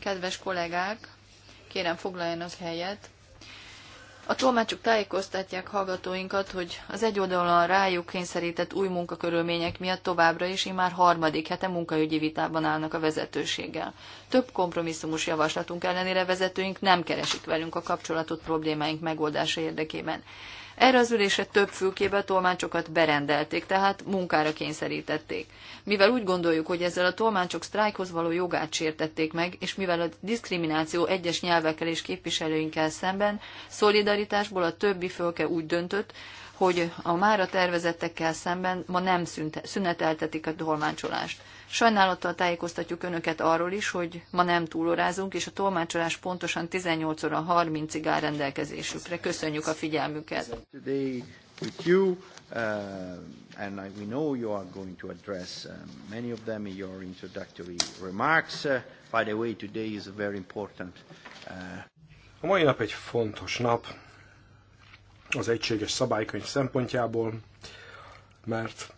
Kedves kollégák, kérem foglaljanak helyet. A tolmácsok tájékoztatják hallgatóinkat, hogy az egy oldalon rájuk kényszerített új munkakörülmények miatt továbbra is immár harmadik hete munkaügyi vitában állnak a vezetőséggel. Több kompromisszumos javaslatunk ellenére vezetőink nem keresik velünk a kapcsolatot problémáink megoldása érdekében. Erre az ülésre több fülkébe tolmácsokat berendelték, tehát munkára kényszerítették. Mivel úgy gondoljuk, hogy ezzel a tolmácsok sztrájkhoz való jogát sértették meg, és mivel a diszkrimináció egyes nyelvekkel és képviselőinkkel szemben, szolidaritásból a többi fölke úgy döntött, hogy a mára tervezettekkel szemben ma nem szüneteltetik a tolmácsolást. Sajnálattal tájékoztatjuk Önöket arról is, hogy ma nem túlorázunk, és a tolmácsolás pontosan 18 óra 30-ig áll rendelkezésükre. Köszönjük a figyelmüket! Uh, and I, we know you are going to address uh, many of them in your introductory remarks. Uh, by the way, today is a very important. Uh, a mai nap egy fontos nap az egységes szabálykönyv szempontjából, mert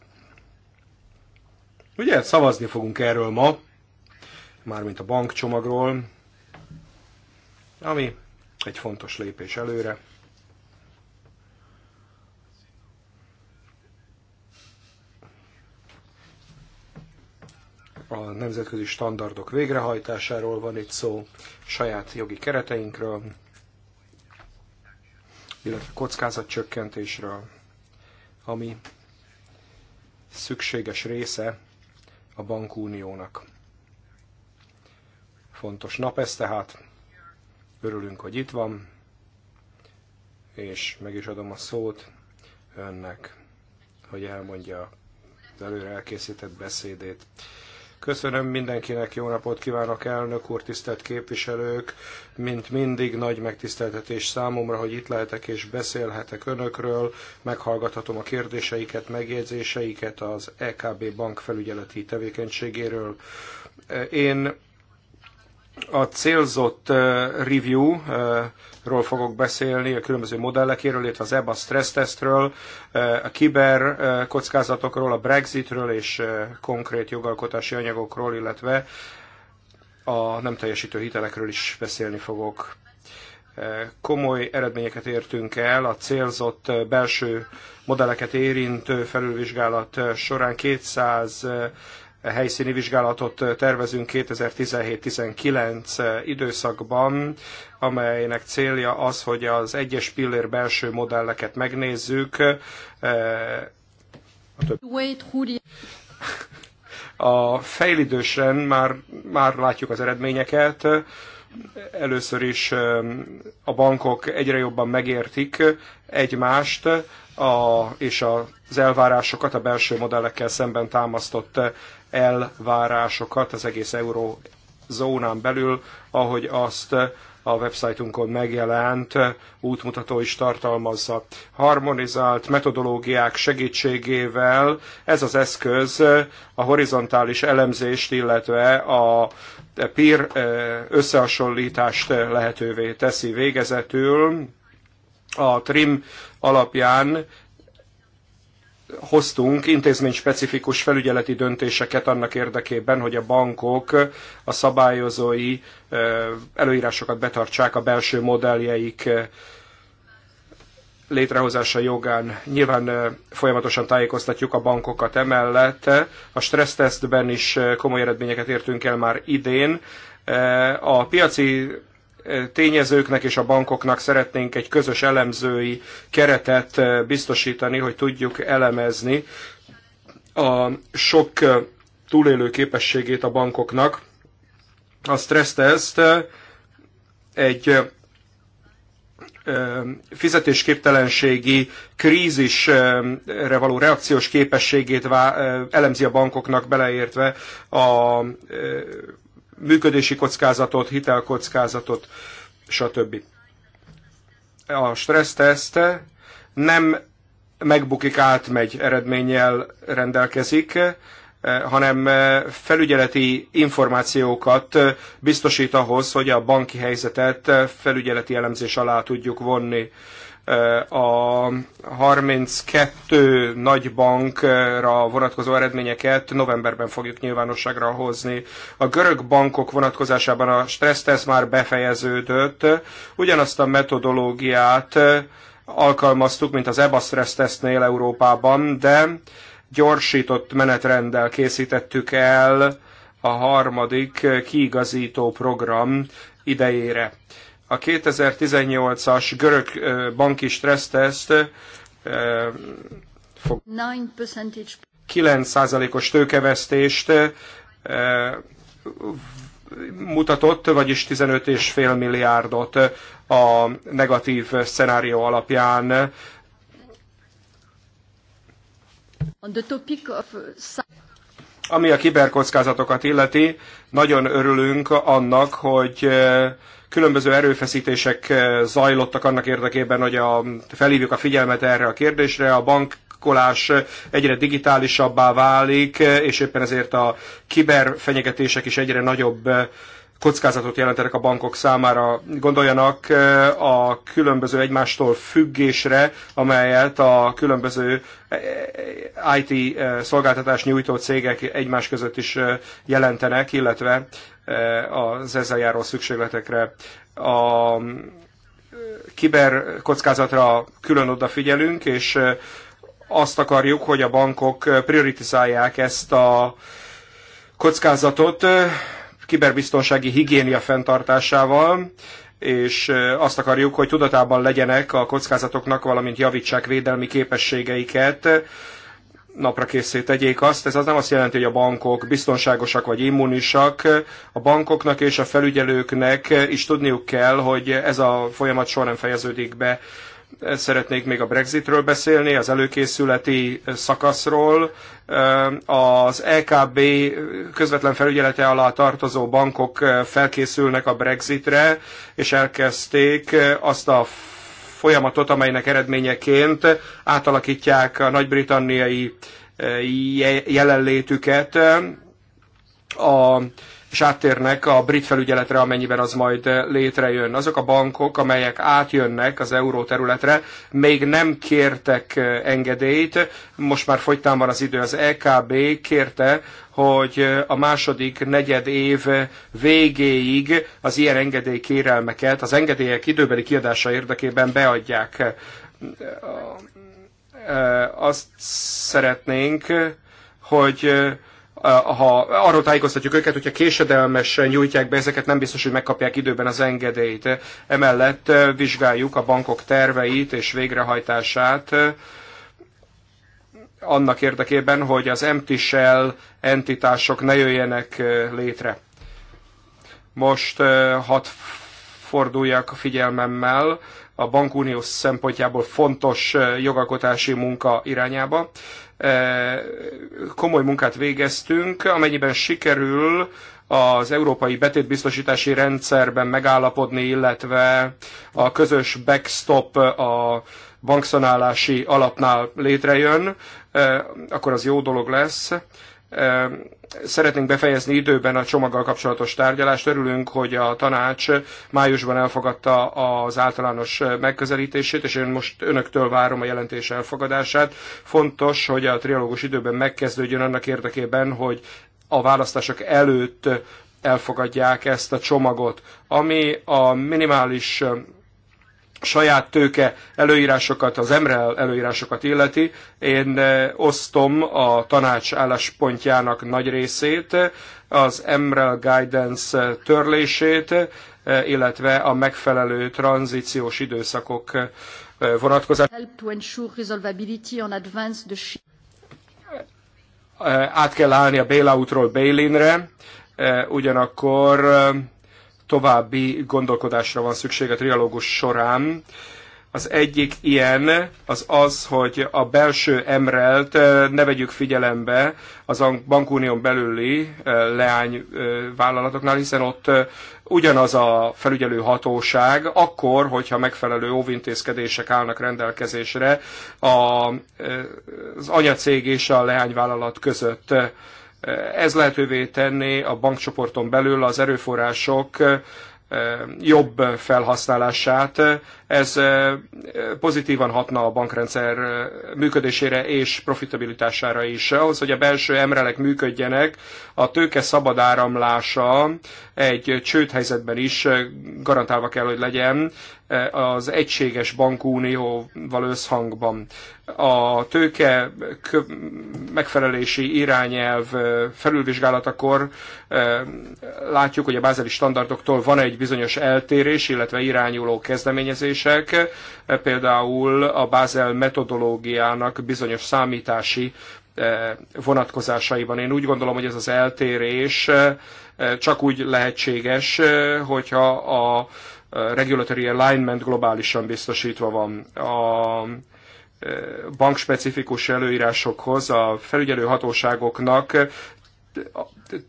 Ugye szavazni fogunk erről ma, mármint a bankcsomagról, ami egy fontos lépés előre. A nemzetközi standardok végrehajtásáról van itt szó, saját jogi kereteinkről, illetve kockázatcsökkentésről, ami szükséges része a bankuniónak. Fontos nap ez tehát, örülünk, hogy itt van, és meg is adom a szót önnek, hogy elmondja az előre elkészített beszédét. Köszönöm mindenkinek, jó napot kívánok, elnök úr, tisztelt képviselők! Mint mindig nagy megtiszteltetés számomra, hogy itt lehetek és beszélhetek önökről, meghallgathatom a kérdéseiket, megjegyzéseiket az EKB bankfelügyeleti tevékenységéről. Én a célzott review-ról fogok beszélni, a különböző modellekéről, illetve az EBA testről, a kiber kockázatokról, a Brexitről és konkrét jogalkotási anyagokról, illetve a nem teljesítő hitelekről is beszélni fogok. Komoly eredményeket értünk el a célzott belső modelleket érintő felülvizsgálat során 200 helyszíni vizsgálatot tervezünk 2017-19 időszakban, amelynek célja az, hogy az egyes pillér belső modelleket megnézzük. E, a fejlidősen már, már látjuk az eredményeket. Először is e, a bankok egyre jobban megértik egymást, a, és az elvárásokat, a belső modellekkel szemben támasztott elvárásokat az egész eurózónán belül, ahogy azt a websájtunkon megjelent útmutató is tartalmazza. Harmonizált metodológiák segítségével ez az eszköz a horizontális elemzést, illetve a peer összehasonlítást lehetővé teszi végezetül a TRIM alapján hoztunk intézményspecifikus felügyeleti döntéseket annak érdekében, hogy a bankok a szabályozói előírásokat betartsák a belső modelljeik létrehozása jogán. Nyilván folyamatosan tájékoztatjuk a bankokat emellett. A stressztesztben is komoly eredményeket értünk el már idén. A piaci tényezőknek és a bankoknak szeretnénk egy közös elemzői keretet biztosítani, hogy tudjuk elemezni a sok túlélő képességét a bankoknak. A stresszteszt egy fizetésképtelenségi krízisre való reakciós képességét elemzi a bankoknak, beleértve a működési kockázatot, hitelkockázatot, stb. A stresszteszt nem megbukik, átmegy eredménnyel rendelkezik, hanem felügyeleti információkat biztosít ahhoz, hogy a banki helyzetet felügyeleti elemzés alá tudjuk vonni a 32 nagy bankra vonatkozó eredményeket novemberben fogjuk nyilvánosságra hozni. A görög bankok vonatkozásában a stressztesz már befejeződött, ugyanazt a metodológiát alkalmaztuk, mint az EBA stressztesznél Európában, de gyorsított menetrenddel készítettük el a harmadik kiigazító program idejére. A 2018-as görög banki stresszteszt 9%-os tőkevesztést mutatott, vagyis 15,5 milliárdot a negatív szenárió alapján. Uh, Ami a kiberkockázatokat illeti, nagyon örülünk annak, hogy Különböző erőfeszítések eh, zajlottak annak érdekében, hogy a, felhívjuk a figyelmet erre a kérdésre. A bank kolás eh, egyre digitálisabbá válik, eh, és éppen ezért a kiberfenyegetések is egyre nagyobb kockázatot jelentenek a bankok számára. Gondoljanak a különböző egymástól függésre, amelyet a különböző IT szolgáltatás nyújtó cégek egymás között is jelentenek, illetve az ezzel járó szükségletekre. A kiberkockázatra külön odafigyelünk, és azt akarjuk, hogy a bankok prioritizálják ezt a kockázatot kiberbiztonsági higiénia fenntartásával, és azt akarjuk, hogy tudatában legyenek a kockázatoknak, valamint javítsák védelmi képességeiket, napra készít tegyék azt. Ez az nem azt jelenti, hogy a bankok biztonságosak vagy immunisak. A bankoknak és a felügyelőknek is tudniuk kell, hogy ez a folyamat soha nem fejeződik be. Szeretnék még a Brexitről beszélni, az előkészületi szakaszról. Az EKB közvetlen felügyelete alá tartozó bankok felkészülnek a Brexitre, és elkezdték azt a folyamatot, amelynek eredményeként átalakítják a nagy-britanniai eh, jelenlétüket a és áttérnek a brit felügyeletre, amennyiben az majd eh, létrejön. Azok a bankok, amelyek átjönnek az euró területre, még nem kértek eh, engedélyt, most már folytán van az idő. Az EKB kérte, hogy eh, a második negyed év végéig az ilyen engedélykérelmeket, az engedélyek időbeli kiadása érdekében beadják. Azt szeretnénk, hogy Eh, ha arról tájékoztatjuk őket, hogyha késedelmesen nyújtják be ezeket, nem biztos, hogy megkapják időben az engedélyt. Emellett eh, vizsgáljuk a bankok terveit és végrehajtását eh, annak érdekében, hogy az empty shell entitások ne jöjjenek létre. Most hat forduljak figyelmemmel a bankunió szempontjából fontos jogalkotási munka irányába. Eh, komoly munkát végeztünk, amennyiben sikerül az európai betétbiztosítási rendszerben megállapodni, illetve a közös backstop a bankszanálási alapnál létrejön, eh, akkor az jó dolog lesz. Szeretnénk befejezni időben a csomaggal kapcsolatos tárgyalást. Örülünk, hogy a tanács májusban elfogadta az általános megközelítését, és én most önöktől várom a jelentés elfogadását. Fontos, hogy a trialógus időben megkezdődjön annak érdekében, hogy a választások előtt elfogadják ezt a csomagot, ami a minimális saját tőke előírásokat, az MREL előírásokat illeti, én eh, osztom a tanács álláspontjának nagy részét, az MREL guidance eh, törlését, eh, illetve a megfelelő tranzíciós időszakok vonatkozását. Át kell állni a bailoutról bail ugyanakkor további gondolkodásra van szükség a trialógus során. Az egyik ilyen az az, hogy a belső emrelt ne vegyük figyelembe az bankunión belüli leányvállalatoknál, hiszen ott ugyanaz a felügyelő hatóság, akkor, hogyha megfelelő óvintézkedések állnak rendelkezésre az anyacég és a leányvállalat között ez lehetővé tenni a bankcsoporton belül az erőforrások jobb felhasználását. Ez pozitívan hatna a bankrendszer működésére és profitabilitására is. Ahhoz, hogy a belső emrelek működjenek, a tőke szabad áramlása egy csőd helyzetben is garantálva kell, hogy legyen az egységes bankunióval összhangban. A tőke megfelelési irányelv felülvizsgálatakor látjuk, hogy a bázeli standardoktól van egy bizonyos eltérés, illetve irányuló kezdeményezések, például a bázel metodológiának bizonyos számítási vonatkozásaiban. Én úgy gondolom, hogy ez az eltérés csak úgy lehetséges, hogyha a regulatory alignment globálisan biztosítva van. A e, bankspecifikus előírásokhoz a felügyelő hatóságoknak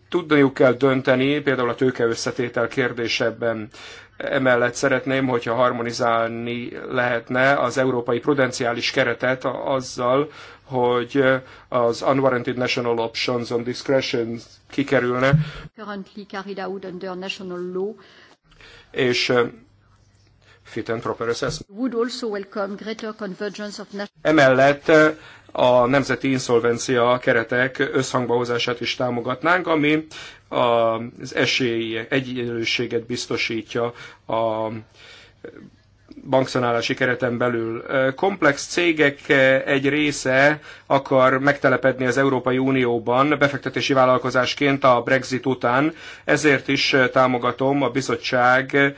tudniuk kell dönteni, például a tőke összetétel kérdésebben emellett szeretném, hogyha harmonizálni lehetne az európai prudenciális keretet azzal, hogy az Unwarranted National Options on Discretion kikerülne. Currently carried out under national law és fit and proper assessment. Emellett a nemzeti inszolvencia keretek összhangbahozását is támogatnánk, ami az esély egyenlőséget biztosítja a bankszanálási kereten belül. Komplex cégek egy része akar megtelepedni az Európai Unióban befektetési vállalkozásként a Brexit után, ezért is támogatom a bizottság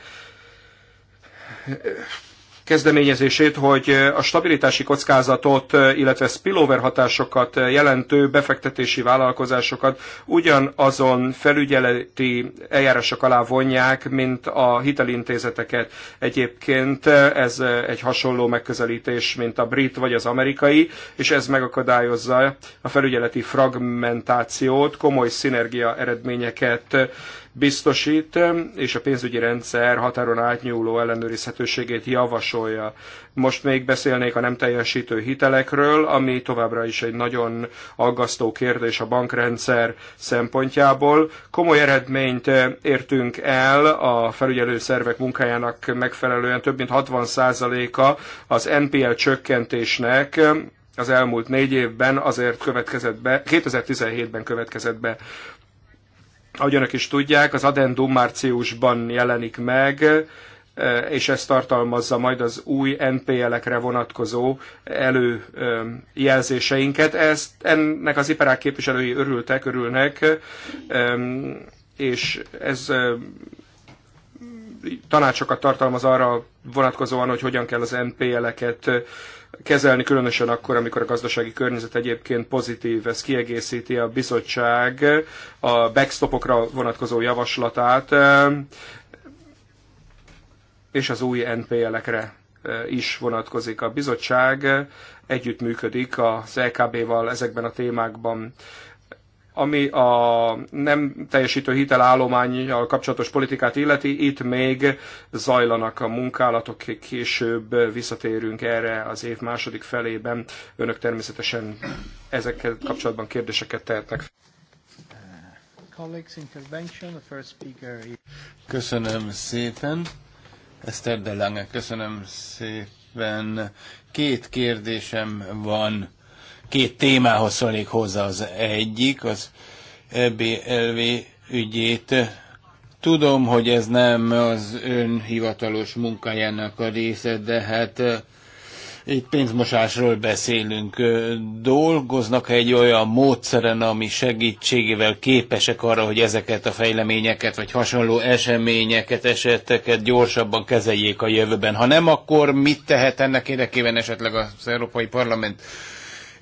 kezdeményezését, hogy eh, a stabilitási kockázatot, eh, illetve spillover hatásokat eh, jelentő befektetési vállalkozásokat ugyanazon felügyeleti eljárások alá vonják, mint a hitelintézeteket. Egyébként ez egy hasonló megközelítés, mint a brit vagy az amerikai, és ez megakadályozza a felügyeleti fragmentációt, komoly szinergia eredményeket biztosít, és a pénzügyi rendszer határon átnyúló ellenőrizhetőségét javasolja. Most még beszélnék a nem teljesítő hitelekről, ami továbbra is egy nagyon aggasztó kérdés a bankrendszer szempontjából. Komoly eredményt értünk el a felügyelő szervek munkájának megfelelően több mint 60%-a az NPL csökkentésnek az elmúlt négy évben azért következett be, 2017-ben következett be ahogy önök is tudják, az addendum márciusban jelenik meg, e, és ez tartalmazza majd az új NPL-ekre vonatkozó előjelzéseinket. E, ezt, ennek az iparák képviselői örültek, örülnek, e, és ez tanácsokat tartalmaz arra vonatkozóan, hogy hogyan kell az NPL-eket kezelni, különösen akkor, amikor a gazdasági környezet egyébként pozitív. Ez kiegészíti a bizottság a backstopokra vonatkozó javaslatát, eh, és az új NPL-ekre eh, is vonatkozik. A bizottság együttműködik az LKB-val e ezekben a témákban. Ami a nem teljesítő hitelállományjal kapcsolatos politikát illeti, itt még zajlanak a munkálatok, később visszatérünk erre az év második felében. Önök természetesen ezekkel kapcsolatban kérdéseket tehetnek. Köszönöm szépen. Eszter Delange, köszönöm szépen. Két kérdésem van. Két témához szólnék hozzá az egyik, az EBLV ügyét. Tudom, hogy ez nem az ön hivatalos munkájának a része, de hát eh, itt pénzmosásról beszélünk. Dolgoznak egy olyan módszeren, ami segítségével képesek arra, hogy ezeket a fejleményeket, vagy hasonló eseményeket, eseteket gyorsabban kezeljék a jövőben. Ha nem, akkor mit tehet ennek érdekében esetleg az Európai Parlament?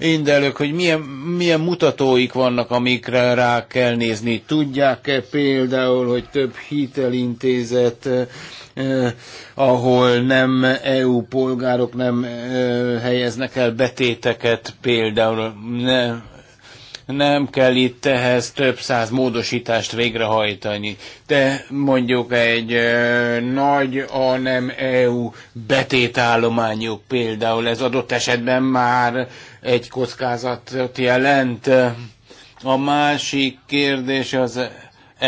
indelők, hogy milyen, milyen mutatóik vannak, amikre rá kell nézni. Tudják-e például, hogy több hitelintézet, eh, ahol nem EU polgárok nem eh, helyeznek el betéteket, például ne, nem kell itt ehhez több száz módosítást végrehajtani. De mondjuk egy eh, nagy a nem EU betétállományok például, ez adott esetben már egy kockázatot jelent. A másik kérdés az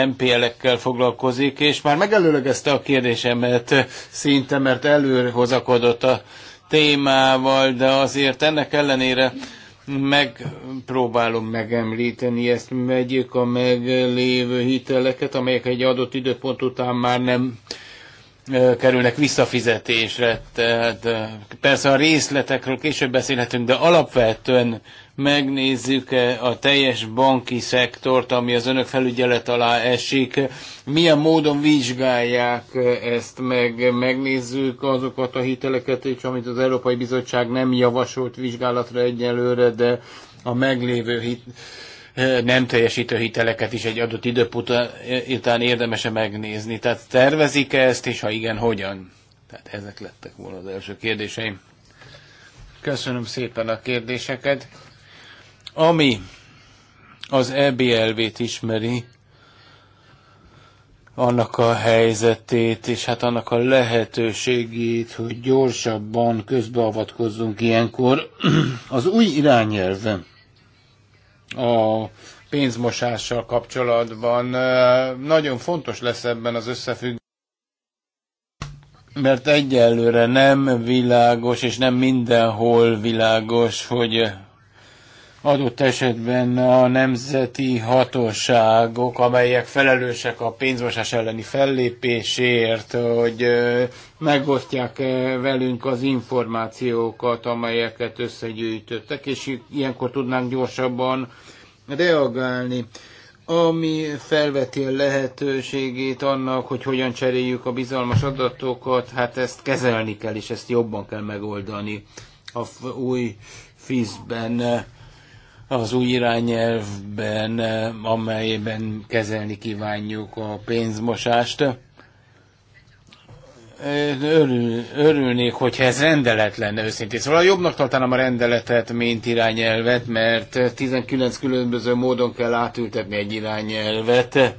MPL-ekkel foglalkozik, és már megelőlegezte a kérdésemet szinte, mert előhozakodott a témával, de azért ennek ellenére megpróbálom megemlíteni ezt, megyük a meglévő hiteleket, amelyek egy adott időpont után már nem kerülnek visszafizetésre. Tehát persze a részletekről később beszélhetünk, de alapvetően megnézzük a teljes banki szektort, ami az önök felügyelet alá esik, milyen módon vizsgálják ezt meg, megnézzük azokat a hiteleket és amit az Európai Bizottság nem javasolt vizsgálatra egyelőre, de a meglévő hit, nem teljesítő hiteleket is egy adott időpont eh, után érdemese megnézni. Tehát tervezik -e ezt, és ha igen, hogyan? Tehát ezek lettek volna az első kérdéseim. Köszönöm szépen a kérdéseket. Ami az EBLV-t ismeri, annak a helyzetét, és hát annak a lehetőségét, hogy gyorsabban közbeavatkozzunk ilyenkor. Az új irányelve a pénzmosással kapcsolatban nagyon fontos lesz ebben az összefüggés, mert egyelőre nem világos, és nem mindenhol világos, hogy adott esetben a nemzeti hatóságok, amelyek felelősek a pénzmosás elleni fellépésért, hogy megosztják velünk az információkat, amelyeket összegyűjtöttek, és ilyenkor tudnánk gyorsabban reagálni ami felveti a lehetőségét annak, hogy hogyan cseréljük a bizalmas adatokat, hát ezt kezelni kell, és ezt jobban kell megoldani a új fizben az új irányelvben, amelyben kezelni kívánjuk a pénzmosást. Örül, örülnék, hogyha ez rendelet lenne őszintén. Szóval jobbnak tartanám a rendeletet, mint irányelvet, mert 19 különböző módon kell átültetni egy irányelvet,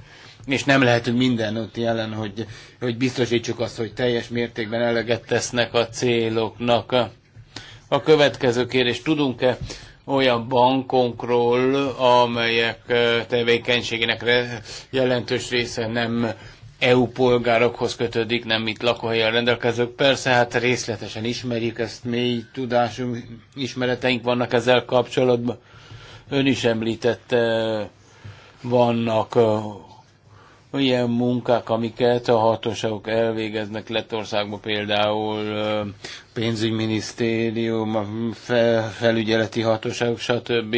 és nem lehetünk minden ott jelen, hogy, hogy biztosítsuk azt, hogy teljes mértékben eleget tesznek a céloknak. A következő kérés, tudunk-e olyan bankokról, amelyek tevékenységének jelentős része nem EU polgárokhoz kötődik, nem itt lakóhelyen rendelkezők. Persze, hát részletesen ismerjük ezt, mély tudásunk, ismereteink vannak ezzel kapcsolatban. Ön is említette, vannak ilyen munkák, amiket a hatóságok elvégeznek Lettországban például pénzügyminisztérium, a fel, felügyeleti hatóságok, stb.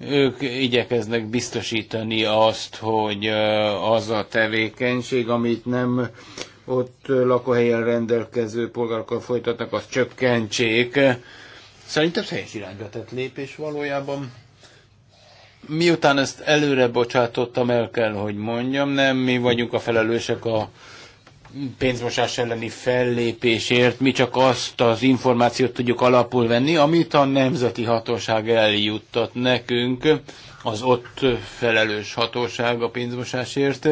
Ők igyekeznek biztosítani azt, hogy az a tevékenység, amit nem ott lakóhelyen rendelkező polgárokkal folytatnak, az csökkentsék. Szerintem helyes irányba tett lépés valójában. Miután ezt előre bocsátottam, el kell, hogy mondjam, nem mi vagyunk a felelősek a pénzmosás elleni fellépésért mi csak azt az információt tudjuk alapul venni, amit a nemzeti hatóság eljuttat nekünk, az ott felelős hatóság a pénzmosásért,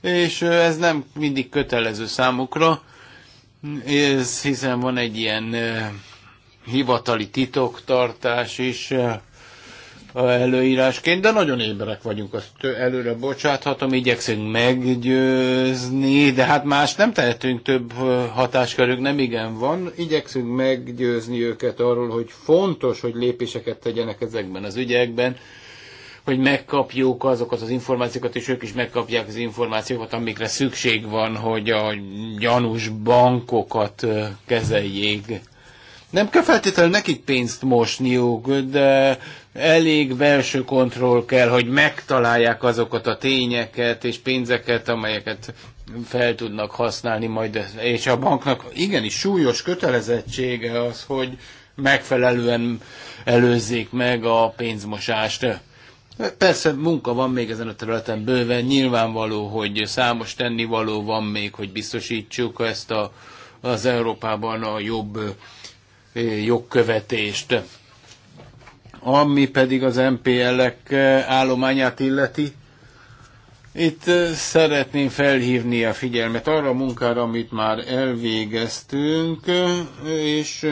és ez nem mindig kötelező számukra, ez, hiszen van egy ilyen eh, hivatali titoktartás is, eh, előírásként, de nagyon éberek vagyunk, azt előre bocsáthatom, igyekszünk meggyőzni, de hát más nem tehetünk, több hatáskörünk nem igen van, igyekszünk meggyőzni őket arról, hogy fontos, hogy lépéseket tegyenek ezekben az ügyekben, hogy megkapjuk azokat az információkat, és ők is megkapják az információkat, amikre szükség van, hogy a gyanús bankokat kezeljék nem kell feltétlenül nekik pénzt mosniuk, de elég belső kontroll kell, hogy megtalálják azokat a tényeket és pénzeket, amelyeket fel tudnak használni majd. És a banknak igenis súlyos kötelezettsége az, hogy megfelelően előzzék meg a pénzmosást. Persze munka van még ezen a területen bőven, nyilvánvaló, hogy számos tennivaló van még, hogy biztosítsuk ezt a, az Európában a jobb jogkövetést. Ami pedig az MPL-ek eh, állományát illeti, itt eh, szeretném felhívni a figyelmet arra a munkára, amit már elvégeztünk, eh, és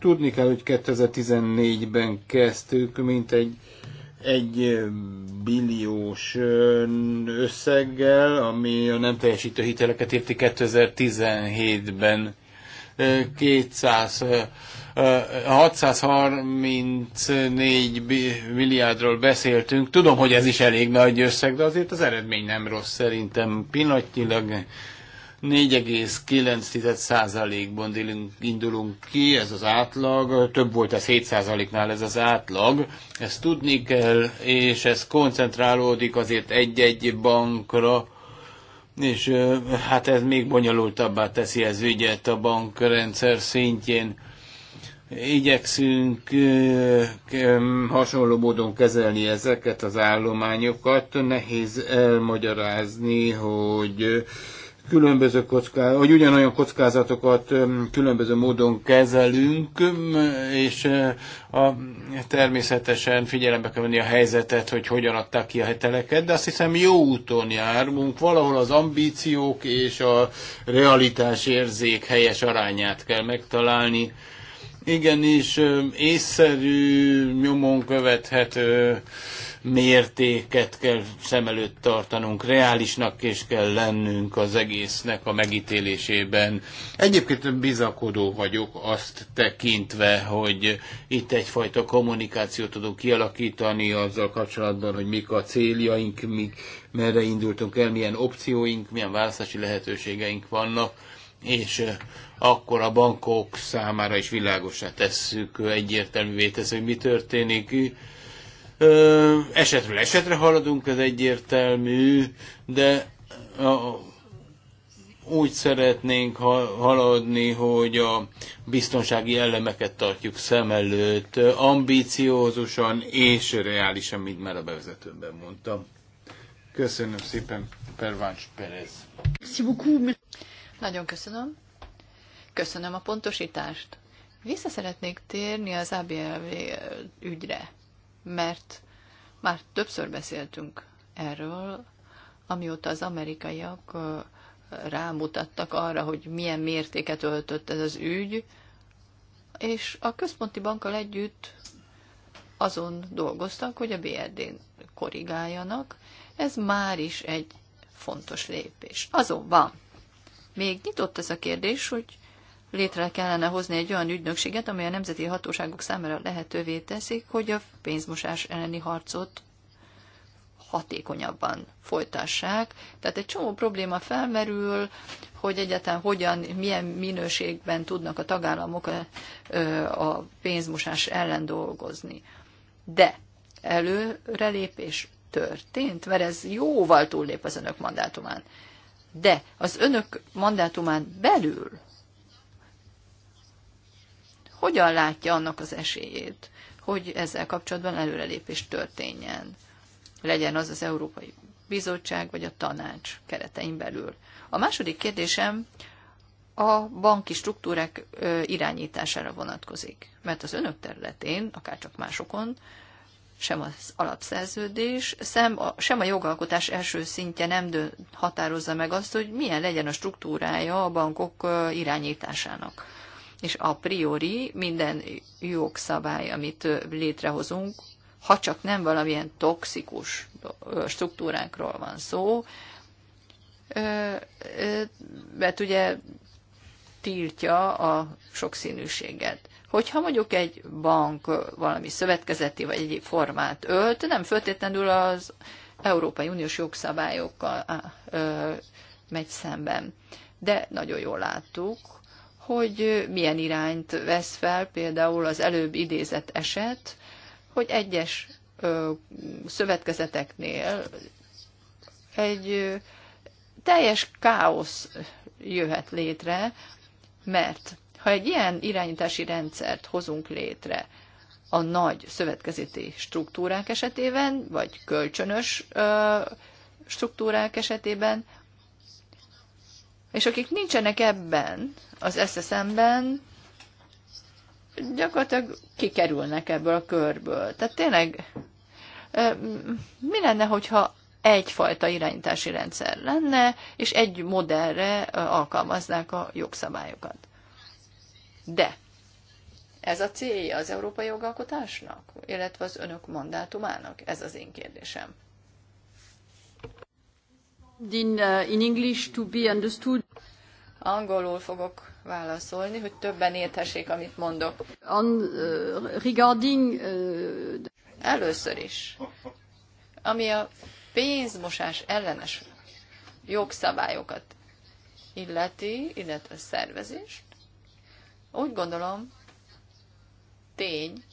tudni kell, hogy 2014-ben kezdtük, mint egy egy billiós összeggel, ami a nem teljesítő hiteleket érti 2017-ben. 200 634 milliárdról beszéltünk. Tudom, hogy ez is elég nagy összeg, de azért az eredmény nem rossz szerintem. Pillanatnyilag 4,9%-ban indulunk ki, ez az átlag, több volt ez 7%-nál ez az átlag, ezt tudni kell, és ez koncentrálódik azért egy-egy bankra, és hát ez még bonyolultabbá teszi az ügyet a bankrendszer szintjén. Igyekszünk hasonló módon kezelni ezeket az állományokat. Nehéz elmagyarázni, hogy különböző kockázatokat, hogy ugyanolyan kockázatokat különböző módon kezelünk, és a, természetesen figyelembe kell venni a helyzetet, hogy hogyan adták ki a heteleket, de azt hiszem jó úton járunk, valahol az ambíciók és a realitás érzék helyes arányát kell megtalálni. Igenis, észszerű, nyomon követhető mértéket kell szem előtt tartanunk, reálisnak és kell lennünk az egésznek a megítélésében. Egyébként bizakodó vagyok azt tekintve, hogy itt egyfajta kommunikációt tudunk kialakítani azzal kapcsolatban, hogy mik a céljaink, mik, merre indultunk el, milyen opcióink, milyen választási lehetőségeink vannak, és eh, akkor a bankok számára is világosá tesszük, eh, egyértelművé tesszük, hogy mi történik esetről esetre haladunk, ez egyértelmű, de a, úgy szeretnénk haladni, hogy a biztonsági elemeket tartjuk szem előtt, ambíciózusan és reálisan, mint már a bevezetőben mondtam. Köszönöm szépen, Perváns Perez. Nagyon köszönöm. Köszönöm a pontosítást. Vissza szeretnék térni az ABLV ügyre mert már többször beszéltünk erről, amióta az amerikaiak rámutattak arra, hogy milyen mértéket öltött ez az ügy, és a központi bankkal együtt azon dolgoztak, hogy a brd korrigáljanak. Ez már is egy fontos lépés. Azonban még nyitott ez a kérdés, hogy létre kellene hozni egy olyan ügynökséget, amely a nemzeti hatóságok számára lehetővé teszik, hogy a pénzmosás elleni harcot hatékonyabban folytassák. Tehát egy csomó probléma felmerül, hogy egyáltalán hogyan, milyen minőségben tudnak a tagállamok a pénzmosás ellen dolgozni. De előrelépés történt, mert ez jóval túllép az önök mandátumán. De az önök mandátumán belül hogyan látja annak az esélyét, hogy ezzel kapcsolatban előrelépés történjen. Legyen az az Európai Bizottság vagy a tanács keretein belül. A második kérdésem a banki struktúrák irányítására vonatkozik, mert az önök területén, csak másokon, sem az alapszerződés, sem a, sem a jogalkotás első szintje nem dönt, határozza meg azt, hogy milyen legyen a struktúrája a bankok irányításának és a priori minden jogszabály, amit létrehozunk, ha csak nem valamilyen toxikus struktúrákról van szó, mert ugye tiltja a sokszínűséget. Hogyha mondjuk egy bank valami szövetkezeti vagy egyéb formát ölt, nem föltétlenül az Európai Uniós jogszabályokkal megy szemben. De nagyon jól láttuk, hogy milyen irányt vesz fel például az előbb idézett eset, hogy egyes ö, szövetkezeteknél egy ö, teljes káosz jöhet létre, mert ha egy ilyen irányítási rendszert hozunk létre a nagy szövetkezeti struktúrák esetében, vagy kölcsönös ö, struktúrák esetében, és akik nincsenek ebben az SSM-ben, gyakorlatilag kikerülnek ebből a körből. Tehát tényleg mi lenne, hogyha egyfajta irányítási rendszer lenne, és egy modellre alkalmaznák a jogszabályokat. De ez a célja az európai jogalkotásnak, illetve az önök mandátumának? Ez az én kérdésem. Uh, in, English to be understood. Angolul fogok válaszolni, hogy többen érthessék, amit mondok. On, uh, regarding, uh... Először is, ami a pénzmosás ellenes jogszabályokat illeti, illetve szervezést, úgy gondolom, tény,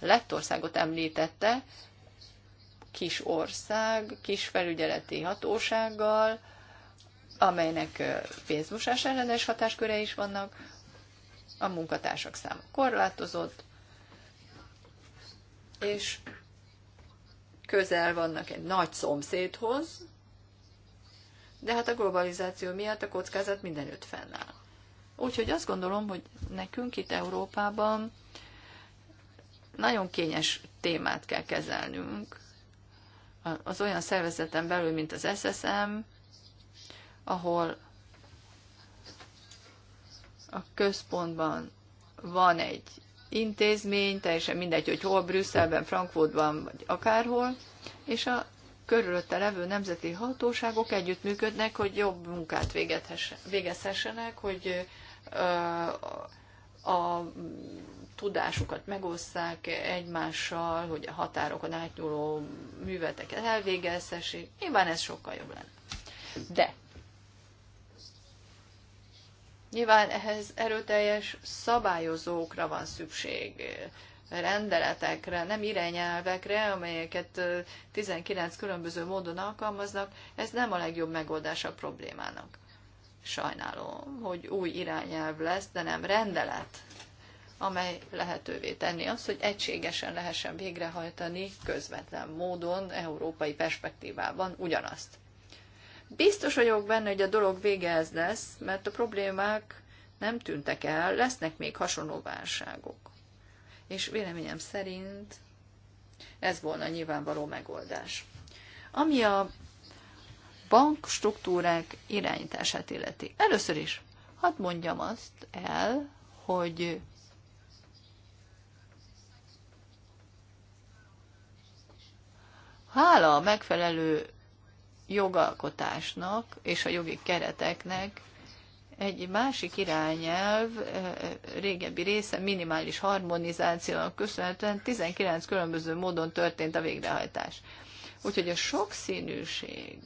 Lettországot említette, kis ország, kis felügyeleti hatósággal, amelynek pénzmosás ellenes hatásköre is vannak, a munkatársak száma korlátozott, és közel vannak egy nagy szomszédhoz, de hát a globalizáció miatt a kockázat mindenütt fennáll. Úgyhogy azt gondolom, hogy nekünk itt Európában nagyon kényes témát kell kezelnünk, az olyan szervezeten belül, mint az SSM, ahol a központban van egy intézmény, teljesen mindegy, hogy hol, Brüsszelben, Frankfurtban, vagy akárhol, és a körülötte levő nemzeti hatóságok együttműködnek, hogy jobb munkát végezhessenek, hogy a tudásukat megosszák egymással, hogy a határokon átnyúló műveteket elvégezhessék. Nyilván ez sokkal jobb lenne. De nyilván ehhez erőteljes szabályozókra van szükség, rendeletekre, nem irányelvekre, amelyeket 19 különböző módon alkalmaznak, ez nem a legjobb megoldás a problémának. Sajnálom, hogy új irányelv lesz, de nem rendelet amely lehetővé tenni azt, hogy egységesen lehessen végrehajtani közvetlen módon, európai perspektívában ugyanazt. Biztos vagyok benne, hogy a dolog vége ez lesz, mert a problémák nem tűntek el, lesznek még hasonló válságok. És véleményem szerint ez volna a nyilvánvaló megoldás. Ami a bankstruktúrák irányítását illeti. Először is hadd mondjam azt el, hogy Hála a megfelelő jogalkotásnak és a jogi kereteknek egy másik irányelv eh, eh, régebbi része minimális harmonizációnak köszönhetően 19 különböző módon történt a végrehajtás. Úgyhogy a sokszínűség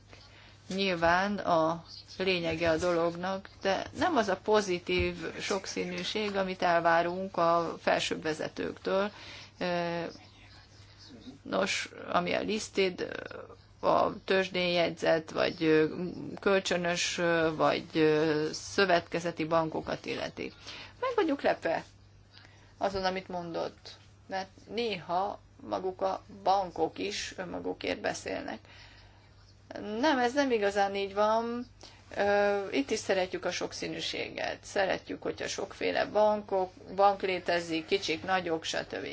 nyilván a lényege a dolognak, de nem az a pozitív sokszínűség, amit elvárunk a felsőbb vezetőktől, eh, Nos, ami a listed, a tőzsdén vagy kölcsönös, vagy szövetkezeti bankokat illeti. Meg vagyunk lepve azon, amit mondott, mert néha maguk a bankok is önmagukért beszélnek. Nem, ez nem igazán így van. Itt is szeretjük a sokszínűséget. Szeretjük, hogyha sokféle bankok, bank létezik, kicsik, nagyok, stb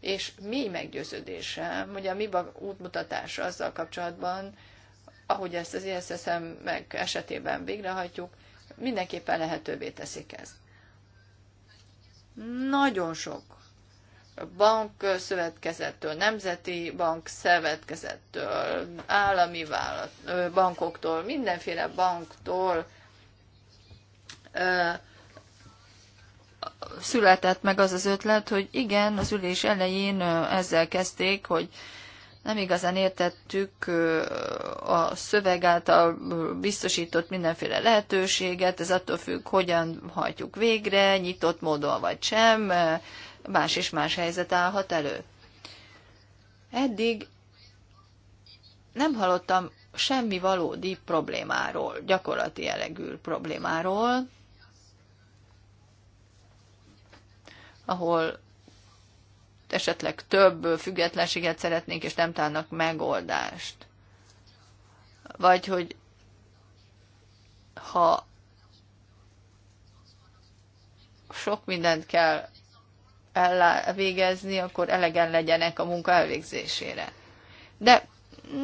és mi meggyőződésem, hogy a MIBA útmutatás azzal kapcsolatban, ahogy ezt az ISSM meg esetében végrehajtjuk, mindenképpen lehetővé teszik ezt. Nagyon sok bank szövetkezettől nemzeti szövetkezettől, állami vállalat, bankoktól, mindenféle banktól született meg az az ötlet, hogy igen, az ülés elején ezzel kezdték, hogy nem igazán értettük a szöveg által biztosított mindenféle lehetőséget, ez attól függ, hogyan hajtjuk végre, nyitott módon vagy sem, más és más helyzet állhat elő. Eddig nem hallottam semmi valódi problémáról, gyakorlati jellegű problémáról, ahol esetleg több függetlenséget szeretnénk, és nem találnak megoldást. Vagy hogy ha sok mindent kell elvégezni, akkor elegen legyenek a munka elvégzésére. De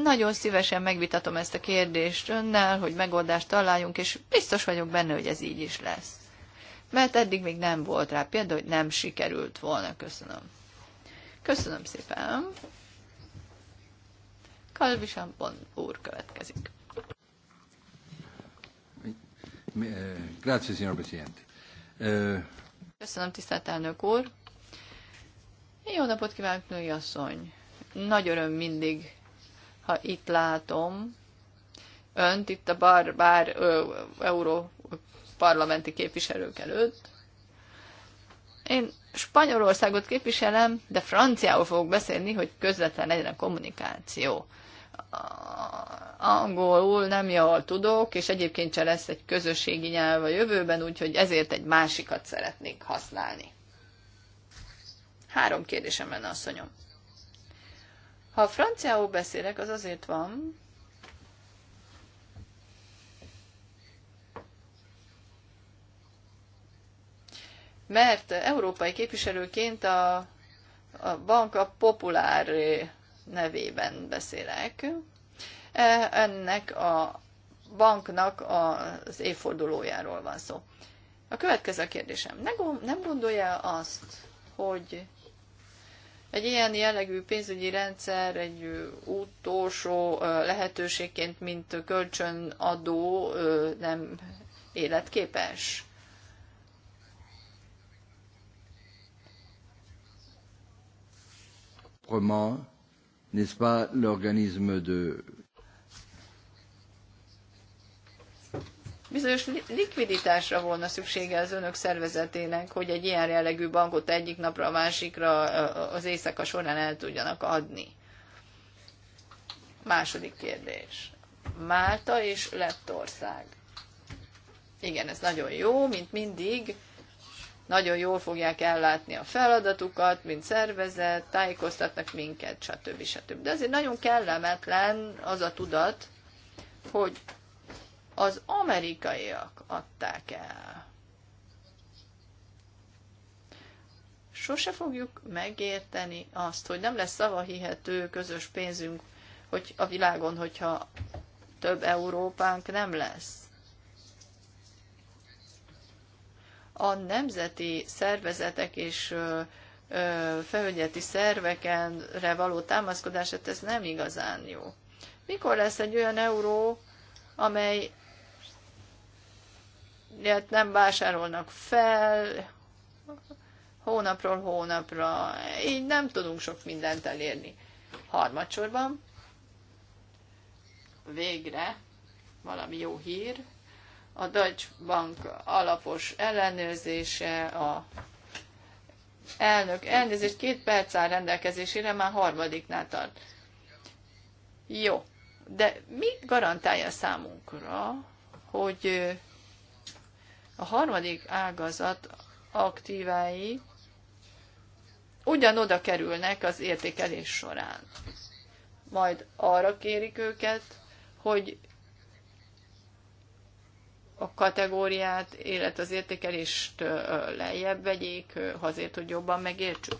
nagyon szívesen megvitatom ezt a kérdést önnel, hogy megoldást találjunk, és biztos vagyok benne, hogy ez így is lesz mert eddig még nem volt rá példa, hogy nem sikerült volna. Köszönöm. Köszönöm szépen. Kalvi Sampon úr következik. Eh, grazie, signor Presidente. Eh, Köszönöm, tisztelt elnök úr. Jó napot kívánok, női asszony. Nagy öröm mindig, ha itt látom önt itt a bár, bár ö, euró parlamenti képviselők előtt. Én Spanyolországot képviselem, de franciául fogok beszélni, hogy közvetlen legyen a kommunikáció. Angolul nem jól tudok, és egyébként se lesz egy közösségi nyelv a jövőben, úgyhogy ezért egy másikat szeretnék használni. Három kérdésem lenne, asszonyom. Ha franciául beszélek, az azért van, mert európai képviselőként a, a Banka Populár nevében beszélek. E, ennek a banknak az évfordulójáról van szó. A következő a kérdésem. Nem gondolja azt, hogy egy ilyen jellegű pénzügyi rendszer egy utolsó lehetőségként, mint kölcsönadó nem életképes? proprement, n'est-ce pas, l'organisme de. Bizonyos likviditásra volna szüksége az önök szervezetének, hogy egy ilyen jellegű bankot egyik napra a másikra az éjszaka során el tudjanak adni. Második kérdés. Málta és Lettország. Igen, ez nagyon jó, mint mindig nagyon jól fogják ellátni a feladatukat, mint szervezet, tájékoztatnak minket, stb. stb. De azért nagyon kellemetlen az a tudat, hogy az amerikaiak adták el. Sose fogjuk megérteni azt, hogy nem lesz szavahihető közös pénzünk hogy a világon, hogyha több Európánk nem lesz. a nemzeti szervezetek és felügyeti szervekenre való támaszkodás, hát ez nem igazán jó. Mikor lesz egy olyan euró, amely hát nem vásárolnak fel hónapról hónapra, így nem tudunk sok mindent elérni. Harmadsorban végre valami jó hír, a Deutsche Bank alapos ellenőrzése, a elnök elnézést, két perc áll rendelkezésére, már harmadiknál tart. Jó, de mi garantálja számunkra, hogy a harmadik ágazat aktívái ugyanoda kerülnek az értékelés során. Majd arra kérik őket, hogy a kategóriát, illetve az értékelést lejjebb vegyék, azért, hogy jobban megértsük.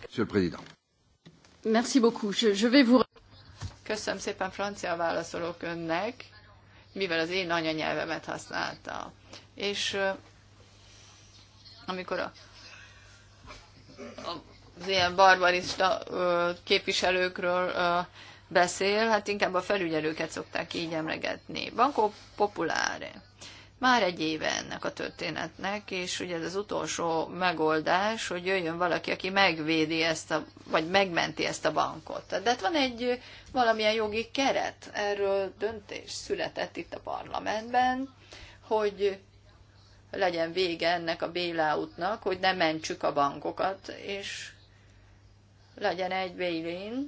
Merci beaucoup. Je vais vous... Köszönöm szépen, francia válaszolok önnek, mivel az én anyanyelvemet használta. És amikor a, a, az ilyen barbarista ö, képviselőkről ö, beszél, hát inkább a felügyelőket szokták így emlegetni. Banco Populare. Már egy éve ennek a történetnek, és ugye ez az utolsó megoldás, hogy jöjjön valaki, aki megvédi ezt a, vagy megmenti ezt a bankot. De hát van egy valamilyen jogi keret, erről döntés született itt a parlamentben, hogy legyen vége ennek a béláutnak, hogy ne mentsük a bankokat, és legyen egy bail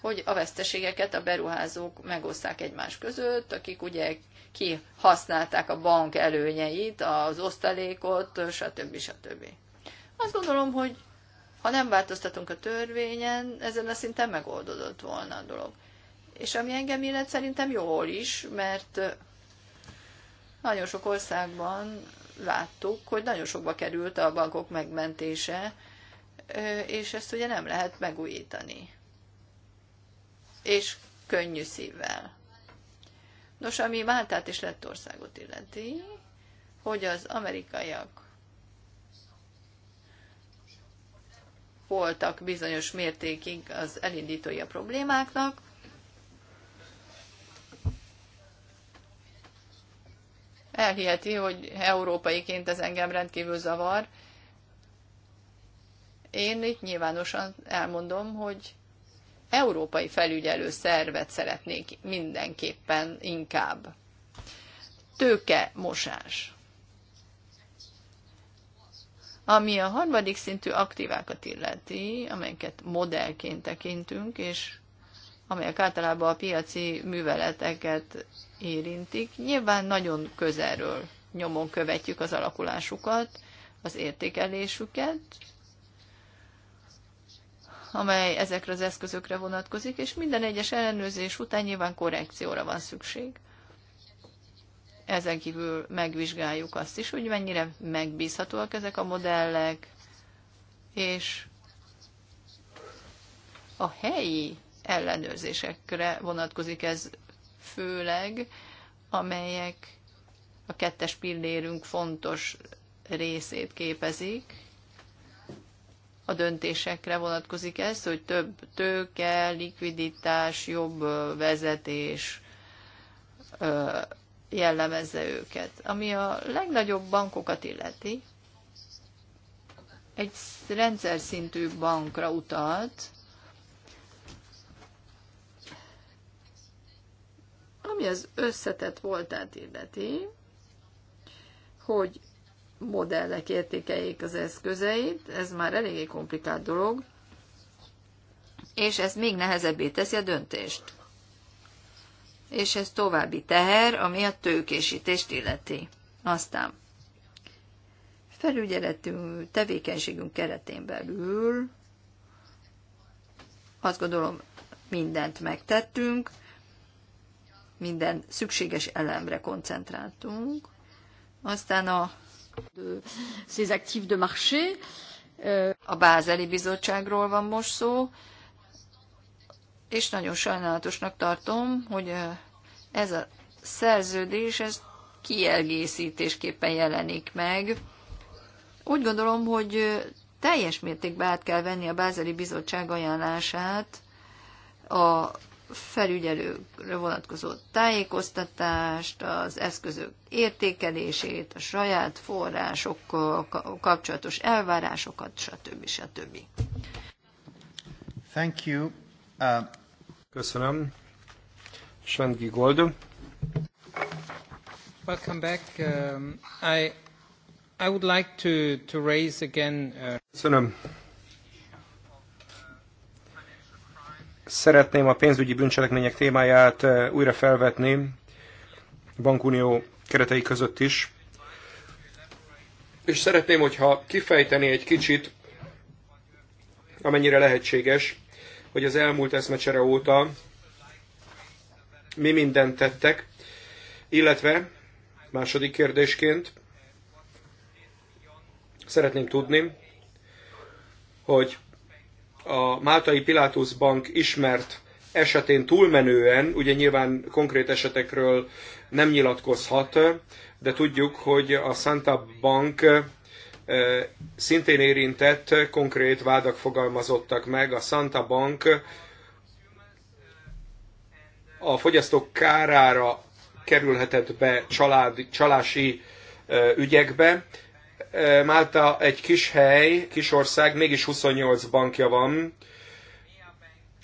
hogy a veszteségeket a beruházók megoszták egymás között, akik ugye kihasználták a bank előnyeit, az osztalékot, stb. stb. Azt gondolom, hogy ha nem változtatunk a törvényen, ezen a szinten megoldódott volna a dolog. És ami engem illet, szerintem jól is, mert nagyon sok országban láttuk, hogy nagyon sokba került a bankok megmentése, és ezt ugye nem lehet megújítani. És könnyű szívvel. Nos, ami Máltát és Lettországot illeti, hogy az amerikaiak voltak bizonyos mértékig az elindítói a problémáknak, elhiheti, hogy európaiként ez engem rendkívül zavar. Én itt nyilvánosan elmondom, hogy európai felügyelő szervet szeretnék mindenképpen inkább. Tőke mosás. Ami a harmadik szintű aktívákat illeti, amelyeket modellként tekintünk, és amelyek általában a piaci műveleteket érintik, nyilván nagyon közelről nyomon követjük az alakulásukat, az értékelésüket, amely ezekre az eszközökre vonatkozik, és minden egyes ellenőrzés után nyilván korrekcióra van szükség. Ezen kívül megvizsgáljuk azt is, hogy mennyire megbízhatóak ezek a modellek, és a helyi ellenőrzésekre vonatkozik ez főleg, amelyek a kettes pillérünk fontos részét képezik, a döntésekre vonatkozik ez, hogy több tőke, likviditás, jobb vezetés jellemezze őket. Ami a legnagyobb bankokat illeti, egy rendszer szintű bankra utalt, ami az összetett voltát illeti, hogy modellek értékeljék az eszközeit, ez már eléggé komplikált dolog, és ez még nehezebbé teszi a döntést. És ez további teher, ami a tőkésítést illeti. Aztán felügyeletünk, tevékenységünk keretén belül azt gondolom mindent megtettünk, minden szükséges elemre koncentráltunk, aztán a a Bázeli Bizottságról van most szó, és nagyon sajnálatosnak tartom, hogy ez a szerződés, ez kiegészítésképpen jelenik meg. Úgy gondolom, hogy teljes mértékben át kell venni a Bázeli Bizottság ajánlását a felügyelőkre vonatkozó tájékoztatást, az eszközök értékelését, a saját forrásokkal kapcsolatos elvárásokat, stb. stb. Thank you. Uh... Köszönöm. Sengi Gold. Welcome back. Um, I, I would like to, to raise again... Uh... Köszönöm. szeretném a pénzügyi bűncselekmények témáját eh, újra felvetni bankunió keretei között is. És szeretném, hogyha kifejteni egy kicsit, amennyire lehetséges, hogy az elmúlt eszmecsere óta mi mindent tettek, illetve második kérdésként szeretném tudni, hogy a Máltai Pilátus Bank ismert esetén túlmenően, ugye nyilván konkrét esetekről nem nyilatkozhat, de tudjuk, hogy a Santa Bank eh, szintén érintett, konkrét vádak fogalmazottak meg. A Santa Bank a fogyasztók kárára kerülhetett be családi csalási eh, ügyekbe, Málta egy kis hely, kis ország, mégis 28 bankja van.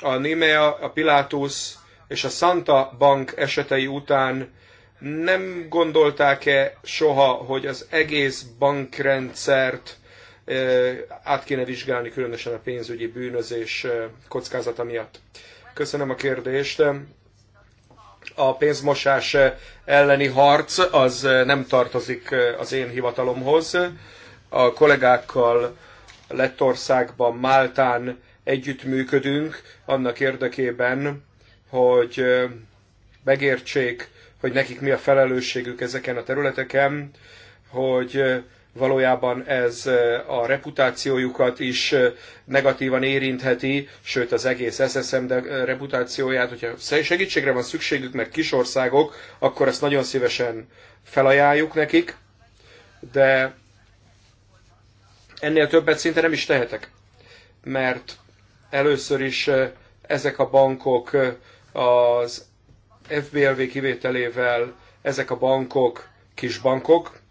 A Nimea, a Pilatus és a Santa Bank esetei után nem gondolták-e soha, hogy az egész bankrendszert át kéne vizsgálni, különösen a pénzügyi bűnözés kockázata miatt? Köszönöm a kérdést a pénzmosás eh, elleni harc az eh, nem tartozik eh, az én hivatalomhoz. A kollégákkal Lettországban, Máltán együttműködünk annak érdekében, hogy megértsék, hogy nekik mi a felelősségük ezeken a területeken, hogy valójában ez a reputációjukat is negatívan érintheti, sőt az egész SSM reputációját, hogyha segítségre van szükségük, mert kis országok, akkor ezt nagyon szívesen felajánljuk nekik, de ennél többet szinte nem is tehetek, mert először is ezek a bankok az FBLV kivételével ezek a bankok kis bankok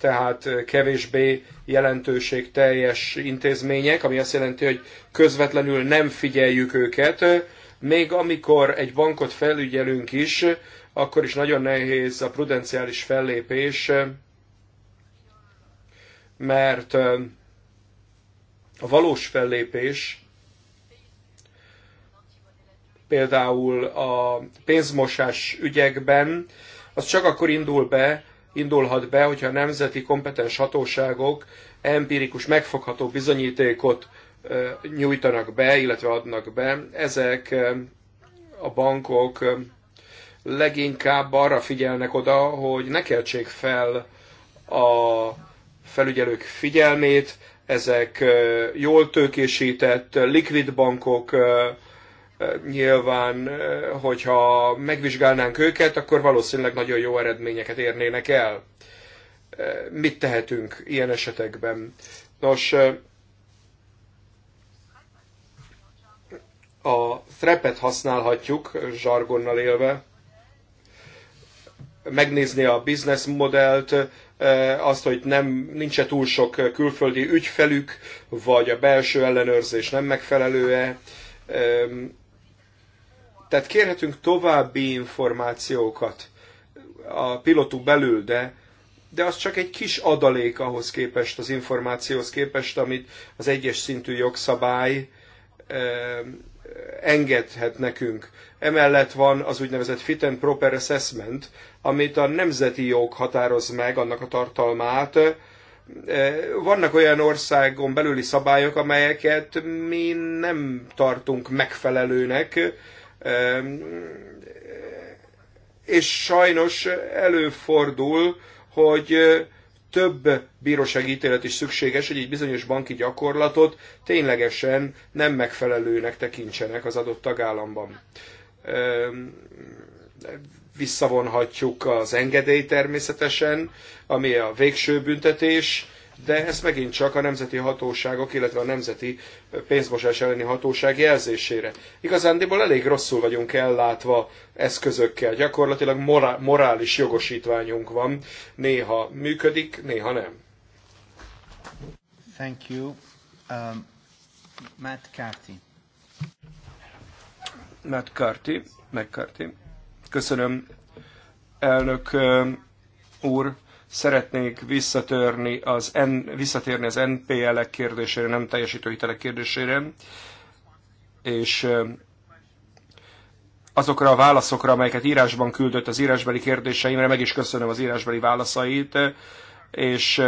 tehát kevésbé jelentőség teljes intézmények, ami azt jelenti, hogy közvetlenül nem figyeljük őket. Még amikor egy bankot felügyelünk is, akkor is nagyon nehéz a prudenciális fellépés, mert a valós fellépés például a pénzmosás ügyekben, az csak akkor indul be, indulhat be, hogyha a nemzeti kompetens hatóságok empirikus, megfogható bizonyítékot nyújtanak be, illetve adnak be. Ezek a bankok leginkább arra figyelnek oda, hogy ne keltsék fel a felügyelők figyelmét, ezek jól tőkésített, likvid bankok, Nyilván, hogyha megvizsgálnánk őket, akkor valószínűleg nagyon jó eredményeket érnének el. Mit tehetünk ilyen esetekben? Nos, a threpet használhatjuk, zsargonnal élve, megnézni a business modellt, azt, hogy nem, nincs-e túl sok külföldi ügyfelük, vagy a belső ellenőrzés nem megfelelő-e, tehát kérhetünk további információkat a pilotú belül, de, de az csak egy kis adalék ahhoz képest, az információhoz képest, amit az egyes szintű jogszabály engedhet nekünk. Emellett van az úgynevezett fit and proper assessment, amit a nemzeti jog határoz meg, annak a tartalmát. Eh, vannak olyan országon belüli szabályok, amelyeket mi nem tartunk megfelelőnek, és sajnos előfordul, hogy több bírósági ítélet is szükséges, hogy egy bizonyos banki gyakorlatot ténylegesen nem megfelelőnek tekintsenek az adott tagállamban. Visszavonhatjuk az engedély természetesen, ami a végső büntetés, de ez megint csak a nemzeti hatóságok, illetve a nemzeti pénzmosás elleni hatóság jelzésére. Igazándiból elég rosszul vagyunk ellátva eszközökkel, gyakorlatilag morális jogosítványunk van, néha működik, néha nem. Thank you. Um, Matt Carty. Matt Carty. Köszönöm, elnök um, úr szeretnék visszatörni az N, visszatérni az NPL-ek kérdésére, nem teljesítő hitelek kérdésére, és azokra a válaszokra, amelyeket írásban küldött az írásbeli kérdéseimre, meg is köszönöm az írásbeli válaszait, és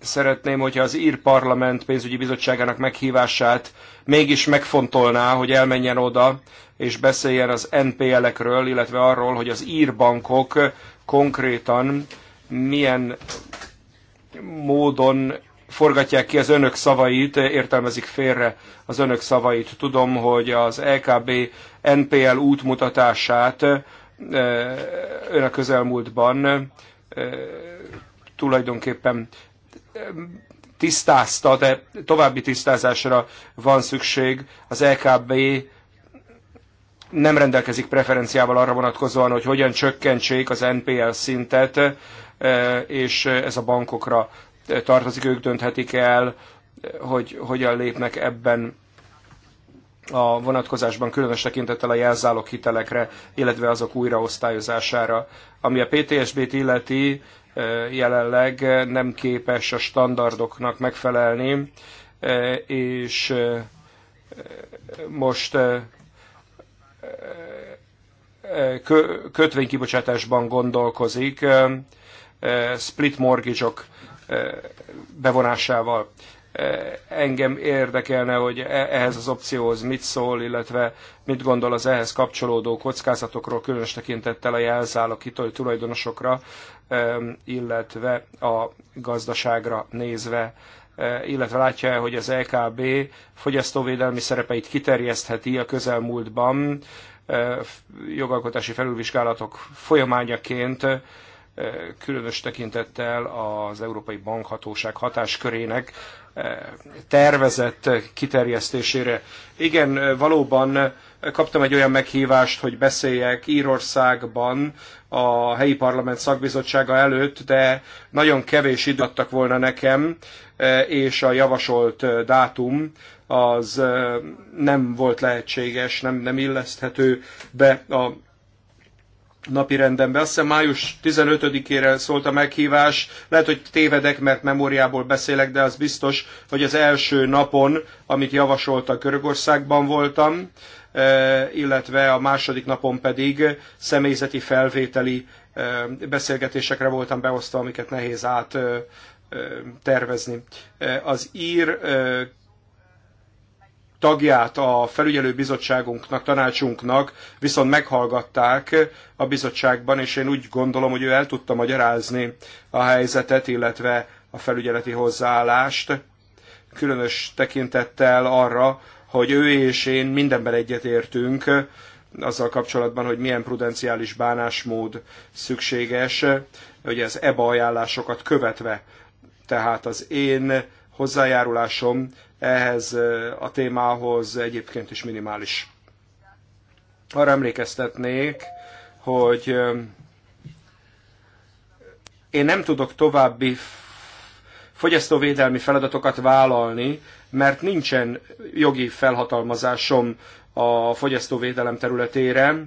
szeretném, hogyha az ír parlament pénzügyi bizottságának meghívását mégis megfontolná, hogy elmenjen oda, és beszéljen az NPL-ekről, illetve arról, hogy az ír bankok konkrétan milyen módon forgatják ki az önök szavait, értelmezik félre az önök szavait. Tudom, hogy az LKB NPL útmutatását eh, ön a közelmúltban eh, tulajdonképpen eh, tisztázta, de további tisztázásra van szükség az LKB nem rendelkezik preferenciával arra vonatkozóan, hogy hogyan csökkentsék az NPL szintet, e, és ez a bankokra tartozik, ők dönthetik el, hogy hogyan lépnek ebben a vonatkozásban különös tekintettel a jelzálok hitelekre, illetve azok újraosztályozására. Ami a PTSB-t illeti, e, jelenleg nem képes a standardoknak megfelelni, e, és most kötvénykibocsátásban gondolkozik, split mortgage -ok bevonásával. Engem érdekelne, hogy e, ehhez az opcióhoz mit szól, illetve mit gondol az ehhez kapcsolódó kockázatokról, különös tekintettel a jelzálok tulajdonosokra, illetve a gazdaságra nézve E, illetve látja -e, hogy az EKB fogyasztóvédelmi szerepeit kiterjesztheti a közelmúltban e, jogalkotási felülvizsgálatok folyamányaként, e, különös tekintettel az Európai Bankhatóság hatáskörének tervezett kiterjesztésére. Igen, valóban kaptam egy olyan meghívást, hogy beszéljek Írországban a helyi parlament szakbizottsága előtt, de nagyon kevés időt adtak volna nekem, e, és a javasolt e, dátum az e, nem volt lehetséges, nem, nem illeszthető be a napi rendembe. Azt hiszem május 15-ére szólt a meghívás. Lehet, hogy tévedek, mert memóriából beszélek, de az biztos, hogy az első napon, amit javasoltak Görögországban voltam, E, illetve a második napon pedig személyzeti felvételi e, beszélgetésekre voltam beosztva, amiket nehéz át e, tervezni. Az ír tagját a felügyelő bizottságunknak, tanácsunknak viszont meghallgatták a bizottságban, és én úgy gondolom, hogy ő el tudta magyarázni a helyzetet, illetve a felügyeleti hozzáállást, különös tekintettel arra, hogy ő és én mindenben egyetértünk eh, azzal kapcsolatban, hogy milyen prudenciális bánásmód szükséges, eh, hogy az EBA ajánlásokat követve. Tehát az én hozzájárulásom ehhez eh, a témához egyébként is minimális. Arra emlékeztetnék, hogy én nem tudok további fogyasztóvédelmi feladatokat vállalni, mert nincsen jogi felhatalmazásom a fogyasztóvédelem területére.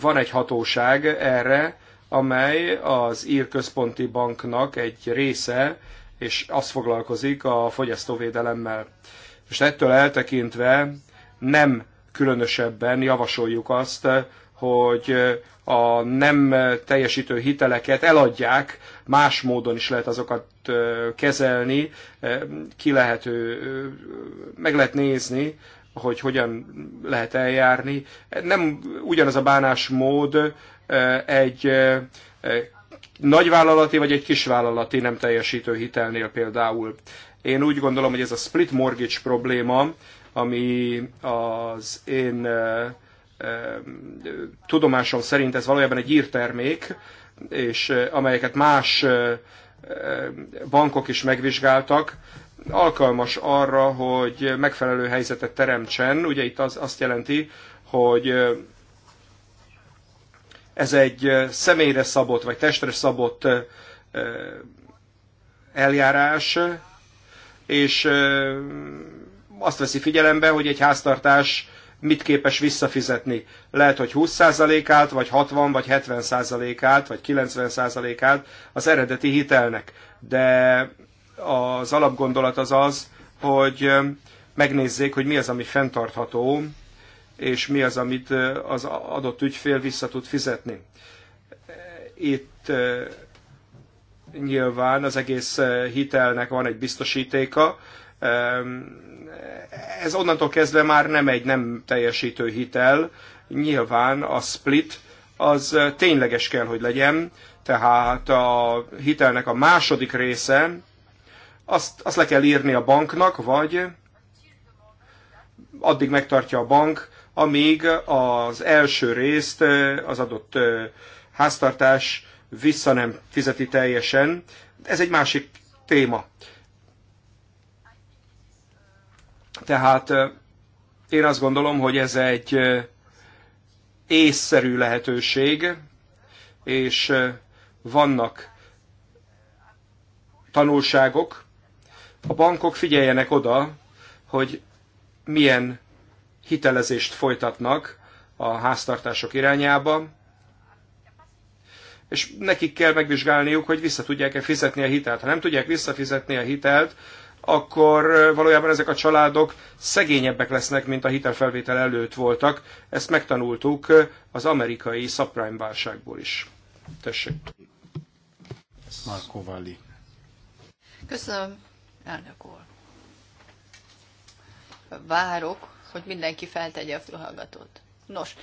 Van egy hatóság erre, amely az Ír Központi Banknak egy része, és az foglalkozik a fogyasztóvédelemmel. És ettől eltekintve nem különösebben javasoljuk azt, hogy a nem teljesítő hiteleket eladják, más módon is lehet azokat kezelni, ki lehet, meg lehet nézni, hogy hogyan lehet eljárni. Nem ugyanaz a bánásmód egy nagyvállalati vagy egy kisvállalati nem teljesítő hitelnél például. Én úgy gondolom, hogy ez a split mortgage probléma, ami az én tudomásom szerint ez valójában egy írtermék, és amelyeket más bankok is megvizsgáltak, alkalmas arra, hogy megfelelő helyzetet teremtsen. Ugye itt az azt jelenti, hogy ez egy személyre szabott, vagy testre szabott eljárás, és azt veszi figyelembe, hogy egy háztartás mit képes visszafizetni. Lehet, hogy 20%-át, vagy 60, vagy 70%-át, vagy 90%-át az eredeti hitelnek. De az alapgondolat az az, hogy megnézzék, hogy mi az, ami fenntartható, és mi az, amit az adott ügyfél vissza tud fizetni. Itt nyilván az egész hitelnek van egy biztosítéka, ez onnantól kezdve már nem egy nem teljesítő hitel, nyilván a split az tényleges kell, hogy legyen, tehát a hitelnek a második része, azt, azt le kell írni a banknak, vagy addig megtartja a bank, amíg az első részt az adott háztartás vissza nem fizeti teljesen. Ez egy másik téma. Tehát én azt gondolom, hogy ez egy észszerű lehetőség, és vannak tanulságok. A bankok figyeljenek oda, hogy milyen hitelezést folytatnak a háztartások irányába, és nekik kell megvizsgálniuk, hogy vissza tudják-e fizetni a hitelt. Ha nem tudják visszafizetni a hitelt, akkor valójában ezek a családok szegényebbek lesznek, mint a hitelfelvétel előtt voltak. Ezt megtanultuk az amerikai subprime válságból is. Tessék. Marco Valli. Köszönöm, elnök úr. Várok, hogy mindenki feltegye a fülhallgatót. Nos,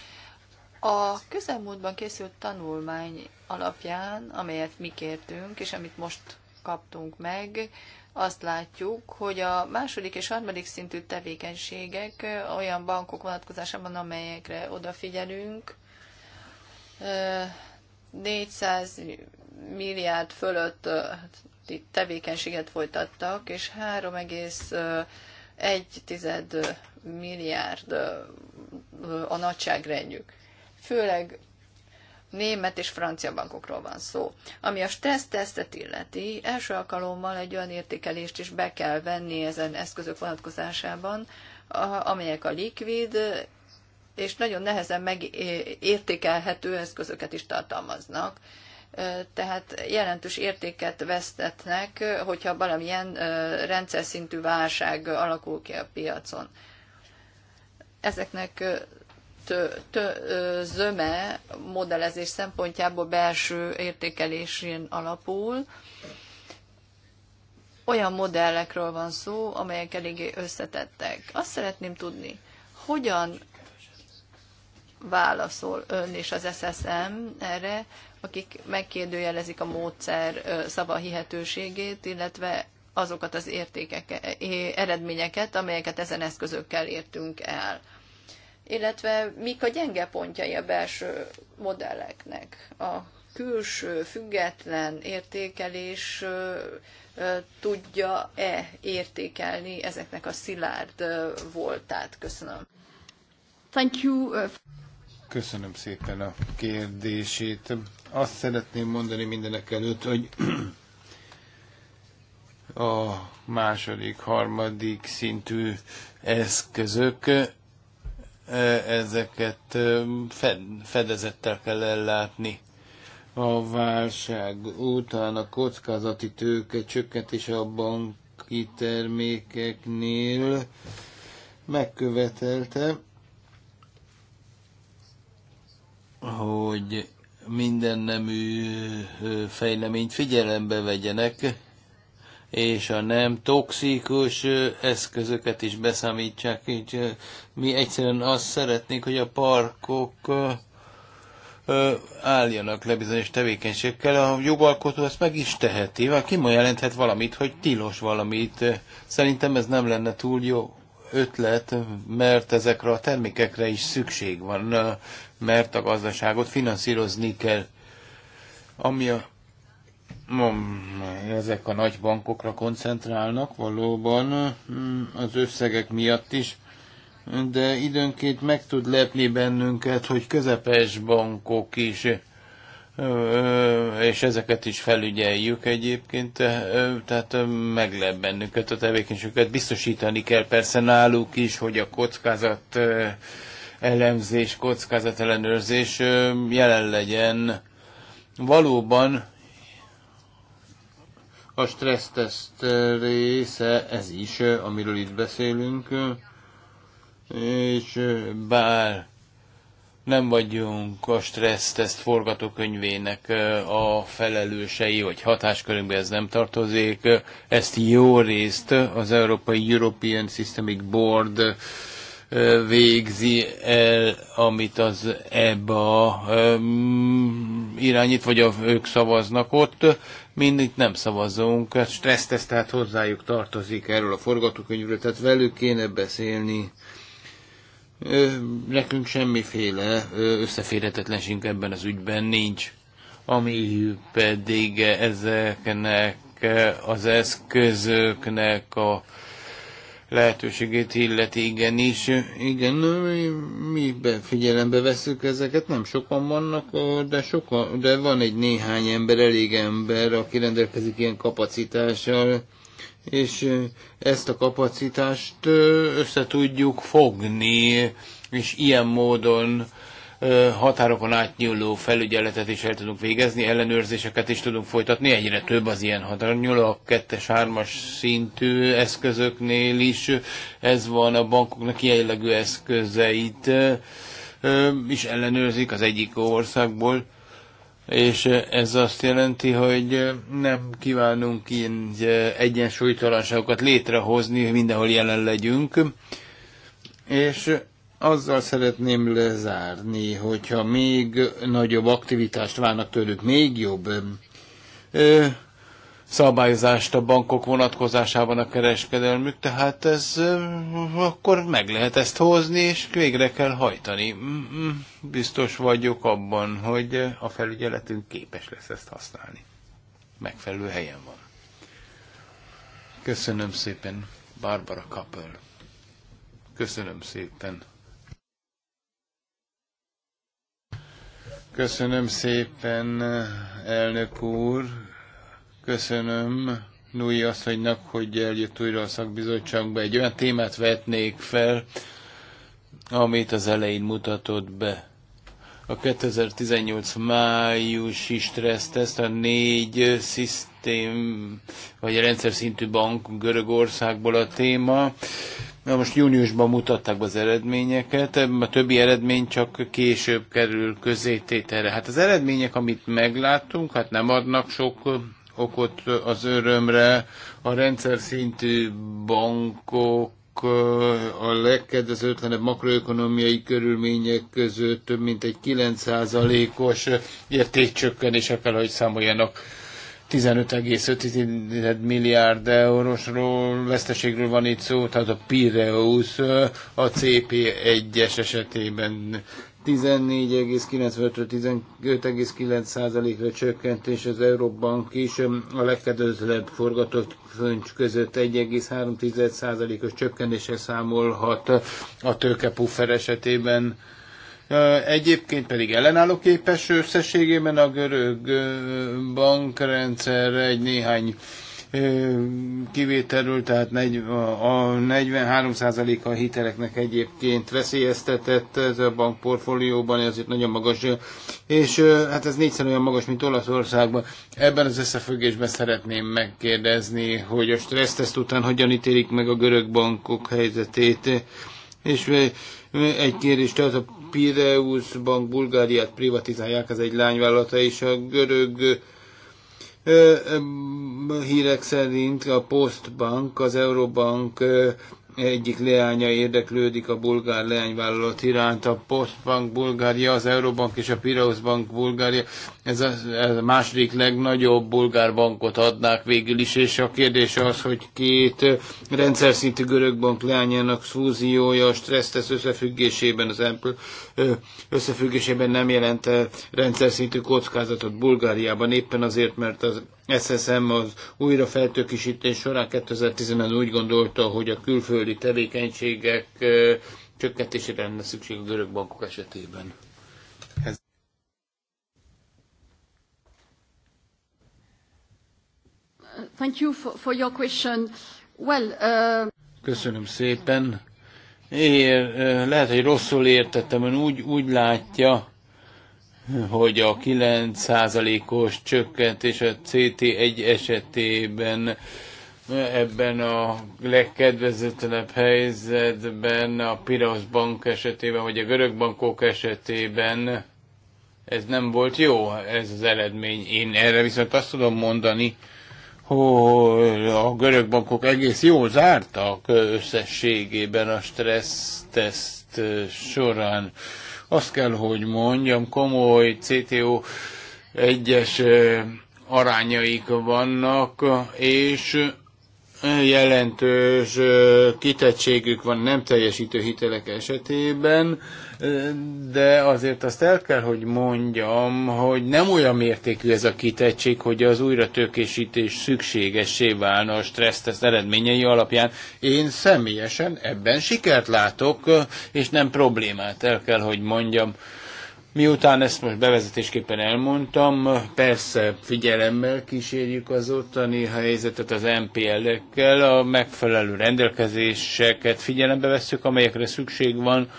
a közelmúltban készült tanulmány alapján, amelyet mi kértünk, és amit most kaptunk meg, azt látjuk, hogy a második és harmadik szintű tevékenységek olyan bankok vonatkozásában, amelyekre odafigyelünk, 400 milliárd fölött tevékenységet folytattak, és 3,1 milliárd a nagyságrendjük. Főleg német és francia bankokról van szó. Ami a stressztesztet illeti, első alkalommal egy olyan értékelést is be kell venni ezen eszközök vonatkozásában, amelyek a likvid és nagyon nehezen megértékelhető eszközöket is tartalmaznak. Tehát jelentős értéket vesztetnek, hogyha valamilyen rendszer szintű válság alakul ki a piacon. Ezeknek tö, tö, zöme modellezés szempontjából belső értékelésén alapul. Olyan modellekről van szó, amelyek eléggé összetettek. Azt szeretném tudni, hogyan válaszol ön és az SSM erre, akik megkérdőjelezik a módszer szava hihetőségét, illetve azokat az értékeket, eredményeket, amelyeket ezen eszközökkel értünk el illetve mik a gyenge pontjai a belső modelleknek. A külső, független értékelés tudja-e értékelni ezeknek a szilárd voltát? Köszönöm. Thank you. Köszönöm szépen a kérdését. Azt szeretném mondani mindenek előtt, hogy a második, harmadik szintű eszközök ezeket fedezettel kell ellátni. A válság után a kockázati tőke csökkentése a banki termékeknél megkövetelte, hogy minden nemű fejleményt figyelembe vegyenek, és a nem toxikus eszközöket is beszámítsák. Így mi egyszerűen azt szeretnénk, hogy a parkok álljanak le bizonyos tevékenységekkel. A jogalkotó ezt meg is teheti, vagy ki jelenthet valamit, hogy tilos valamit. Szerintem ez nem lenne túl jó ötlet, mert ezekre a termékekre is szükség van, mert a gazdaságot finanszírozni kell. Ami a ezek a nagy bankokra koncentrálnak valóban hm, az összegek miatt is, de időnként meg tud lepni bennünket, hogy közepes bankok is, és ezeket is felügyeljük egyébként, tehát meglep bennünket a tevékenységüket. Biztosítani kell persze náluk is, hogy a kockázat elemzés, ellenőrzés jelen legyen. Valóban a stresszteszt része ez is, amiről itt beszélünk, és bár nem vagyunk a stresszteszt forgatókönyvének a felelősei, vagy hatáskörünkbe ez nem tartozik. Ezt jó részt az Európai European Systemic Board végzi el, amit az EBA irányít, vagy ők szavaznak ott, mindig nem szavazzunk, A stressztesz tehát hozzájuk tartozik erről a forgatókönyvről, tehát velük kéne beszélni. Ö, nekünk semmiféle összeférhetetlenségünk ebben az ügyben nincs. Ami pedig ezeknek az eszközöknek a lehetőségét illeti, igen is Igen, mi figyelembe veszük ezeket, nem sokan vannak, de, sokan, de van egy néhány ember, elég ember, aki rendelkezik ilyen kapacitással, és ezt a kapacitást össze tudjuk fogni, és ilyen módon határokon átnyúló felügyeletet is el tudunk végezni, ellenőrzéseket is tudunk folytatni, egyre több az ilyen határon nyúló, a kettes, hármas szintű eszközöknél is ez van, a bankoknak jellegű eszközeit is ellenőrzik az egyik országból, és ez azt jelenti, hogy nem kívánunk ilyen egyensúlytalanságokat létrehozni, hogy mindenhol jelen legyünk, és azzal szeretném lezárni, hogyha még nagyobb aktivitást várnak tőlük, még jobb ö, szabályozást a bankok vonatkozásában a kereskedelmük, tehát ez ö, akkor meg lehet ezt hozni, és végre kell hajtani. Biztos vagyok abban, hogy a felügyeletünk képes lesz ezt használni. Megfelelő helyen van. Köszönöm szépen, Barbara Kappel. Köszönöm szépen. Köszönöm szépen, elnök úr. Köszönöm Nui asszonynak, hogy eljött újra a szakbizottságba. Egy olyan témát vetnék fel, amit az elején mutatott be. A 2018 májusi stresszteszt a négy szisztém, vagy a rendszer szintű bank Görögországból a téma. Na most júniusban mutatták az eredményeket, a többi eredmény csak később kerül közététerre. Hát az eredmények, amit megláttunk, hát nem adnak sok okot az örömre. A rendszer szintű bankok a legkedvezőtlenebb makroökonomiai körülmények között több mint egy 9%-os értékcsökkenés kell, hogy számoljanak 15,5 milliárd eurósról veszteségről van itt szó, tehát a Pireus a CP1-es esetében 14,95-15,9%-ra csökkent és az Euróbank is, a legkedvezőbb forgatókönyv között 1,3%-os csökkenésre számolhat a tőkepuffer esetében Egyébként pedig ellenálló képes összességében a görög bankrendszer egy néhány kivételről, tehát a 43%-a a hiteleknek egyébként veszélyeztetett ez a bankportfólióban, ezért nagyon magas, és hát ez négyszer olyan magas, mint Olaszországban. Ebben az összefüggésben szeretném megkérdezni, hogy a stresszteszt után hogyan ítélik meg a görög bankok helyzetét, és egy kérdés, tehát a bank Bulgáriát privatizálják, ez egy lányvállalata, és a görög hírek szerint a Postbank, az Eurobank egyik leánya érdeklődik a bulgár leányvállalat iránt, a Postbank Bulgária, az Eurobank és a Piraeus Bank Bulgária, ez a, ez a második legnagyobb bulgár bankot adnák végül is, és a kérdés az, hogy két rendszer szintű görög bank leányának fúziója a stressztesz összefüggésében, az Apple összefüggésében nem jelent rendszer szintű kockázatot Bulgáriában, éppen azért, mert az SSM az újra feltökisítés során 2010-ben úgy gondolta, hogy a külföldi tevékenységek csökkentésére lenne szükség a görög bankok esetében. Ez Thank you for, for your question. Well, uh... Köszönöm szépen. Én, lehet, hogy rosszul értettem, ön úgy, úgy látja, hogy a 9%-os csökkentés a CT1 esetében ebben a legkedvezőtlenebb helyzetben, a piros Bank esetében, vagy a görög bankok esetében ez nem volt jó, ez az eredmény. Én erre viszont azt tudom mondani, hogy a görög bankok egész jó zártak összességében a stressz teszt során. Azt kell, hogy mondjam, komoly CTO egyes eh, arányaik vannak, és jelentős kitettségük van nem teljesítő hitelek esetében, de azért azt el kell, hogy mondjam, hogy nem olyan mértékű ez a kitettség, hogy az tökésítés szükségessé válna a stressztesz eredményei alapján. Én személyesen ebben sikert látok, és nem problémát el kell, hogy mondjam. Miután ezt most bevezetésképpen elmondtam, persze figyelemmel kísérjük az ottani helyzetet az MPL-ekkel, a megfelelő rendelkezéseket figyelembe vesszük, amelyekre szükség van.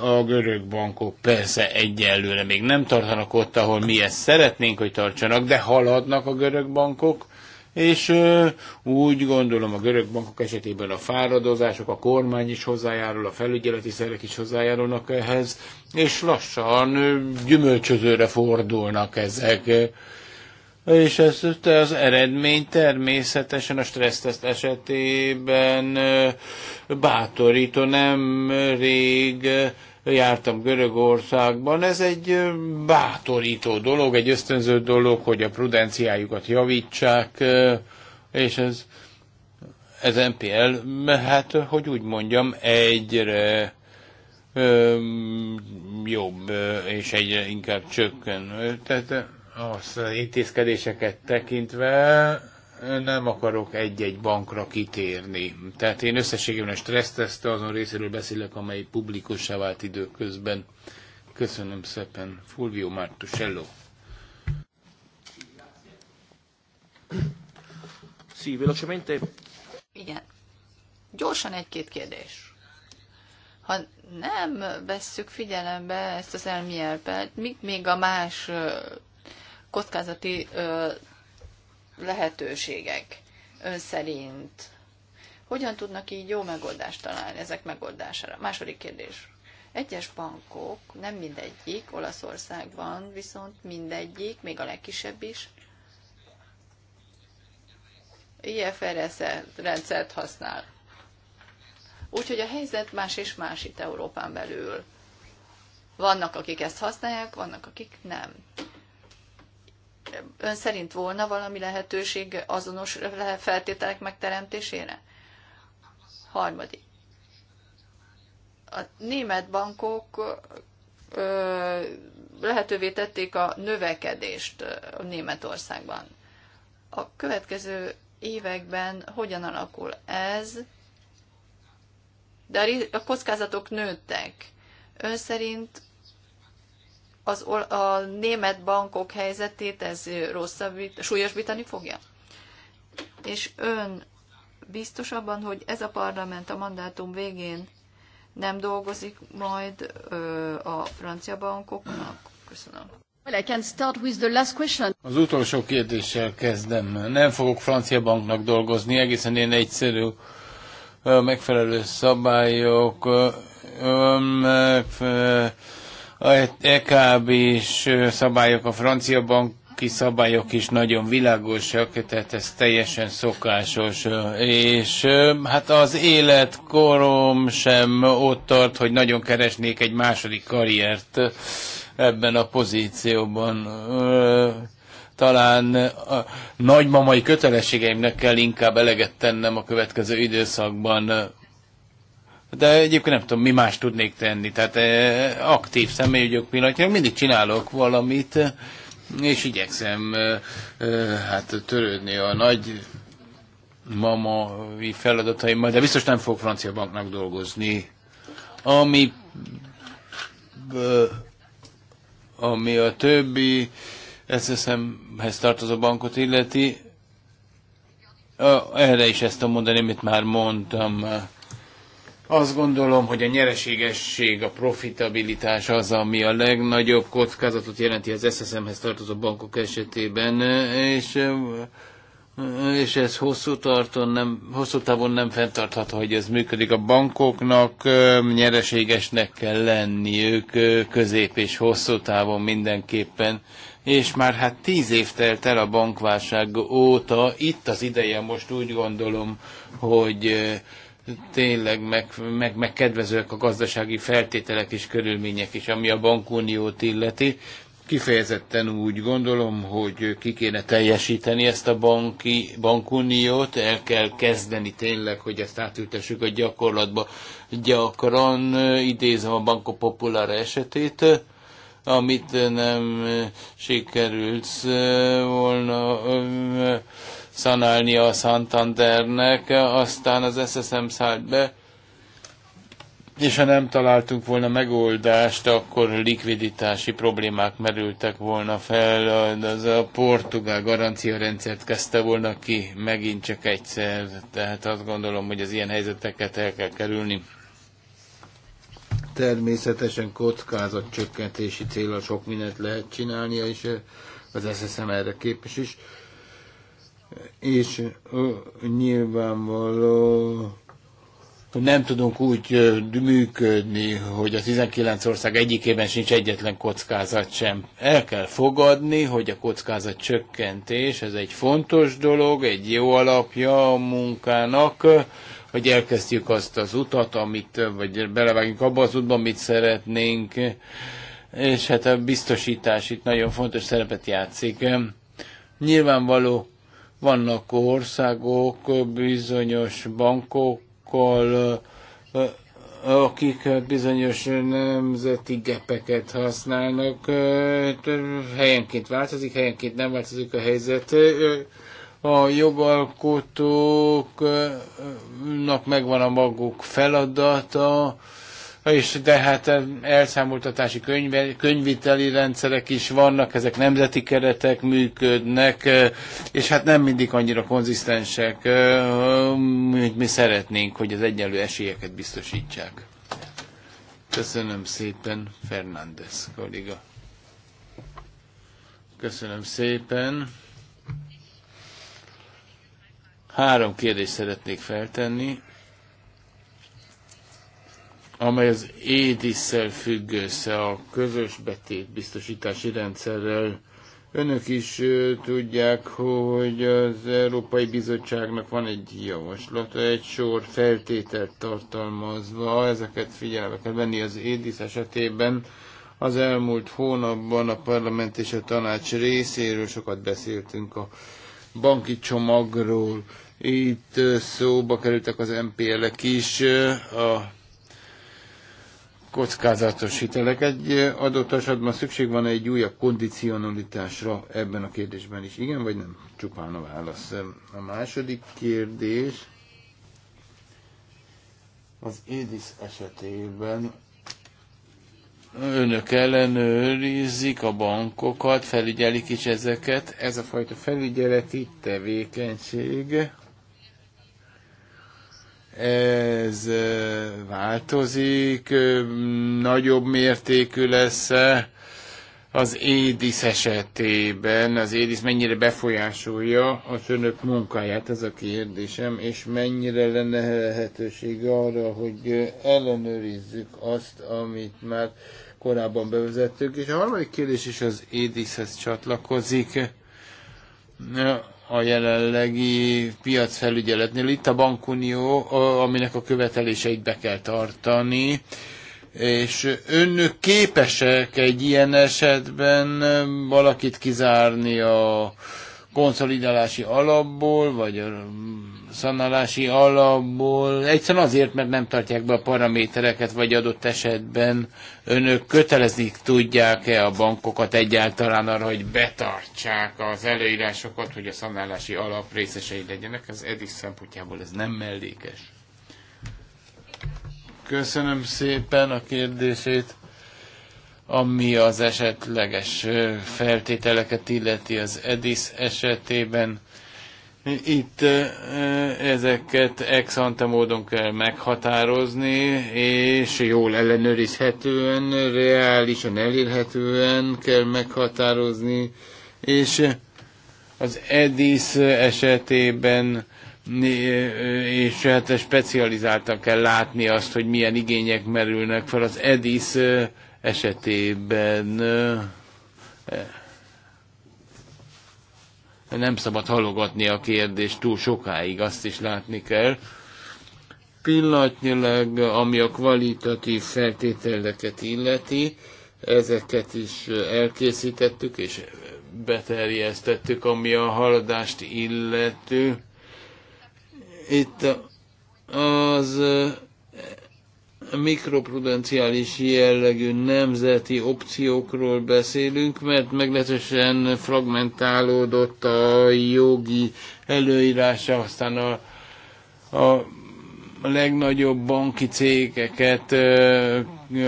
A görög bankok persze egyelőre még nem tartanak ott, ahol mi ezt szeretnénk, hogy tartsanak, de haladnak a görög bankok és úgy gondolom a görög bankok esetében a fáradozások, a kormány is hozzájárul, a felügyeleti szerek is hozzájárulnak ehhez, és lassan gyümölcsözőre fordulnak ezek. És ez az eredmény természetesen a stresszteszt esetében bátorító nem rég jártam Görögországban, ez egy bátorító dolog, egy ösztönző dolog, hogy a prudenciájukat javítsák, és ez, ez MPL, hát, hogy úgy mondjam, egyre jobb, és egyre inkább csökken. Tehát az intézkedéseket tekintve nem akarok egy-egy bankra kitérni. Tehát én összességében a stresszteszte azon részéről beszélek, amely publikussá vált időközben. Köszönöm szépen. Fulvio Martusello. Sí, velocemente. Igen. Gyorsan egy-két kérdés. Ha nem vesszük figyelembe ezt az elmi elvet, még a más kockázati lehetőségek ön szerint? Hogyan tudnak így jó megoldást találni ezek megoldására? Második kérdés. Egyes bankok, nem mindegyik, Olaszországban viszont mindegyik, még a legkisebb is, IFRS -e rendszert használ. Úgyhogy a helyzet más és más itt Európán belül. Vannak, akik ezt használják, vannak, akik nem ön szerint volna valami lehetőség azonos feltételek megteremtésére? Harmadik. A német bankok ö, lehetővé tették a növekedést Németországban. A következő években hogyan alakul ez? De a kockázatok nőttek. Ön szerint az, a német bankok helyzetét ez rosszabb, súlyosbítani fogja? És ön biztos abban, hogy ez a parlament a mandátum végén nem dolgozik majd ö, a francia bankoknak? Köszönöm. Well, I can start with the last question. Az utolsó kérdéssel kezdem. Nem fogok francia banknak dolgozni, egészen én egyszerű megfelelő szabályok, megfelelő a ekb is szabályok, a francia banki szabályok is nagyon világosak, tehát ez teljesen szokásos. És hát az életkorom sem ott tart, hogy nagyon keresnék egy második karriert ebben a pozícióban talán a nagymamai kötelességeimnek kell inkább eleget tennem a következő időszakban. De egyébként nem tudom, mi más tudnék tenni. Tehát eh, aktív személyügyök vagyok pillanatnyilag, mindig csinálok valamit, eh, és igyekszem eh, hát törődni a nagy mama feladataimmal, de biztos nem fog francia banknak dolgozni. Ami ami a többi SSM-hez tartozó bankot illeti, erre is ezt tudom mondani, amit már mondtam. Azt gondolom, hogy a nyereségesség, a profitabilitás az, ami a legnagyobb kockázatot jelenti az SSM-hez tartozó bankok esetében, és és ez hosszú, tarton nem, hosszú távon nem fenntartható, hogy ez működik. A bankoknak nyereségesnek kell lenniük közép és hosszú távon mindenképpen. És már hát tíz év telt el a bankválság óta, itt az ideje most úgy gondolom, hogy tényleg meg, meg, meg kedvezőek a gazdasági feltételek és körülmények is, ami a bankuniót illeti. Kifejezetten úgy gondolom, hogy ki kéne teljesíteni ezt a banki, bankuniót, el kell kezdeni tényleg, hogy ezt átültessük a gyakorlatba. Gyakran idézem a Banco Populára esetét, amit nem sikerült volna szanálni a Santandernek, aztán az SSM szállt be, és ha nem találtunk volna megoldást, akkor likviditási problémák merültek volna fel, az a portugál rendszert kezdte volna ki megint csak egyszer, tehát azt gondolom, hogy az ilyen helyzeteket el kell kerülni. Természetesen csökkentési célra sok mindent lehet csinálnia, és az SSM erre képes is és nyilvánvaló hogy nem tudunk úgy működni, hogy a 19 ország egyikében sincs egyetlen kockázat sem. El kell fogadni, hogy a kockázat csökkentés, ez egy fontos dolog, egy jó alapja a munkának, hogy elkezdjük azt az utat, amit, vagy belevágjunk abba az útba, amit szeretnénk, és hát a biztosítás itt nagyon fontos szerepet játszik. Nyilvánvaló, vannak országok bizonyos bankokkal, akik bizonyos nemzeti gepeket használnak. Helyenként változik, helyenként nem változik a helyzet. A jogalkotóknak megvan a maguk feladata, és de hát eh, elszámoltatási könyve, könyviteli rendszerek is vannak, ezek nemzeti keretek működnek, eh, és hát nem mindig annyira konzisztensek, eh, mint mi szeretnénk, hogy az egyenlő esélyeket biztosítsák. Köszönöm szépen, Fernández kolléga. Köszönöm szépen. Három kérdést szeretnék feltenni amely az édisszel függ össze a közös betétbiztosítási rendszerrel. Önök is tudják, hogy az Európai Bizottságnak van egy javaslata, egy sor feltételt tartalmazva, ezeket figyelembe kell venni az Édis esetében. Az elmúlt hónapban a parlament és a tanács részéről sokat beszéltünk a banki csomagról. Itt szóba kerültek az MPL-ek is, a kockázatos hitelek. Egy adott esetben szükség van egy újabb kondicionalitásra ebben a kérdésben is. Igen vagy nem? Csupán a válasz. A második kérdés az Édis esetében önök ellenőrizik a bankokat, felügyelik is ezeket. Ez a fajta felügyeleti tevékenység ez változik, nagyobb mértékű lesz az édisz esetében, az édisz mennyire befolyásolja a önök munkáját, ez a kérdésem, és mennyire lenne lehetőség arra, hogy ellenőrizzük azt, amit már korábban bevezettük, És a harmadik kérdés is az édiszhez csatlakozik a jelenlegi piacfelügyeletnél. Itt a bankunió, aminek a követeléseit be kell tartani, és önök képesek egy ilyen esetben valakit kizárni a konszolidálási alapból, vagy a szanalási alapból, egyszerűen azért, mert nem tartják be a paramétereket, vagy adott esetben önök kötelezni tudják-e a bankokat egyáltalán arra, hogy betartsák az előírásokat, hogy a szanálási alap részesei legyenek? Ez eddig szempontjából ez nem mellékes. Köszönöm szépen a kérdését. Ami az esetleges feltételeket illeti az EDIS esetében, itt ezeket ex ante módon kell meghatározni, és jól ellenőrizhetően, reálisan elérhetően kell meghatározni, és az EDIS esetében és hát specializáltan kell látni azt, hogy milyen igények merülnek fel az EDIS esetében nem szabad halogatni a kérdést túl sokáig, azt is látni kell. Pillanatnyilag, ami a kvalitatív feltételeket illeti, ezeket is elkészítettük és beterjesztettük, ami a haladást illető. Itt az mikroprudenciális jellegű nemzeti opciókról beszélünk, mert meglehetősen fragmentálódott a jogi előírása, aztán a, a legnagyobb banki cégeket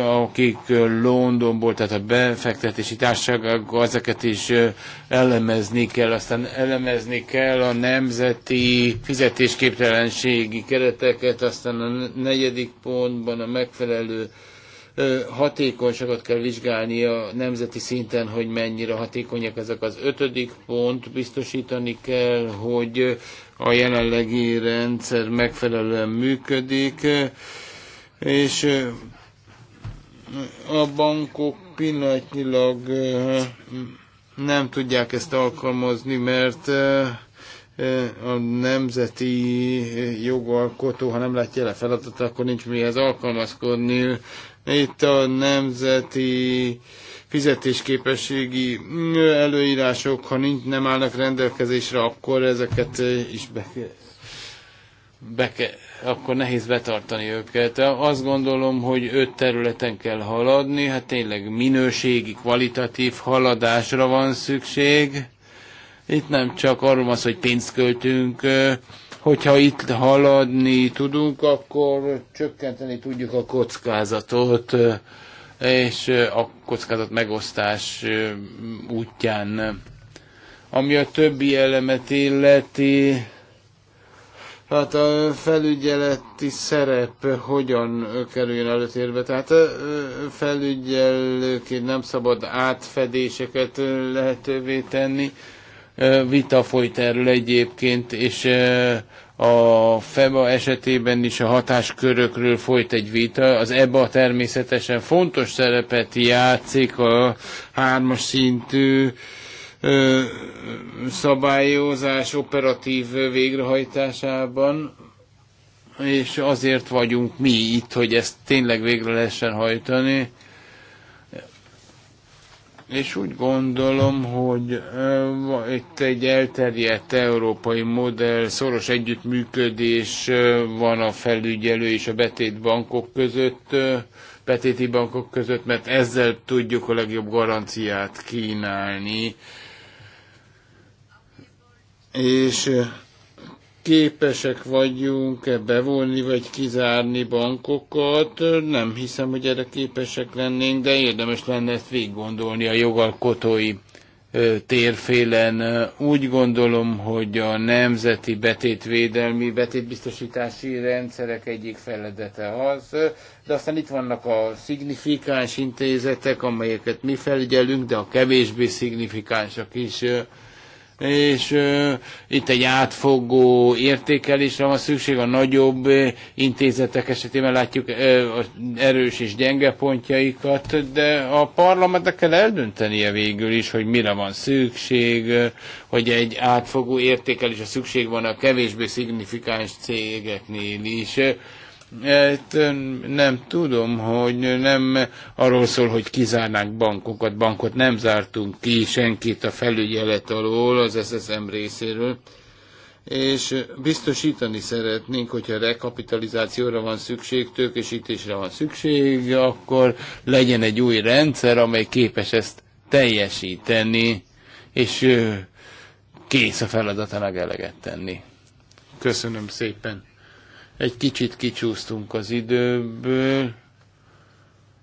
akik Londonból, tehát a befektetési társaságok, ezeket is elemezni kell, aztán elemezni kell a nemzeti fizetésképtelenségi kereteket, aztán a negyedik pontban a megfelelő hatékonyságot kell vizsgálni a nemzeti szinten, hogy mennyire hatékonyak ezek az ötödik pont, biztosítani kell, hogy a jelenlegi rendszer megfelelően működik, és a bankok pillanatnyilag nem tudják ezt alkalmazni, mert a nemzeti jogalkotó, ha nem látja le feladatot, akkor nincs mihez alkalmazkodni. Itt a nemzeti fizetésképességi előírások, ha nincs, nem állnak rendelkezésre, akkor ezeket is be be ke, akkor nehéz betartani őket. Azt gondolom, hogy öt területen kell haladni, hát tényleg minőségi, kvalitatív haladásra van szükség. Itt nem csak arról az, hogy pénzt költünk, hogyha itt haladni tudunk, akkor csökkenteni tudjuk a kockázatot, és a kockázat megosztás útján. Ami a többi elemet illeti, Hát a felügyeleti szerep hogyan kerüljön előtérbe? Tehát felügyelőként nem szabad átfedéseket lehetővé tenni. Vita folyt erről egyébként, és a FEBA esetében is a hatáskörökről folyt egy vita. Az EBA természetesen fontos szerepet játszik a hármas szintű szabályozás operatív végrehajtásában, és azért vagyunk mi itt, hogy ezt tényleg végre lehessen hajtani. És úgy gondolom, hogy itt egy elterjedt európai modell, szoros együttműködés van a felügyelő és a betét bankok között, betéti bankok között, mert ezzel tudjuk a legjobb garanciát kínálni és képesek vagyunk bevonni vagy kizárni bankokat. Nem hiszem, hogy erre képesek lennénk, de érdemes lenne ezt végiggondolni a jogalkotói térfélen. Úgy gondolom, hogy a nemzeti betétvédelmi, betétbiztosítási rendszerek egyik feladata az, de aztán itt vannak a szignifikáns intézetek, amelyeket mi felügyelünk, de a kevésbé szignifikánsak is és uh, itt egy átfogó értékelésre van szükség, a nagyobb uh, intézetek esetében látjuk uh, erős és gyenge pontjaikat, de a parlamentnek kell eldöntenie végül is, hogy mire van szükség, uh, hogy egy átfogó értékelésre szükség van a kevésbé szignifikáns cégeknél is. Uh, Hát, nem tudom, hogy nem arról szól, hogy kizárnánk bankokat. Bankot nem zártunk ki senkit a felügyelet alól, az SSM részéről. És biztosítani szeretnénk, hogyha rekapitalizációra van szükség, tőkésítésre van szükség, akkor legyen egy új rendszer, amely képes ezt teljesíteni, és kész a feladatának eleget tenni. Köszönöm szépen! Egy kicsit kicsúsztunk az időből.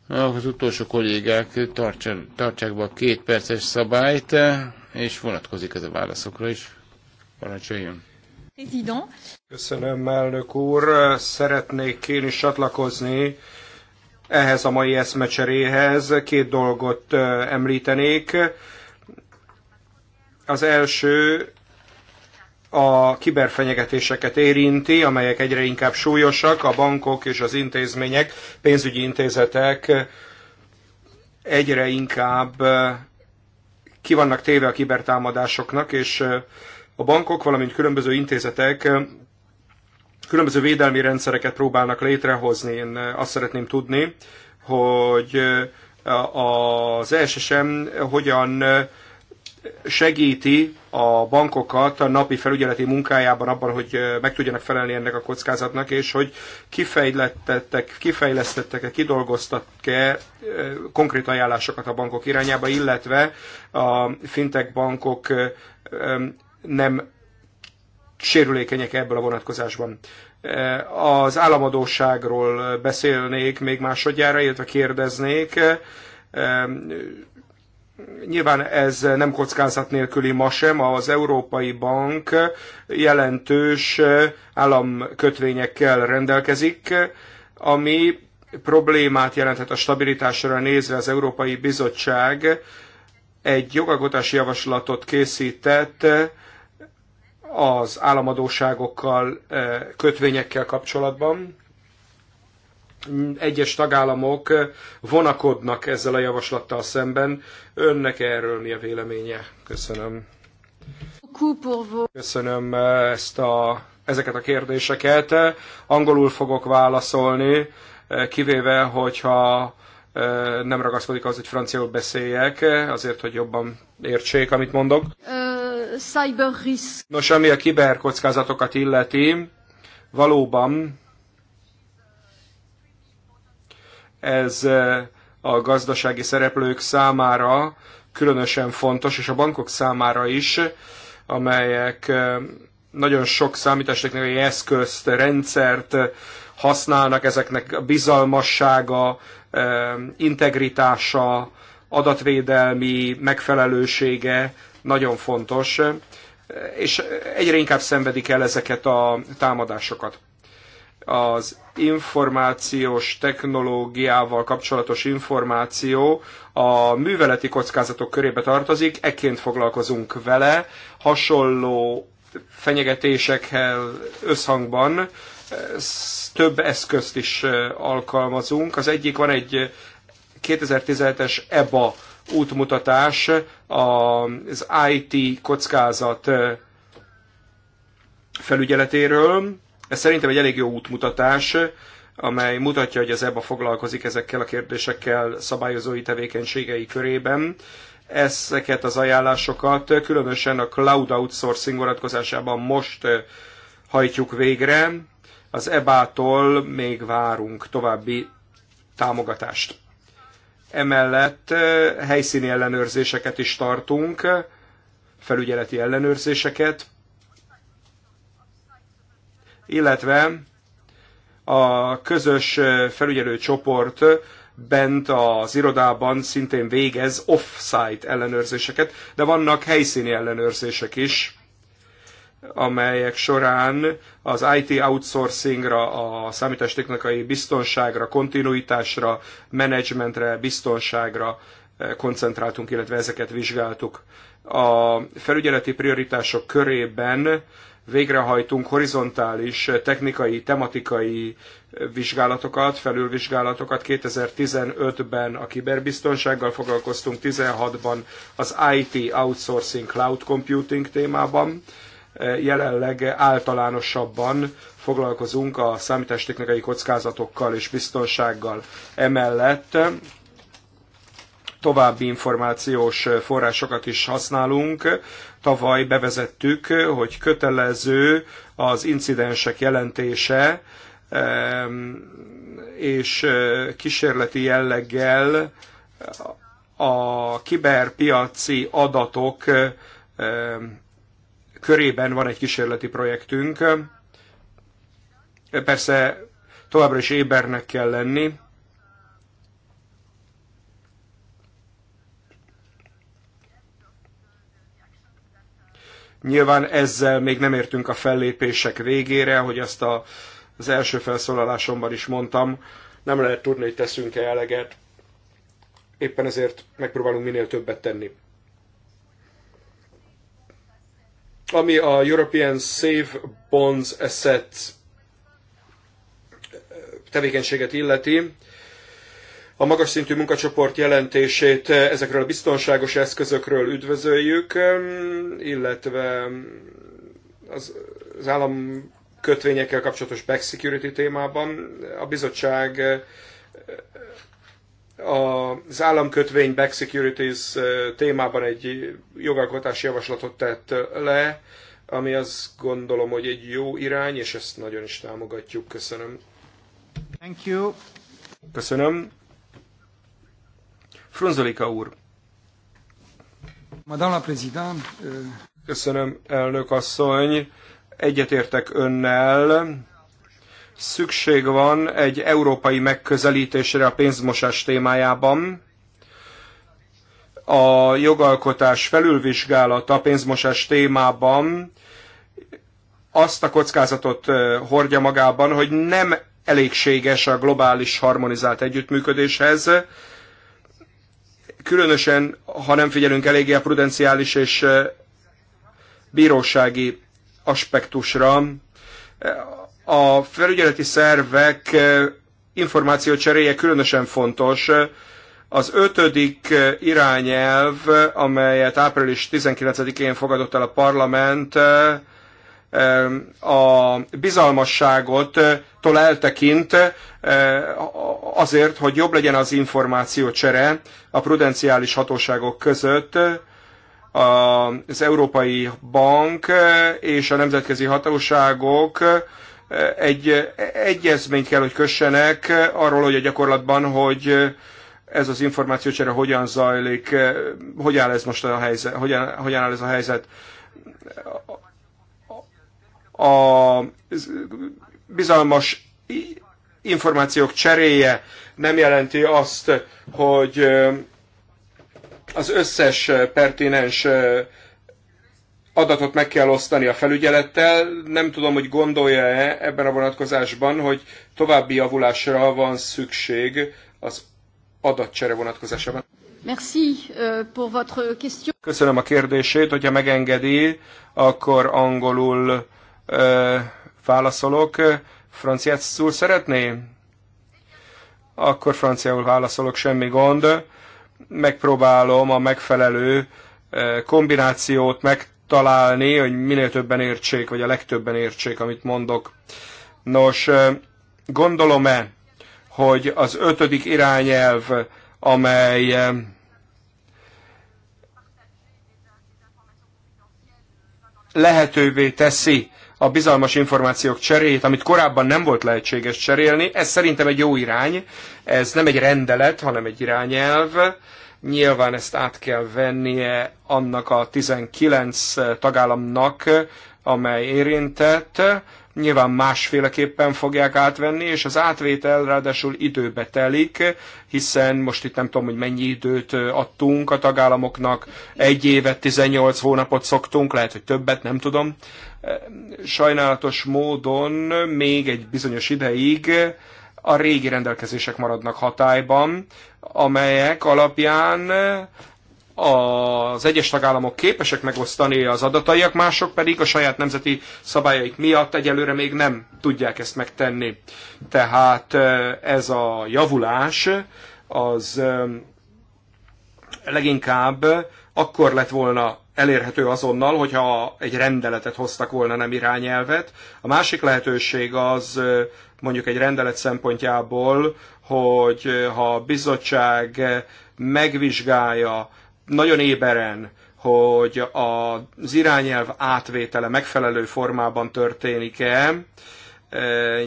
Ah, az utolsó kollégák tartsák, tartsák be a két perces szabályt, és vonatkozik ez a válaszokra is. Parancsoljon! Köszönöm, elnök úr! Szeretnék én is csatlakozni ehhez a mai eszmecseréhez. Két dolgot eh, említenék. Az első a kiberfenyegetéseket érinti, amelyek egyre inkább súlyosak, a bankok és az intézmények, pénzügyi intézetek egyre inkább eh, ki vannak téve a kibertámadásoknak, és eh, a bankok, valamint különböző intézetek eh, különböző védelmi rendszereket próbálnak létrehozni. Én azt szeretném tudni, hogy az SSM hogyan segíti a bankokat a napi felügyeleti munkájában abban, hogy meg tudjanak felelni ennek a kockázatnak, és hogy kifejlettettek, kifejlesztettek-e, kidolgoztak-e konkrét ajánlásokat a bankok irányába, illetve a fintech bankok nem sérülékenyek ebből a vonatkozásban. Az államadóságról beszélnék még másodjára, illetve kérdeznék Nyilván ez nem kockázat nélküli ma sem, az Európai Bank jelentős államkötvényekkel rendelkezik, ami problémát jelenthet a stabilitásra nézve az Európai Bizottság egy jogalkotási javaslatot készített az államadóságokkal, eh, kötvényekkel kapcsolatban, egyes tagállamok vonakodnak ezzel a javaslattal szemben. Önnek erről mi a véleménye? Köszönöm. Köszönöm eh, ezt a, ezeket a kérdéseket. Angolul fogok válaszolni, eh, kivéve, hogyha eh, nem ragaszkodik az, hogy franciául beszéljek, azért, hogy jobban értsék, amit mondok. Uh, cyber risk. Nos, ami a kiberkockázatokat illeti, valóban Ez a gazdasági szereplők számára különösen fontos, és a bankok számára is, amelyek nagyon sok számítástechnikai eszközt, rendszert használnak, ezeknek a bizalmassága, integritása, adatvédelmi megfelelősége nagyon fontos, és egyre inkább szenvedik el ezeket a támadásokat. Az információs technológiával kapcsolatos információ a műveleti kockázatok körébe tartozik, ekként foglalkozunk vele, hasonló fenyegetésekkel összhangban e, több eszközt is e, alkalmazunk. Az egyik van egy 2017-es EBA útmutatás az IT kockázat e, felügyeletéről, ez szerintem egy elég jó útmutatás, amely mutatja, hogy az EBA foglalkozik ezekkel a kérdésekkel szabályozói tevékenységei körében. Ezeket az ajánlásokat különösen a cloud outsourcing vonatkozásában most eh, hajtjuk végre. Az EBA-tól még várunk további támogatást. Emellett eh, helyszíni ellenőrzéseket is tartunk, felügyeleti ellenőrzéseket, illetve a közös felügyelő csoport bent az irodában szintén végez off-site ellenőrzéseket, de vannak helyszíni ellenőrzések is, amelyek során az IT outsourcingra, a számítástechnikai biztonságra, kontinuitásra, menedzsmentre, biztonságra koncentráltunk, illetve ezeket vizsgáltuk. A felügyeleti prioritások körében végrehajtunk horizontális eh, technikai, tematikai eh, vizsgálatokat, felülvizsgálatokat. 2015-ben a kiberbiztonsággal foglalkoztunk, 2016 ban az IT outsourcing cloud computing témában. Eh, jelenleg általánosabban foglalkozunk a számítástechnikai kockázatokkal és biztonsággal. Emellett további információs forrásokat is használunk, Tavaly bevezettük, hogy kötelező az incidensek jelentése, és kísérleti jelleggel a kiberpiaci adatok körében van egy kísérleti projektünk. Persze továbbra is ébernek kell lenni, Nyilván ezzel még nem értünk a fellépések végére, hogy azt a, az első felszólalásomban is mondtam, nem lehet tudni, hogy teszünk-e eleget. Éppen ezért megpróbálunk minél többet tenni. Ami a European Save Bonds Assets tevékenységet illeti, a magas szintű munkacsoport jelentését ezekről a biztonságos eszközökről üdvözöljük, illetve az, az állam kötvényekkel kapcsolatos back security témában. A bizottság eh, az államkötvény back securities eh, témában egy jogalkotási javaslatot tett eh, le, ami azt gondolom, hogy egy jó irány, és ezt nagyon is támogatjuk. Köszönöm. Thank you. Köszönöm. Frunzolika úr. Madame la Président. Euh, Köszönöm, elnök asszony. Egyetértek önnel. Szükség van egy európai megközelítésre a pénzmosás témájában a jogalkotás felülvizsgálata a pénzmosás témában azt a kockázatot hordja magában, hogy nem elégséges a globális harmonizált együttműködéshez, Különösen, ha nem figyelünk eléggé a prudenciális és bírósági aspektusra, a felügyeleti szervek információ cseréje különösen fontos. Az ötödik irányelv, amelyet április 19-én fogadott el a parlament, a bizalmasságottól eltekint azért, hogy jobb legyen az információcsere a prudenciális hatóságok között, az Európai Bank és a nemzetközi hatóságok egy egyezményt kell, hogy kössenek arról, hogy a gyakorlatban, hogy ez az információcsere hogyan zajlik, hogyan áll ez most a helyzet, hogyan, hogyan áll ez a helyzet a bizalmas információk cseréje nem jelenti azt, hogy az összes pertinens adatot meg kell osztani a felügyelettel. Nem tudom, hogy gondolja-e ebben a vonatkozásban, hogy további javulásra van szükség az adatcsere vonatkozásában. Merci pour votre question. Köszönöm a kérdését, hogyha megengedi, akkor angolul válaszolok. szól szeretné? Akkor franciául válaszolok, semmi gond. Megpróbálom a megfelelő kombinációt megtalálni, hogy minél többen értsék, vagy a legtöbben értsék, amit mondok. Nos, gondolom-e, hogy az ötödik irányelv, amely lehetővé teszi a bizalmas információk cseréjét, amit korábban nem volt lehetséges cserélni. Ez szerintem egy jó irány, ez nem egy rendelet, hanem egy irányelv. Nyilván ezt át kell vennie annak a 19 tagállamnak, amely érintett. Nyilván másféleképpen fogják átvenni, és az átvétel ráadásul időbe telik, hiszen most itt nem tudom, hogy mennyi időt adtunk a tagállamoknak, egy évet, 18 hónapot szoktunk, lehet, hogy többet, nem tudom. Sajnálatos módon még egy bizonyos ideig a régi rendelkezések maradnak hatályban, amelyek alapján az egyes tagállamok képesek megosztani az adataiak, mások pedig a saját nemzeti szabályaik miatt egyelőre még nem tudják ezt megtenni. Tehát ez a javulás az leginkább akkor lett volna elérhető azonnal, hogyha egy rendeletet hoztak volna, nem irányelvet. A másik lehetőség az mondjuk egy rendelet szempontjából, hogy ha a bizottság megvizsgálja nagyon éberen, hogy az irányelv átvétele megfelelő formában történik-e,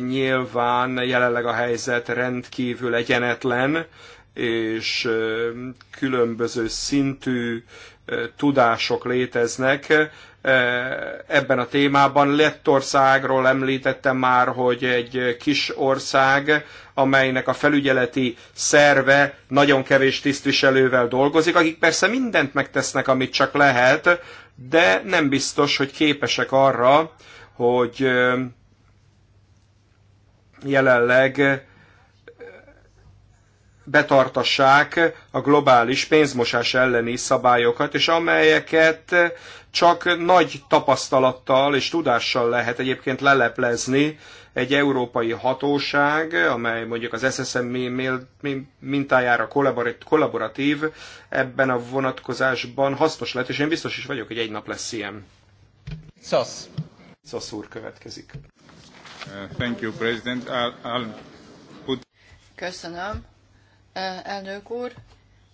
nyilván jelenleg a helyzet rendkívül egyenetlen, és különböző szintű tudások léteznek ebben a témában. Lettországról említettem már, hogy egy kis ország, amelynek a felügyeleti szerve nagyon kevés tisztviselővel dolgozik, akik persze mindent megtesznek, amit csak lehet, de nem biztos, hogy képesek arra, hogy jelenleg betartassák a globális pénzmosás elleni szabályokat, és amelyeket csak nagy tapasztalattal és tudással lehet egyébként leleplezni egy európai hatóság, amely mondjuk az SSM mintájára kollaboratív, ebben a vonatkozásban hasznos lehet, és én biztos is vagyok, hogy egy nap lesz ilyen. Szasz. Szasz úr következik. Uh, thank you, President. I'll, I'll put... Köszönöm elnök úr.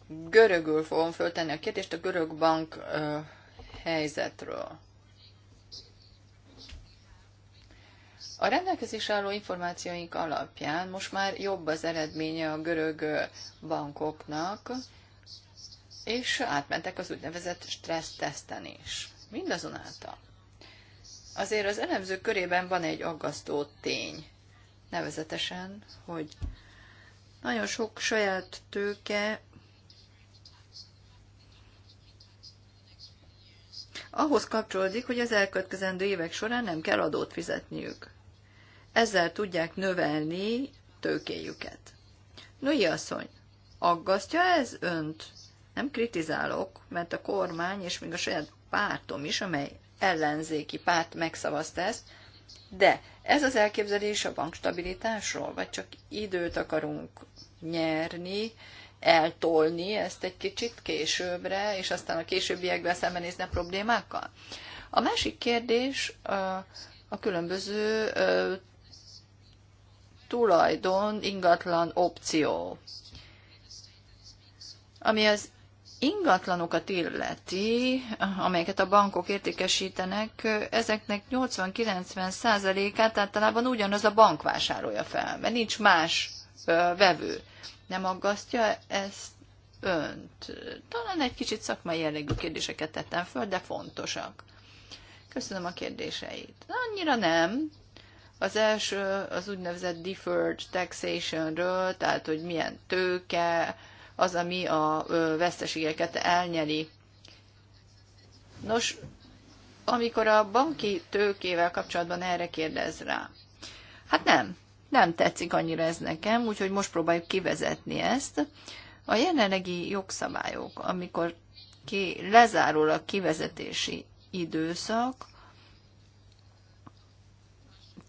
Görögül fogom föltenni a kérdést a görög bank helyzetről. A rendelkezés álló információink alapján most már jobb az eredménye a görög bankoknak, és átmentek az úgynevezett stressztesten is. Mindazonáltal. Azért az elemzők körében van egy aggasztó tény, nevezetesen, hogy nagyon sok saját tőke ahhoz kapcsolódik, hogy az elkövetkezendő évek során nem kell adót fizetniük. Ezzel tudják növelni tőkéjüket. Női asszony, aggasztja ez önt? Nem kritizálok, mert a kormány és még a saját pártom is, amely ellenzéki párt megszavazta ezt, de ez az elképzelés a bankstabilitásról, vagy csak időt akarunk nyerni, eltolni ezt egy kicsit későbbre, és aztán a későbbiekben szembenézni a problémákkal? A másik kérdés a különböző tulajdon, ingatlan opció, ami az ingatlanokat illeti, amelyeket a bankok értékesítenek, ezeknek 80-90 százalékát általában ugyanaz a bank vásárolja fel, mert nincs más vevő. Nem aggasztja ezt önt? Talán egy kicsit szakmai jellegű kérdéseket tettem föl, de fontosak. Köszönöm a kérdéseit. Annyira nem. Az első az úgynevezett deferred taxation, taxation-ről, tehát hogy milyen tőke, az, ami a veszteségeket elnyeli. Nos, amikor a banki tőkével kapcsolatban erre kérdez rá, hát nem, nem tetszik annyira ez nekem, úgyhogy most próbáljuk kivezetni ezt. A jelenlegi jogszabályok, amikor ki lezárul a kivezetési időszak,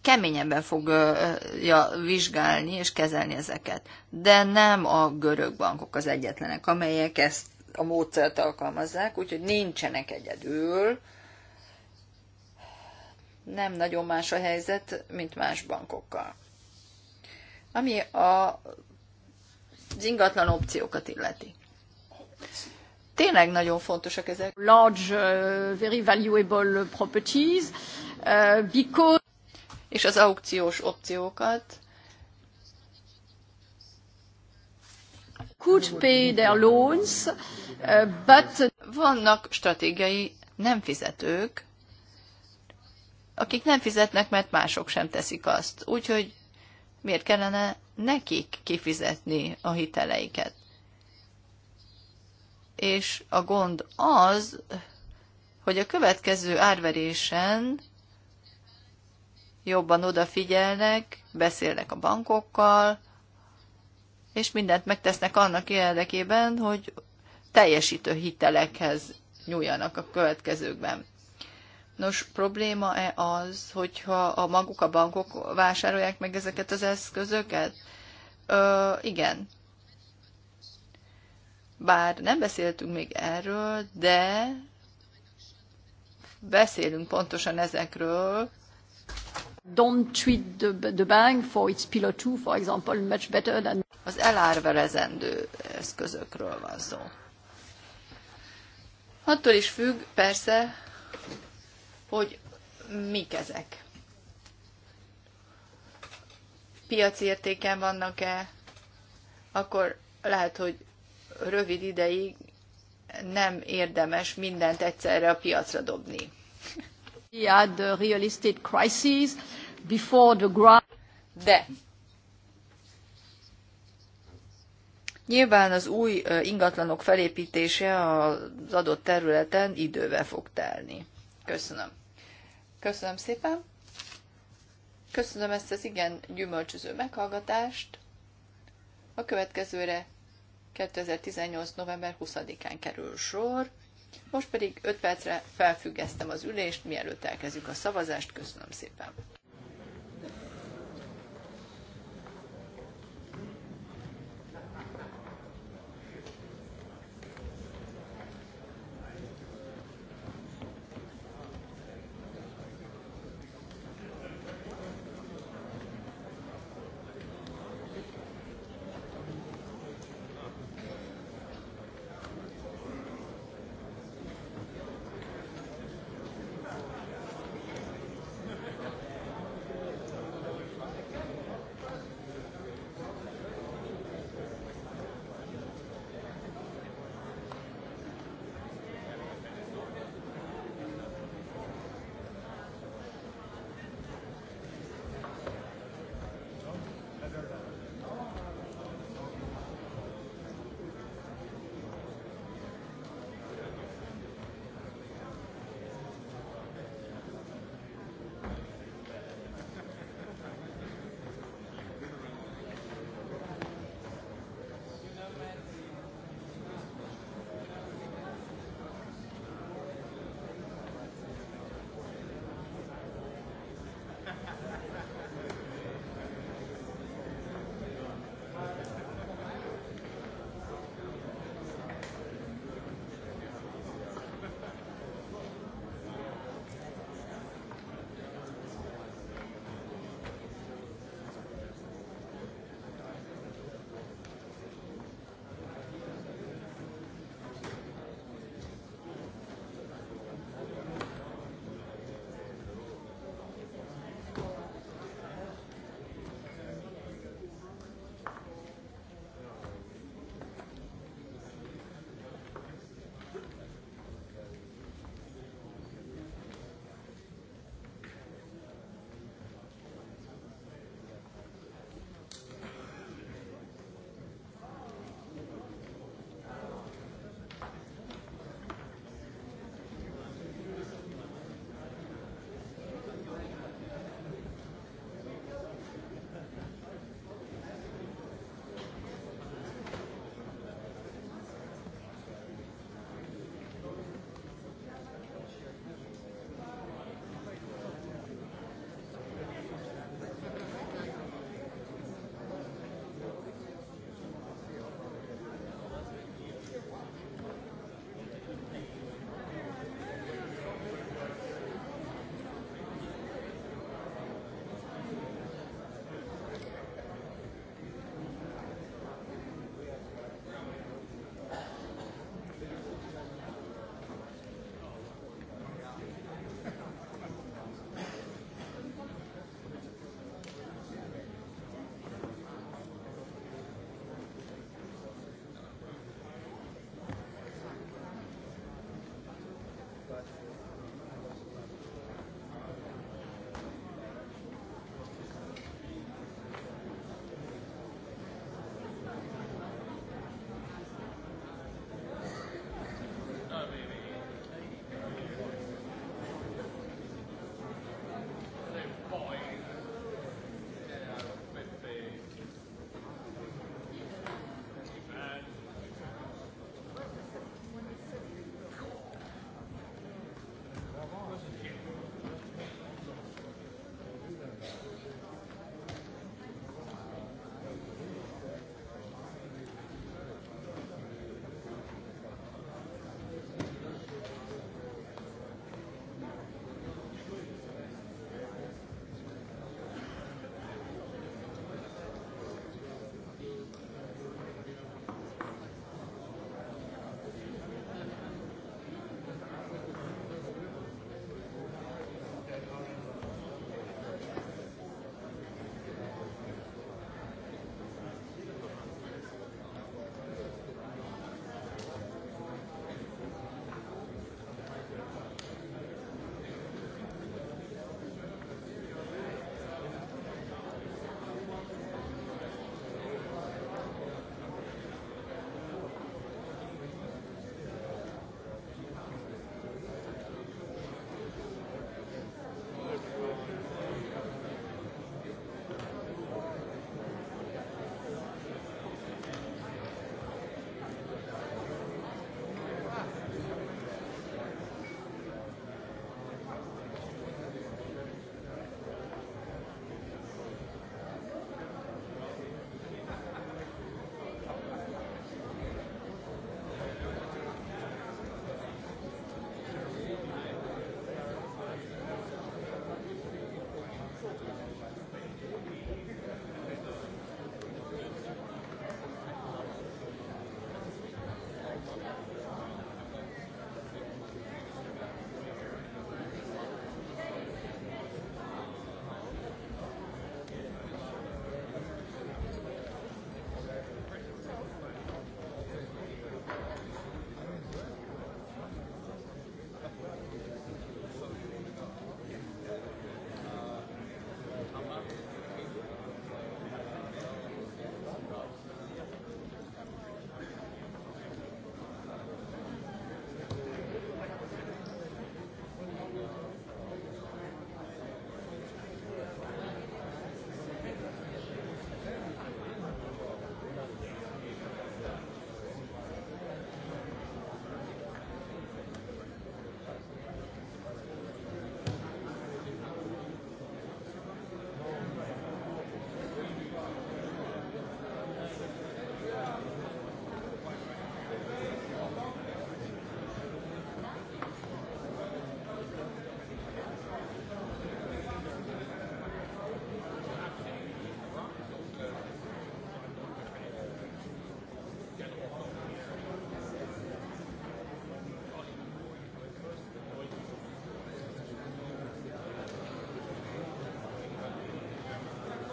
keményebben fogja vizsgálni és kezelni ezeket. De nem a görög bankok az egyetlenek, amelyek ezt a módszert alkalmazzák, úgyhogy nincsenek egyedül. Nem nagyon más a helyzet, mint más bankokkal. Ami a, az ingatlan opciókat illeti tényleg nagyon fontosak ezek. Large, uh, very valuable properties, uh, because és az aukciós opciókat. Could pay their loans, uh, but... Vannak stratégiai nem fizetők, akik nem fizetnek, mert mások sem teszik azt. Úgyhogy miért kellene nekik kifizetni a hiteleiket? És a gond az, hogy a következő árverésen jobban odafigyelnek, beszélnek a bankokkal, és mindent megtesznek annak érdekében, hogy teljesítő hitelekhez nyúljanak a következőkben. Nos, probléma-e az, hogyha a maguk a bankok vásárolják meg ezeket az eszközöket? Ö, igen. Bár nem beszéltünk még erről, de beszélünk pontosan ezekről, don't treat the, the bank for its pillar 2, for example, much better than... Az elárverezendő eszközökről van szó. Attól is függ, persze, hogy mik ezek. Piaci értéken vannak-e, akkor lehet, hogy rövid ideig nem érdemes mindent egyszerre a piacra dobni real estate before the De Nyilván az új ingatlanok felépítése az adott területen idővel fog telni. Köszönöm. Köszönöm szépen. Köszönöm ezt az igen gyümölcsöző meghallgatást. A következőre 2018. november 20-án kerül sor. Most pedig 5 percre felfüggesztem az ülést, mielőtt elkezdjük a szavazást. Köszönöm szépen!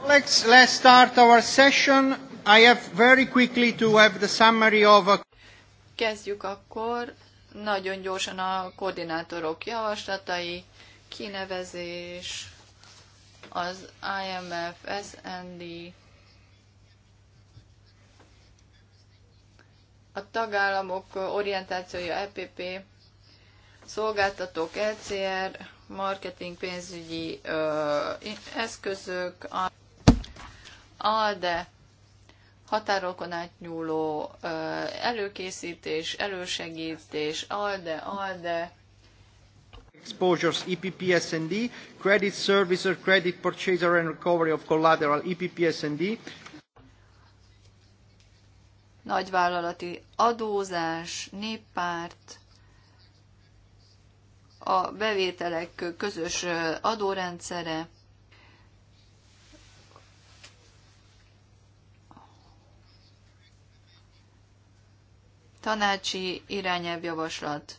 Let's, let's start our session. I have very quickly to have the summary of a... Kezdjük akkor nagyon gyorsan a koordinátorok javaslatai, kinevezés, az IMF, SND, a tagállamok orientációja EPP, szolgáltatók LCR, e marketing pénzügyi ö, eszközök, a ALDE határokon átnyúló előkészítés, elősegítés, ALDE, ALDE, exposures EPP credit servicer, credit purchaser and recovery of collateral EPP Nagyvállalati adózás, néppárt, a bevételek közös adórendszere, tanácsi irányelvjavaslat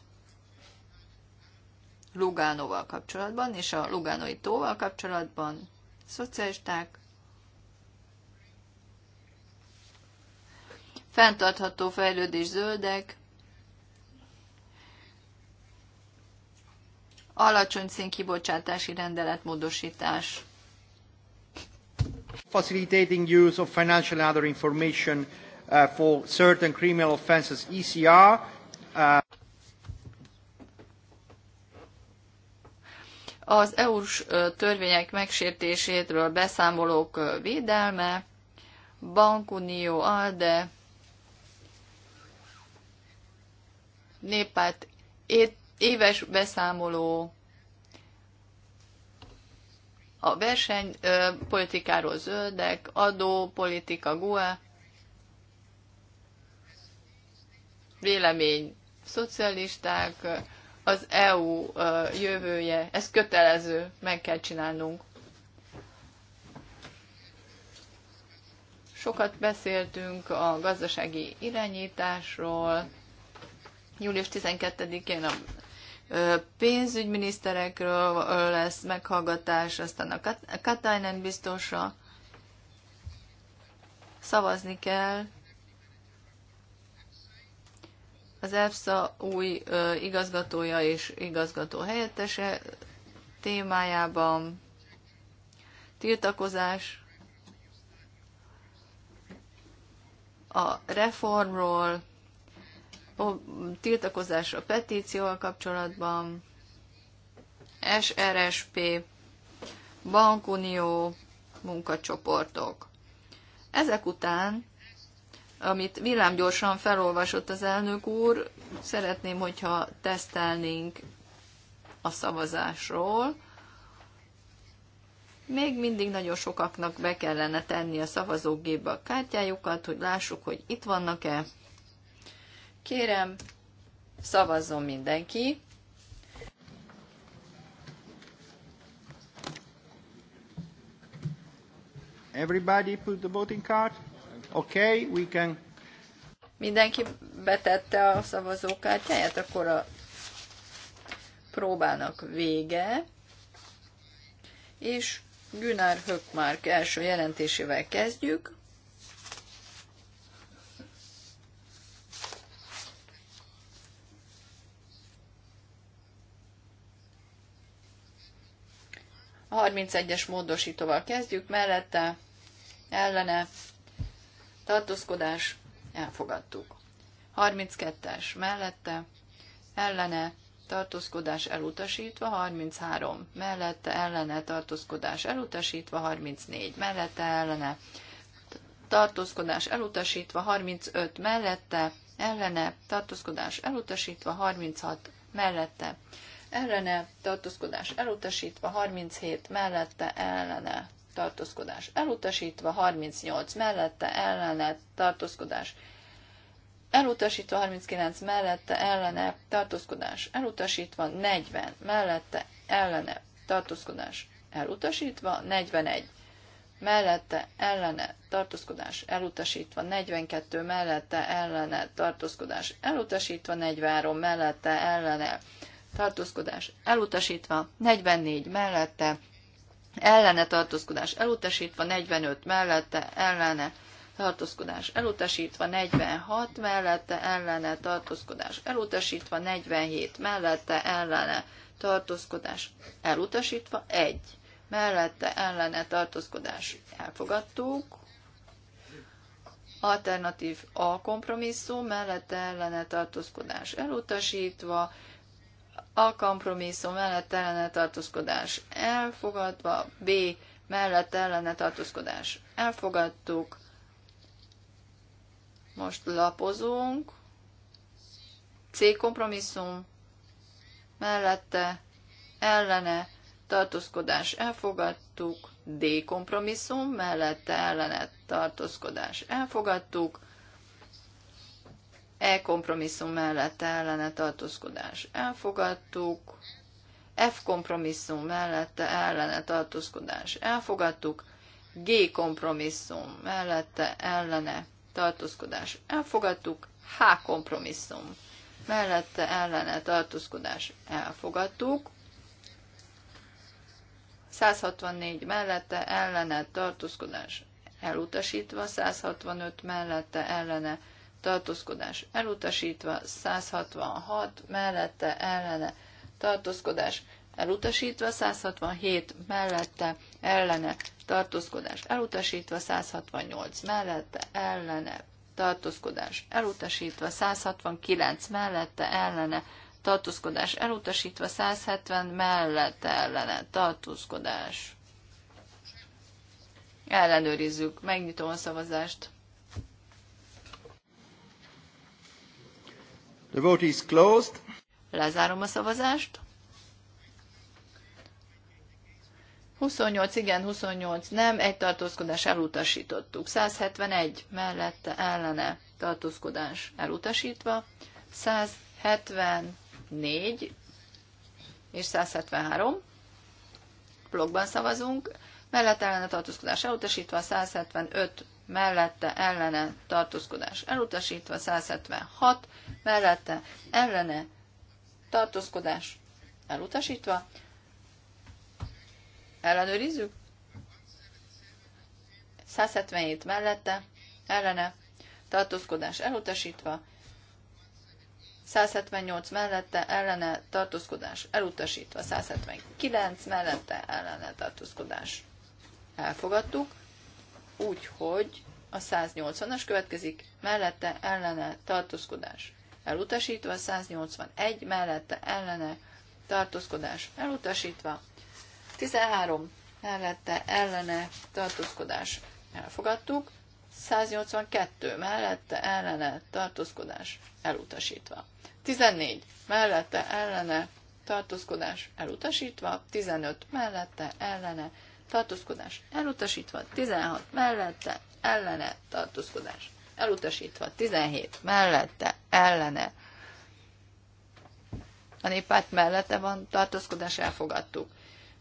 Lugánóval kapcsolatban és a Lugánói tóval kapcsolatban szocialisták fenntartható fejlődés zöldek, alacsony rendelet módosítás Facilitating use of financial and other information uh, for certain criminal offences ECR. Uh... Az EU-s uh, törvények megsértésétről beszámolók uh, védelme, Bankunió, ALDE, Népát éves beszámoló, a versenypolitikáról uh, zöldek, adópolitika, GUE, vélemény. Szocialisták, az EU jövője, ez kötelező, meg kell csinálnunk. Sokat beszéltünk a gazdasági irányításról, július 12-én a pénzügyminiszterekről lesz meghallgatás, aztán a Katainen biztosra szavazni kell Az EFSA új igazgatója és igazgató helyettese témájában tiltakozás, a reformról, tiltakozás a petícióval kapcsolatban, SRSP, Bankunió, munkacsoportok. Ezek után amit villámgyorsan felolvasott az elnök úr, szeretném, hogyha tesztelnénk a szavazásról. Még mindig nagyon sokaknak be kellene tenni a szavazógépbe a kártyájukat, hogy lássuk, hogy itt vannak-e. Kérem, szavazzon mindenki. Everybody put the voting card. Okay, we can... Mindenki betette a szavazókártyáját, akkor a próbának vége, és Günár Hökmark első jelentésével kezdjük. A 31-es módosítóval kezdjük, mellette, ellene, tartózkodás, elfogadtuk. 32-es mellette, ellene, tartózkodás elutasítva, 33 mellette, ellene, tartózkodás elutasítva, 34 mellette, ellene, tartózkodás elutasítva, 35 mellette, ellene, tartózkodás elutasítva, 36 mellette, ellene, tartózkodás elutasítva, 37 mellette, ellene, tartózkodás elutasítva, 38 mellette ellene tartózkodás elutasítva, 39 mellette ellene tartózkodás elutasítva, 40 mellette ellene tartózkodás elutasítva, 41 mellette ellene tartózkodás elutasítva, 42 mellette ellene tartózkodás elutasítva, 43 mellette ellene tartózkodás elutasítva, 44 mellette ellene tartózkodás elutasítva, 45 mellette ellene tartózkodás elutasítva, 46 mellette ellene tartózkodás elutasítva, 47 mellette ellene tartózkodás elutasítva, 1 mellette ellene tartózkodás elfogadtuk, alternatív A kompromisszum mellette ellene tartózkodás elutasítva, a kompromisszum mellett ellene tartózkodás elfogadva, B mellett ellene tartózkodás elfogadtuk, most lapozunk, C kompromisszum mellette ellene tartózkodás elfogadtuk, D kompromisszum mellette ellene tartózkodás elfogadtuk, E kompromisszum mellett ellene tartózkodás elfogadtuk. F kompromisszum mellette ellene tartózkodás elfogadtuk. G kompromisszum mellette ellene tartózkodás elfogadtuk. H kompromisszum mellette ellene tartózkodás elfogadtuk. 164 mellette ellene tartózkodás elutasítva, 165 mellette ellene tartózkodás elutasítva, 166 mellette ellene tartózkodás elutasítva, 167 mellette ellene tartózkodás elutasítva, 168 mellette ellene tartózkodás elutasítva, 169 mellette ellene tartózkodás elutasítva, 170 mellette ellene tartózkodás. Ellenőrizzük, megnyitom a szavazást. The vote is closed. Lezárom a szavazást. 28 igen, 28 nem, egy tartózkodás elutasítottuk. 171 mellette ellene tartózkodás elutasítva. 174 és 173 blogban szavazunk. Mellette ellene tartózkodás elutasítva, 175 mellette ellene tartózkodás elutasítva, 176 mellette ellene tartózkodás elutasítva. Ellenőrizzük. 177 mellette ellene tartózkodás elutasítva. 178 mellette ellene tartózkodás elutasítva, 179 mellette ellene tartózkodás elfogadtuk, úgyhogy a 180-as következik, mellette ellene tartózkodás elutasítva, 181 mellette ellene tartózkodás elutasítva, 13 mellette ellene tartózkodás elfogadtuk, 182 mellette ellene tartózkodás elutasítva. 14 mellette ellene tartózkodás elutasítva, 15 mellette ellene tartózkodás elutasítva, 16 mellette ellene tartózkodás elutasítva 17 mellette, ellene. A néppárt mellette van, tartózkodás elfogadtuk.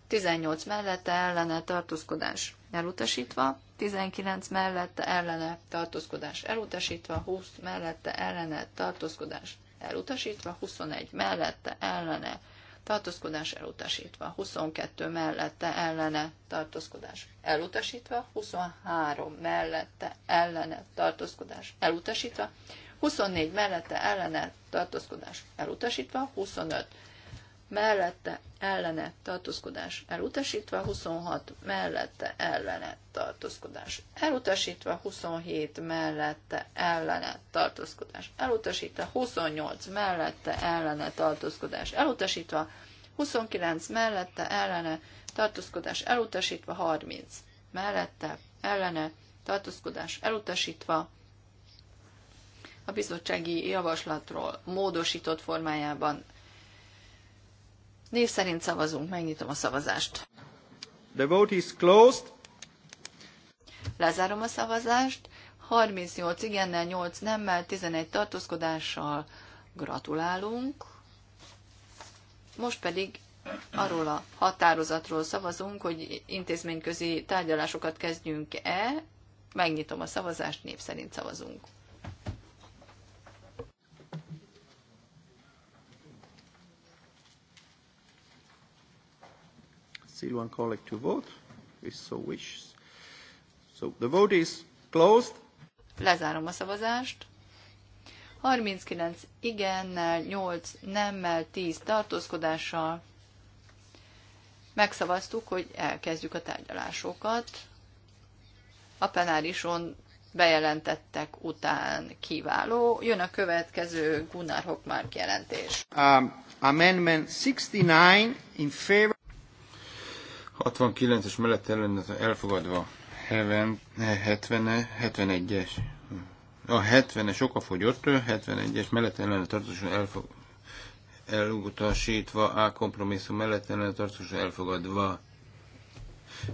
18 mellette, ellene, tartózkodás elutasítva. 19 mellette, ellene, tartózkodás elutasítva. 20 mellette, ellene, tartózkodás elutasítva. 21 mellette, ellene, tartózkodás elutasítva, 22 mellette ellene tartózkodás elutasítva, 23 mellette ellene tartózkodás elutasítva, 24 mellette ellene tartózkodás elutasítva, 25 mellette ellene tartózkodás elutasítva, 26 mellette ellene tartózkodás elutasítva, 27 mellette ellene tartózkodás elutasítva, 28 mellette ellene tartózkodás elutasítva, 29 mellette ellene tartózkodás elutasítva, 30 mellette ellene tartózkodás elutasítva, a bizottsági javaslatról módosított formájában Név szerint szavazunk, megnyitom a szavazást. The vote is closed. Lezárom a szavazást. 38 igennel, 8 nemmel, 11 tartózkodással gratulálunk. Most pedig arról a határozatról szavazunk, hogy intézményközi tárgyalásokat kezdjünk-e. Megnyitom a szavazást, név szerint szavazunk. still one colleague to vote, if so wishes. So the vote is closed. Lezárom a szavazást. 39 igennel, 8 nemmel, 10 tartózkodással megszavaztuk, hogy elkezdjük a tárgyalásokat. A penárison bejelentettek után kiváló. Jön a következő Gunnar Hockmark jelentés. Um, amendment 69 in favor. 69-es mellett ellen az elfogadva. 70, 71-es. Eh, A 70-es oka fogyott, 71-es mellett ellen tartósan elfog, elutasítva, A kompromisszum mellett ellen tartósan elfogadva.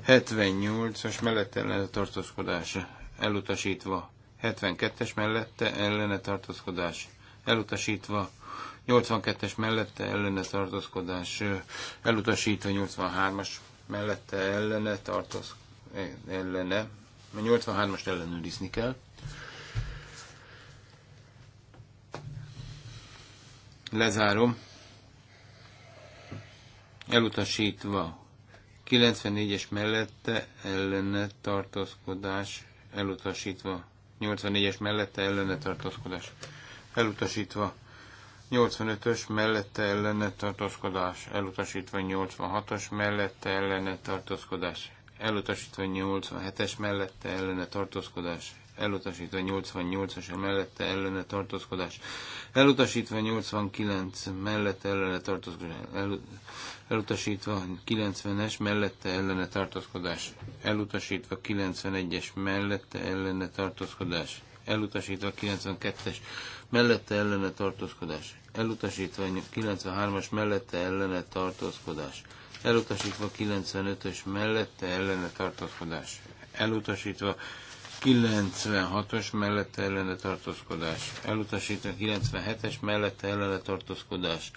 78-as mellett ellene tartózkodás elutasítva. 72-es mellette ellene tartózkodás elutasítva. 82-es mellette ellene tartózkodás elutasítva. 83-as mellette ellene tartoz, ellene, mert 83-ast ellenőrizni kell. Lezárom. Elutasítva 94-es mellette ellene tartózkodás, elutasítva 84-es mellette ellene tartózkodás, elutasítva 85-ös mellette ellene tartózkodás elutasítva 86-os mellette ellene tartózkodás elutasítva 87-es mellette ellene tartózkodás elutasítva 88-as mellette ellene tartózkodás elutasítva 89 mellette ellene tartózkodás elutasítva 90-es mellette ellene tartózkodás elutasítva 91-es mellette ellene tartózkodás elutasítva 92-es mellette ellene tartózkodás elutasítva, 93-as mellette ellene tartózkodás elutasítva, 95-ös mellette ellene tartózkodás elutasítva, 96-os mellette ellene tartózkodás, elutasítva 97-es mellette ellene tartózkodás,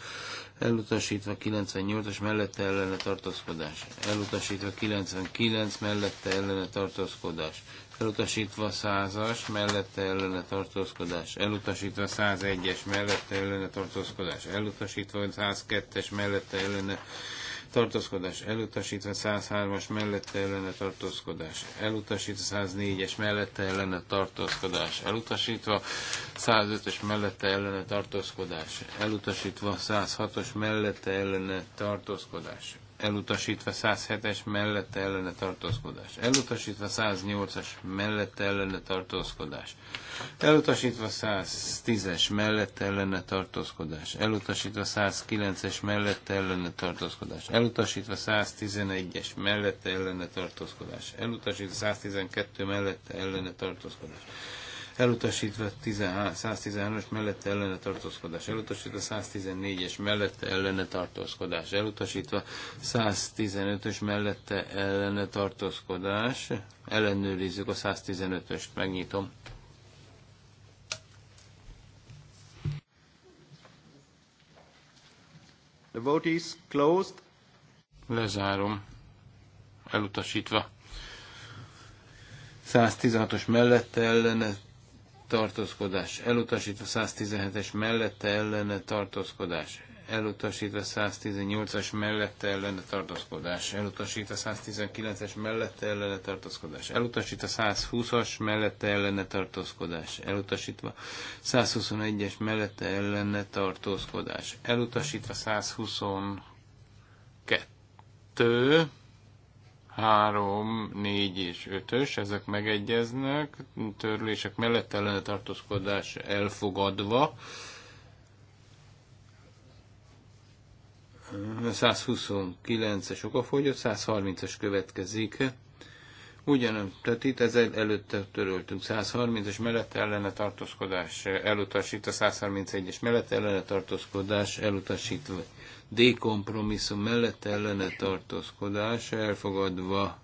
elutasítva 98-as mellette ellene tartózkodás, elutasítva 99 mellette ellene tartózkodás, elutasítva 100-as, mellette ellene tartózkodás, elutasítva 101-es, mellette ellene tartózkodás, elutasítva 102-es, mellette ellene tartózkodás, elutasítva 103-as, mellette ellene tartózkodás, elutasítva 104-es, mellette ellene tartózkodás, elutasítva 105 es mellette ellene tartózkodás, elutasítva 106-os, mellette ellene tartózkodás, elutasítva 107-es mellette ellene tartózkodás, elutasítva 108-as mellette ellene tartózkodás, elutasítva 110-es mellette ellene tartózkodás, elutasítva 109-es mellette ellene tartózkodás, elutasítva 111-es mellette ellene tartózkodás, elutasítva 112 mellette ellene tartózkodás elutasítva 115 es mellette ellene tartózkodás elutasítva, 114-es mellette ellene tartózkodás elutasítva, 115-ös mellette ellene tartózkodás, ellenőrizzük a 115-öst, megnyitom. The vote is closed. Lezárom. Elutasítva. 116-os mellette ellene tartózkodás elutasítva, 117-es mellette ellene tartózkodás elutasítva, 118-as mellette ellene tartózkodás elutasítva, 119-es mellette ellene tartózkodás elutasítva, 120-as mellette ellene tartózkodás elutasítva, 121-es mellette ellene tartózkodás elutasítva, 122 3, 4 és 5-ös, ezek megegyeznek, törlések mellett ellene tartózkodás elfogadva. 129-es okafogyott, 130-es következik Ugyanaz, tehát itt ez előtte töröltünk 130-es mellett ellene tartózkodás elutasítva, 131-es mellett ellene tartózkodás elutasítva, D kompromisszum mellett ellene tartózkodás elfogadva,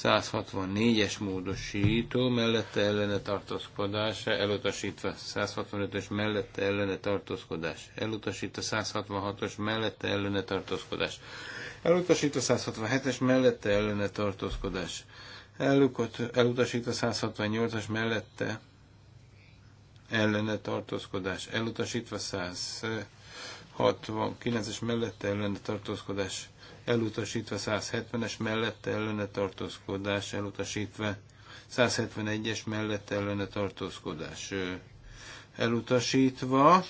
164-es módosító mellette ellene tartózkodás elutasítva, 165-ös mellette ellene tartózkodás elutasítva, 166-os mellette ellene tartózkodás elutasítva, 167-es mellette ellene tartózkodás elutasítva, 168-as mellette ellene tartózkodás elutasítva, 169-es mellette ellene tartózkodás elutasítva 170-es mellette ellene tartózkodás, elutasítva 171-es mellette ellene tartózkodás, elutasítva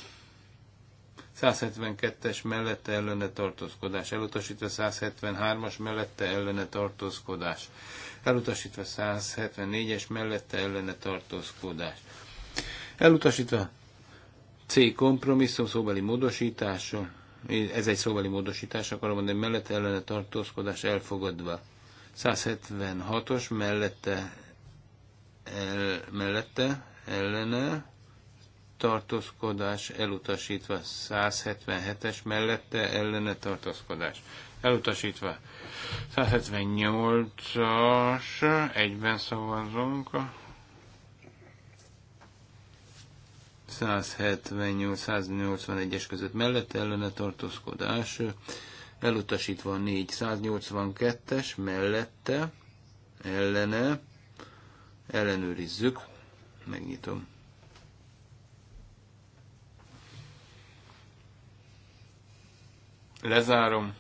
172-es mellette ellene tartózkodás, elutasítva 173-as mellette ellene tartózkodás, elutasítva 174-es mellette ellene tartózkodás. Elutasítva C kompromisszum szóbeli módosítása, ez egy szóbeli módosítás, akarom mondani, mellett ellene tartózkodás elfogadva. 176-os mellette, el, mellette ellene tartózkodás elutasítva. 177-es mellette ellene tartózkodás elutasítva. 178-as, egyben szavazunk. 178-181-es között mellette ellene tartózkodás, elutasítva a 482-es mellette ellene, ellenőrizzük, megnyitom. Lezárom,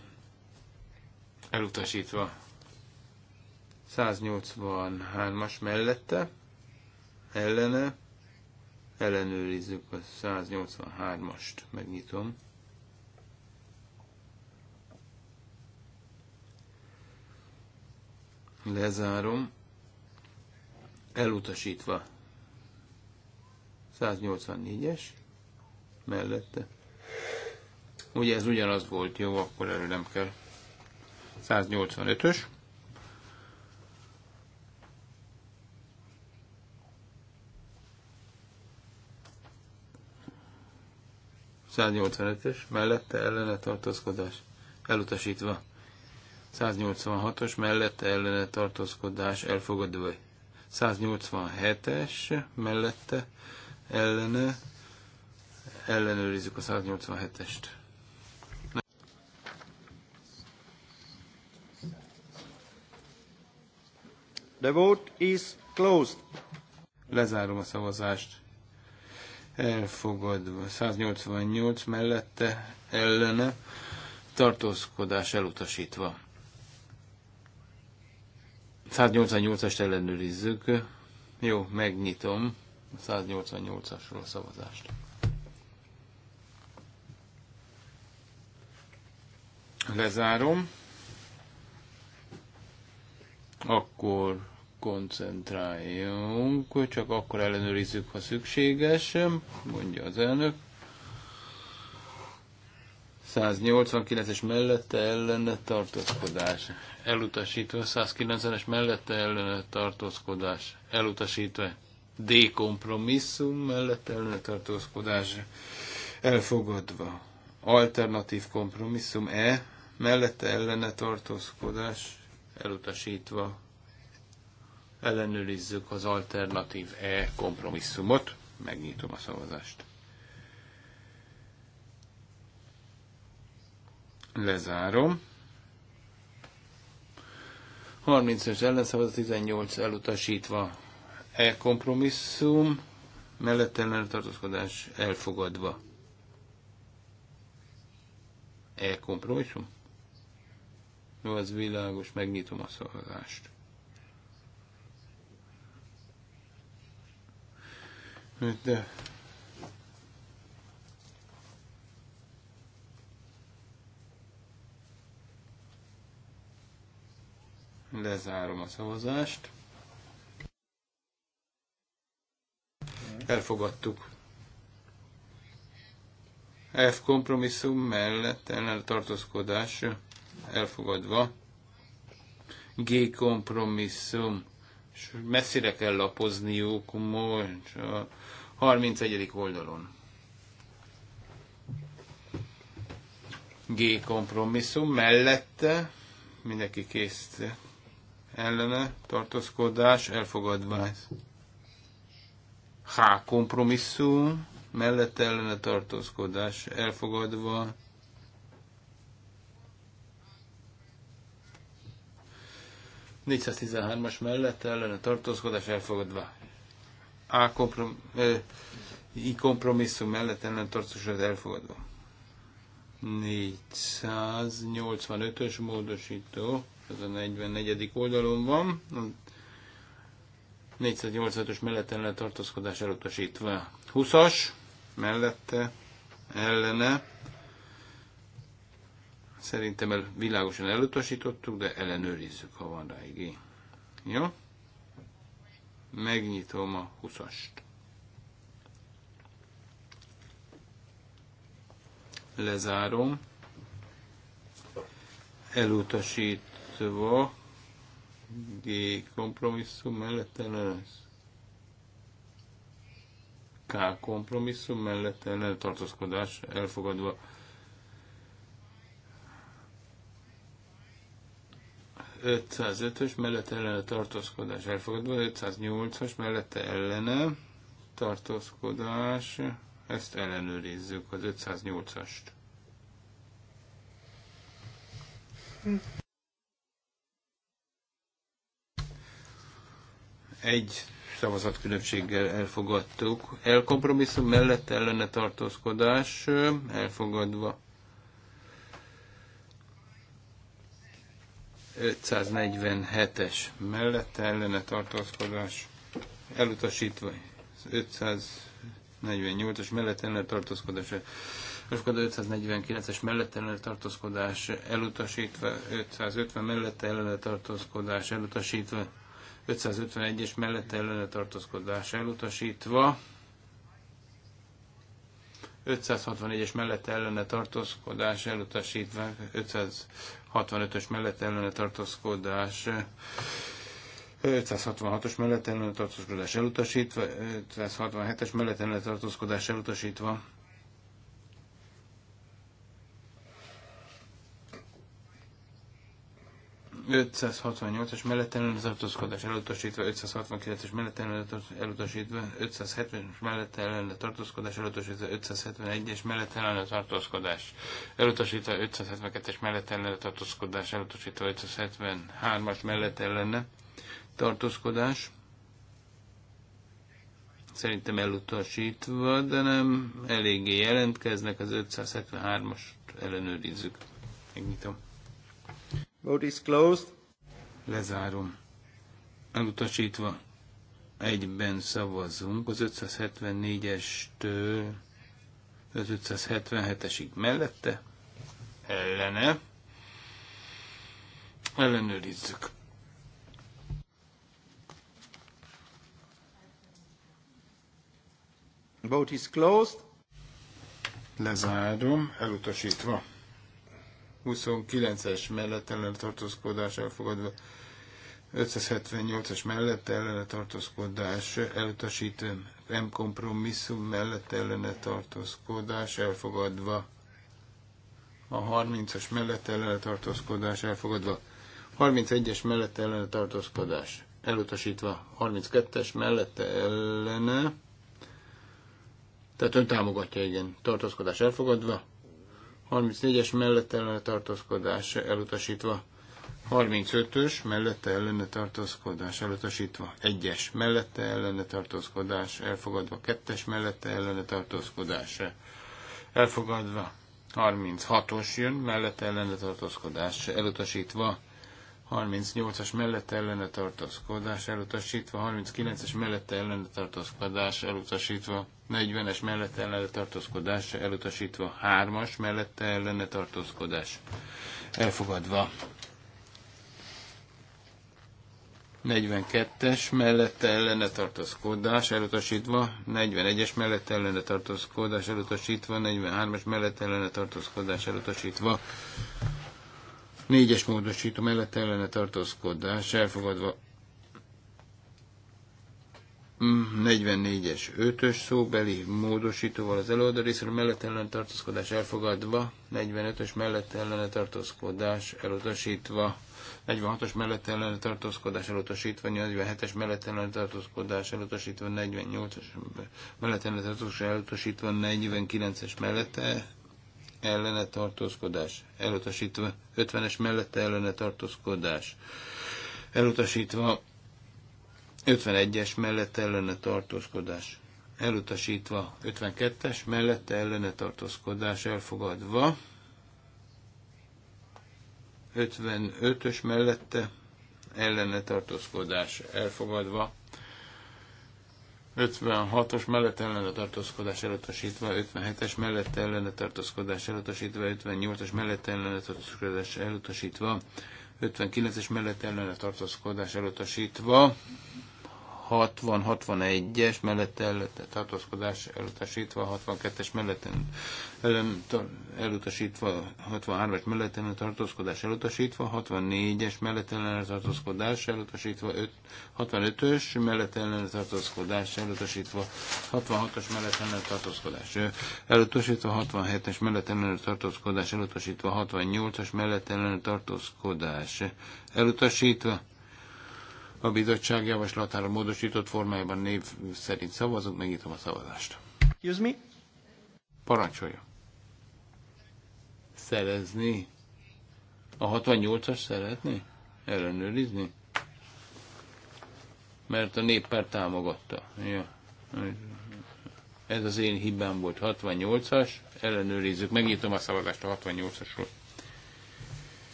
elutasítva 183-as mellette, ellene, ellenőrizzük a 183-ast, megnyitom. Lezárom, elutasítva 184-es mellette. Ugye ez ugyanaz volt, jó, akkor erről nem kell. 185-ös 185-ös, mellette ellene tartózkodás elutasítva. 186-os, mellette ellene tartózkodás elfogadva. 187-es, mellette ellene ellenőrizzük a 187-est. The vote is closed. Lezárom a szavazást elfogadva. 188 mellette ellene tartózkodás elutasítva. 188-est ellenőrizzük. Jó, megnyitom a 188-asról szavazást. Lezárom. Akkor koncentráljunk, csak akkor ellenőrizzük, ha szükséges, mondja az elnök. 189-es mellette ellene tartózkodás. Elutasítva 190-es mellette ellene tartózkodás. Elutasítva D kompromisszum mellette ellene tartózkodás. Elfogadva. Alternatív kompromisszum E mellette ellene tartózkodás. Elutasítva ellenőrizzük az alternatív E kompromisszumot. Megnyitom a szavazást. Lezárom. 35 ellenszavazat, 18 elutasítva. E kompromisszum, mellett ellen elfogadva. E kompromisszum? Jó, ez világos, megnyitom a szavazást. de lezárom a szavazást. Elfogadtuk. F kompromisszum mellett ellen tartózkodás elfogadva. G kompromisszum és messzire kell lapozniuk most a 31. oldalon. G kompromisszum mellette mindenki kész ellene tartózkodás elfogadvány. H kompromisszum mellette ellene tartózkodás elfogadva. 413-as mellette ellene tartózkodás elfogadva. A komprom, ö, I kompromisszum mellett ellen tartózkodás elfogadva. 485-ös módosító, ez a 44. oldalon van. 485-ös mellett ellen tartózkodás elutasítva. 20-as mellette ellene Szerintem el, világosan elutasítottuk, de ellenőrizzük, ha van rá igény. Jó? Megnyitom a 20-ast. Lezárom. Elutasítva G kompromisszum mellett ellenőriz. K kompromisszum mellett ellen tartózkodás elfogadva 505-ös mellette ellene tartózkodás elfogadva, 508-as mellette ellene tartózkodás, ezt ellenőrizzük, az 508-ast. Egy szavazat különbséggel elfogadtuk. Elkompromisszum mellett ellene tartózkodás elfogadva. 547-es mellette ellene tartózkodás elutasítva 548-as mellett ellene tartózkodás Roskodó 549-es mellett ellene tartózkodás elutasítva, 550 mellett ellene tartózkodás elutasítva, 551-es mellett ellene tartózkodás elutasítva, 564-es mellett ellene tartózkodás elutasítva, 565-ös mellett ellene tartózkodás 566-os mellett ellene tartózkodás elutasítva, 567-es mellett ellene tartózkodás elutasítva, 568-as mellett az tartózkodás elutasítva, 569-es mellett elutasítva, 570-es mellett ellenet tartózkodás elutasítva, 571-es mellett ellenet tartózkodás elutasítva, 572-es mellett ellenet tartózkodás elutasítva, 573-as mellett tartózkodás. Szerintem elutasítva, de nem eléggé jelentkeznek, az 573-ast ellenőrizzük. Megnyitom. Vote is closed. Lezárom. Elutasítva egyben szavazunk az 574-estől 577-esig mellette, ellene, ellenőrizzük. Vote is closed. Lezárom, elutasítva. 29-es mellett ellen tartózkodás elfogadva, 578-as mellett ellene tartózkodás elutasítva, nem kompromisszum mellett ellene tartózkodás elfogadva, a 30-as mellett ellene tartózkodás elfogadva, 31-es mellett ellene tartózkodás elutasítva, 32-es mellette ellene, tehát ön támogatja, igen, tartózkodás elfogadva, 34-es mellette ellene tartózkodás elutasítva. 35-ös mellette ellene tartózkodás elutasítva. 1-es mellette ellene tartózkodás elfogadva. 2-es mellette ellene tartózkodás elfogadva. 36-os jön mellette ellene tartózkodás elutasítva. 38-as mellette ellene tartózkodás elutasítva, 39-es mellette ellene tartózkodás elutasítva, 40-es mellette ellene tartózkodás elutasítva, 3-as mellette ellene tartózkodás elfogadva. 42-es mellette ellene tartózkodás elutasítva, 41-es mellette ellene tartózkodás elutasítva, 43-as mellette ellene tartózkodás elutasítva. Négyes módosító mellett ellene tartózkodás elfogadva. 44-es 5-ös szóbeli módosítóval az előadó részről mellett ellen tartózkodás elfogadva, 45-ös mellett ellene tartózkodás elutasítva, 46-os mellett ellene tartózkodás elutasítva, 47-es mellett ellene tartózkodás elutasítva, 48-as mellett ellene tartózkodás elutasítva, 49-es mellette ellene tartózkodás elutasítva, 50-es mellette ellene tartózkodás elutasítva, 51-es mellette ellene tartózkodás elutasítva, 52-es mellette ellene tartózkodás elfogadva, 55-ös mellette ellene tartózkodás elfogadva, 56-os mellett ellene tartózkodás elutasítva, 57-es mellett ellene tartózkodás elutasítva, 58-as mellett ellene tartózkodás elutasítva, 59-es mellett ellene tartózkodás elutasítva, 60-61-es mellett ellette tartózkodás elutasítva, 62-es mellett ellen, elutasítva, 63-es mellett ellen tartózkodás elutasítva, 64-es mellett ellen tartózkodás elutasítva, 65-ös mellett ellen tartózkodás elutasítva, 66-os mellett ellen tartózkodás elutasítva, 67-es mellett ellen tartózkodás elutasítva, 68-as mellett ellen tartózkodás elutasítva, a bizottság javaslatára módosított formájában név szerint szavazunk, megnyitom a szavazást. Excuse me? Parancsolja. Szerezni. A 68-as szeretné? Ellenőrizni? Mert a néppárt támogatta. Ja. Ez az én hibám volt. 68-as. Ellenőrizzük. Megnyitom a szavazást a 68-asról.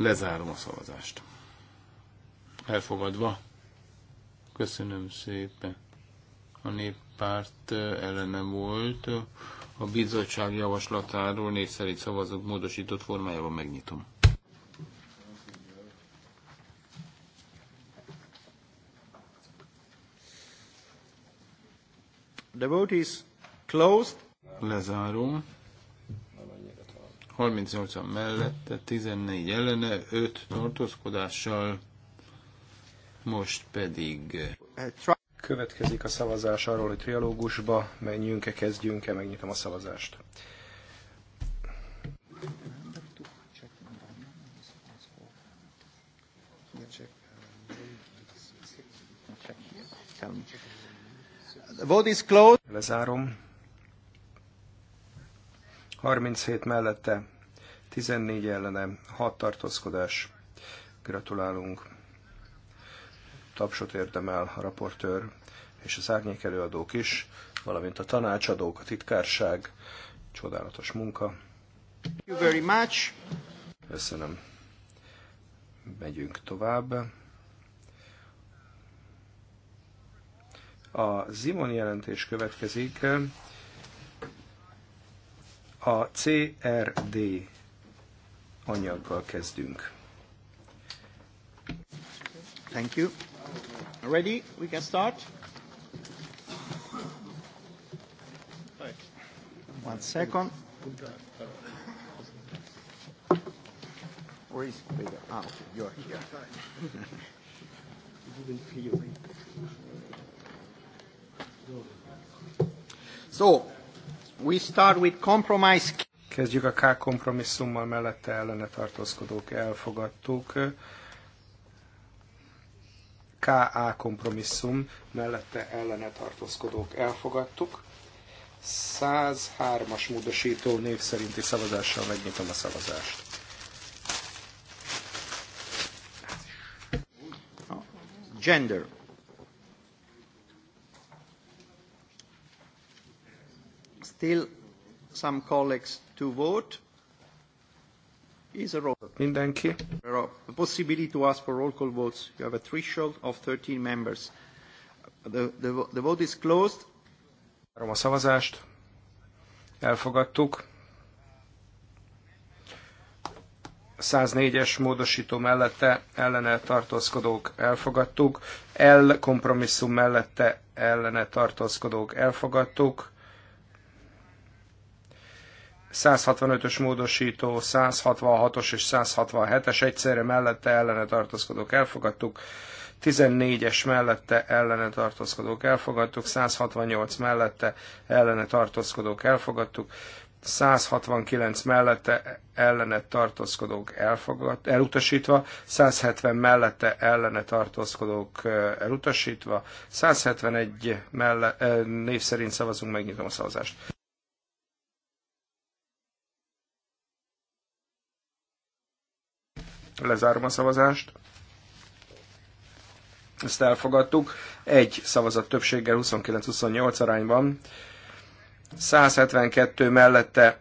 Lezárom a szavazást. Elfogadva. Köszönöm szépen. A néppárt ellene volt. A bizottság javaslatáról négy szerint szavazók módosított formájában megnyitom. The vote is closed. Lezárom. 38-an mellette, 14 ellene, 5 tartózkodással, most pedig... Következik a szavazás arról, hogy trialógusba menjünk-e, kezdjünk-e, megnyitom a szavazást. vote is closed. Lezárom. 37 mellette, 14 ellene, 6 tartózkodás. Gratulálunk. Tapsot érdemel a raportőr és az árnyék előadók is, valamint a tanácsadók, a titkárság. Csodálatos munka. Thank you very much. Köszönöm. Megyünk tovább. A Zimon jelentés következik. A CRD anyaggal kezdünk. Thank you. Ready? We can start. One second. Where is Peter? Ah, okay, you're here. so, We start with compromise. Kezdjük a K kompromisszummal mellette ellene tartózkodók elfogadtuk. KA kompromisszum mellette ellene tartózkodók elfogadtuk. 103-as módosító név szerinti szavazással megnyitom a szavazást. Gender. Still some colleagues to vote. Is a roll. Mindenki. The possibility to ask for roll call votes. You have a threshold of 13 members. The, the, the vote is closed. Várom a szavazást. Elfogadtuk. 104-es módosító mellette ellene tartózkodók elfogadtuk, L kompromisszum mellette ellene tartózkodók elfogadtuk, 165-ös módosító, 166-os és 167-es egyszerre mellette ellene tartózkodók elfogadtuk, 14-es mellette ellene tartózkodók elfogadtuk, 168 mellette ellene tartózkodók elfogadtuk, 169 mellette ellene tartózkodók elfogad, elutasítva, 170 mellette ellene tartózkodók elutasítva, 171 melle, név szerint szavazunk, megnyitom a szavazást. Lezárom a szavazást. Ezt elfogadtuk. Egy szavazat többséggel 29-28 arányban. 172 mellette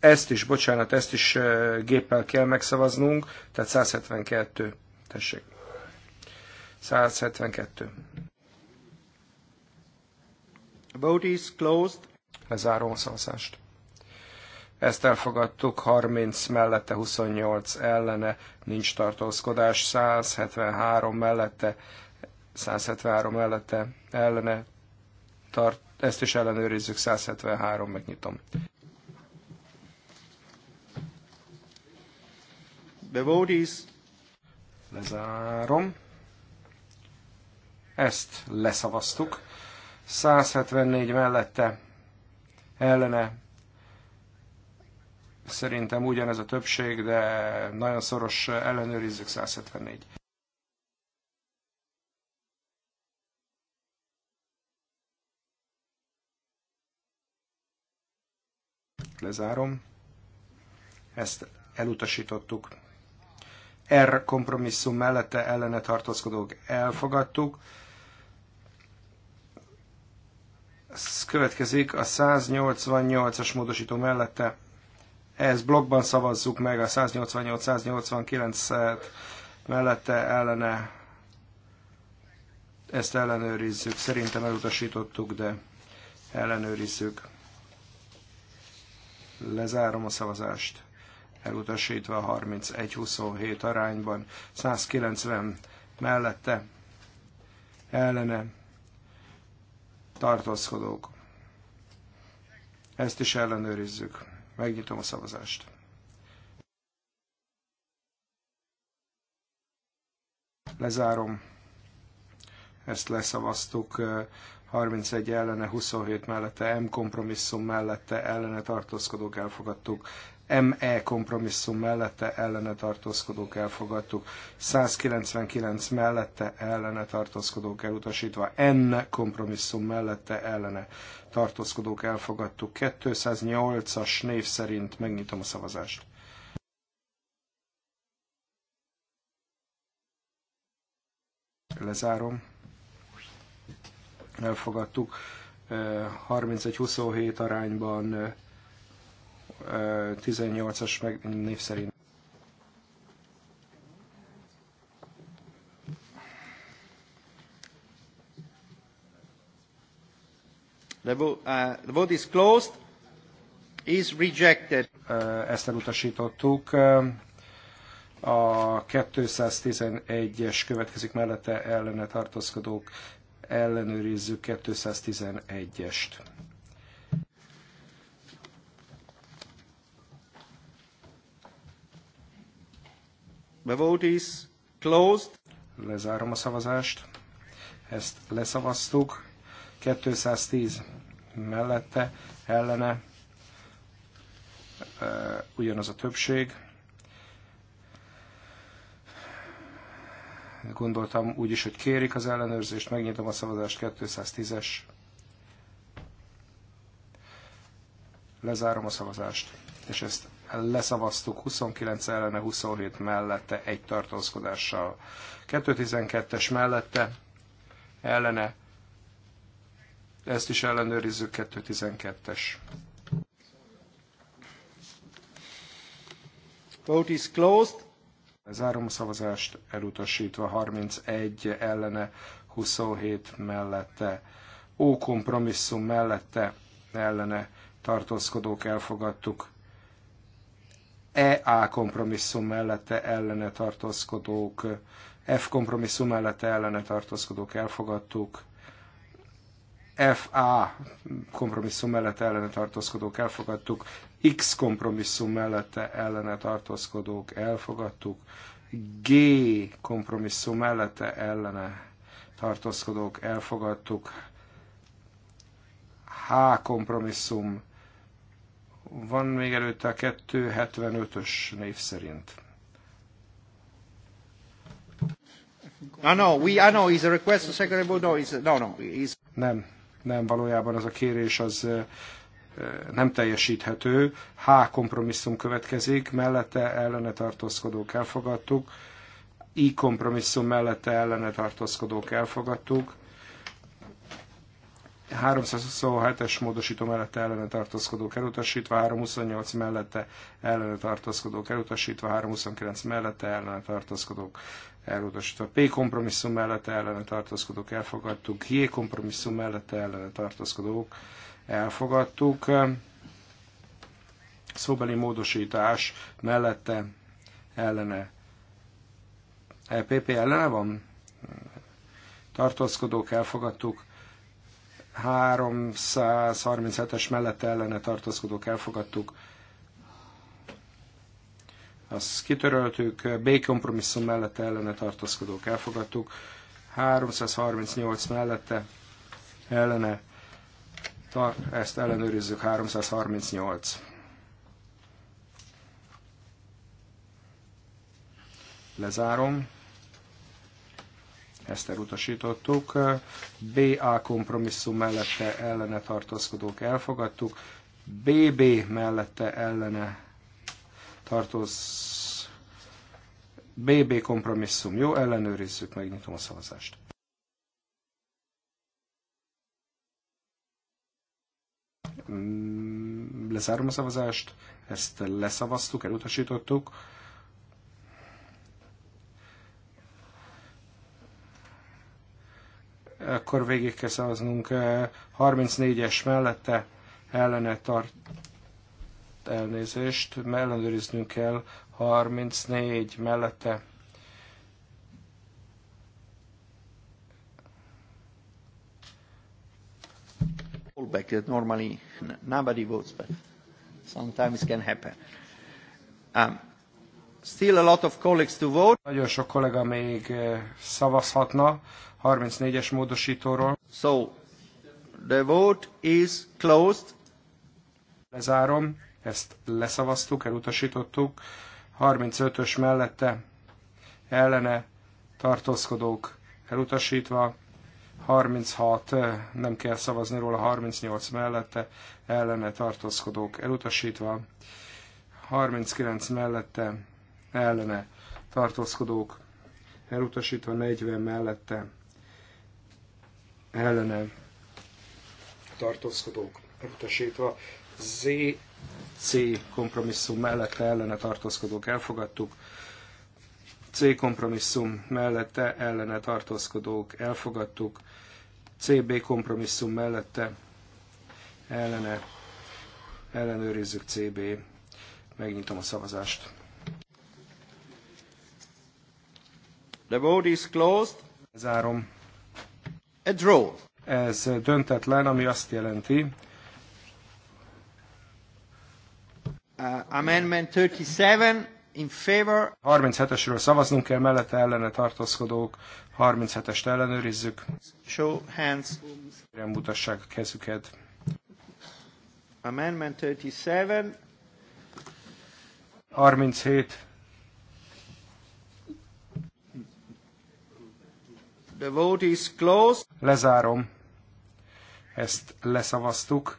ezt is, bocsánat, ezt is géppel kell megszavaznunk, tehát 172. Tessék. 172. vote is closed. Lezárom a szavazást ezt elfogadtuk, 30 mellette, 28 ellene, nincs tartózkodás, 173 mellette, 173 mellette, ellene, tart, ezt is ellenőrizzük, 173, megnyitom. The Lezárom. Ezt leszavaztuk. 174 mellette, ellene, Szerintem ugyanez a többség, de nagyon szoros ellenőrizzük 174. Lezárom. Ezt elutasítottuk. R kompromisszum mellette ellene tartózkodók elfogadtuk. Ez következik a 188-as módosító mellette ez blogban szavazzuk meg a 188-189-et mellette ellene. Ezt ellenőrizzük. Szerintem elutasítottuk, de ellenőrizzük. Lezárom a szavazást. Elutasítva 31-27 arányban. 190 mellette ellene tartózkodók. Ezt is ellenőrizzük. Megnyitom a szavazást. Lezárom. Ezt leszavaztuk. 31 ellene, 27 mellette, M kompromisszum mellette, ellene tartózkodók elfogadtuk. ME kompromisszum mellette ellene tartózkodók elfogadtuk, 199 mellette ellene tartózkodók elutasítva, N kompromisszum mellette ellene tartózkodók elfogadtuk, 208-as név szerint megnyitom a szavazást. Lezárom. Elfogadtuk. 31-27 arányban 18-as meg név szerint. The, uh, the vote is closed. Is rejected. Ezt elutasítottuk. A 211-es következik mellette ellene tartózkodók ellenőrizzük 211-est. The vote is closed. Lezárom a szavazást. Ezt leszavaztuk. 210 mellette, ellene ugyanaz a többség. Gondoltam úgy is, hogy kérik az ellenőrzést, megnyitom a szavazást 210-es. Lezárom a szavazást, és ezt leszavaztuk 29 ellene, 27 mellette, egy tartózkodással. 212-es mellette, ellene, ezt is ellenőrizzük, 212-es. Vote is closed. Zárom a szavazást, elutasítva 31 ellene, 27 mellette, ó kompromisszum mellette, ellene tartózkodók elfogadtuk, EA kompromisszum mellette ellene tartózkodók, F kompromisszum mellette ellene tartózkodók elfogadtuk, FA kompromisszum mellett ellene tartózkodók elfogadtuk, X kompromisszum mellette ellene tartózkodók elfogadtuk, G kompromisszum mellette ellene tartózkodók elfogadtuk, H kompromisszum van még előtte a 275-ös név szerint. No, no, we, I know, is a request to secretary, no, is, no, no, is... Nem, nem, valójában az a kérés az nem teljesíthető. H kompromisszum következik, mellette ellene tartózkodók elfogadtuk. I kompromisszum mellette ellene tartózkodók elfogadtuk. 327-es módosító mellette ellene tartózkodók elutasítva, 328 mellette ellene tartózkodók elutasítva, 329 mellette ellene tartózkodók elutasítva. P kompromisszum mellette ellene tartózkodók elfogadtuk, G kompromisszum mellette ellene tartózkodók elfogadtuk. Szóbeli módosítás mellette ellene. EPP ellene van? Tartózkodók elfogadtuk. 337-es mellette ellene tartózkodók elfogadtuk. Azt kitöröltük, B kompromisszum mellette ellene tartózkodók elfogadtuk. 338 mellette ellene, ezt ellenőrizzük, 338. Lezárom ezt elutasítottuk. BA kompromisszum mellette ellene tartózkodók elfogadtuk. BB mellette ellene tartóz... BB kompromisszum. Jó, ellenőrizzük, megnyitom a szavazást. Mm, lezárom a szavazást, ezt leszavaztuk, elutasítottuk. akkor végig kell szavaznunk. 34-es eh, mellette ellene tart elnézést, ellenőriznünk kell 34 mellette. Back that normally nobody votes, but sometimes can happen. Um, Still a lot of colleagues to vote. Nagyon sok kollega még eh, szavazhatna 34-es módosítóról. So, the vote is closed. Lezárom, ezt leszavaztuk, elutasítottuk. 35-ös mellette ellene tartózkodók elutasítva. 36, eh, nem kell szavazni róla, 38 mellette ellene tartózkodók elutasítva. 39 mellette ellene tartózkodók elutasítva 40 mellette ellene tartózkodók elutasítva Z C kompromisszum mellette ellene tartózkodók elfogadtuk C kompromisszum mellette ellene tartózkodók elfogadtuk CB kompromisszum mellette ellene ellenőrizzük CB. Megnyitom a szavazást. The vote is closed. Zárom. A draw. Ez döntetlen, ami azt jelenti, Uh, amendment 37 in favor. 37-esről szavaznunk kell, mellette ellene tartózkodók, 37-est ellenőrizzük. Show hands. Kérem mutassák a kezüket. Amendment 37. 37. The vote is closed. Lezárom. Ezt leszavaztuk.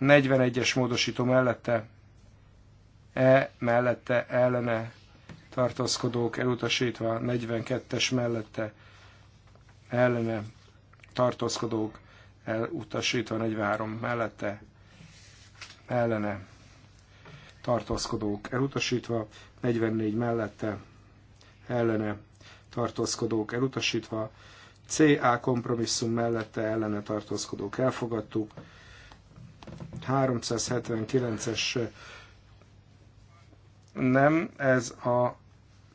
41-es módosító mellette, E mellette ellene tartózkodók elutasítva, 42-es mellette ellene tartózkodók elutasítva, 43 mellette ellene tartózkodók elutasítva, 44 mellette ellene tartózkodók elutasítva, CA kompromisszum mellette ellene tartózkodók elfogadtuk, 379-es nem, ez a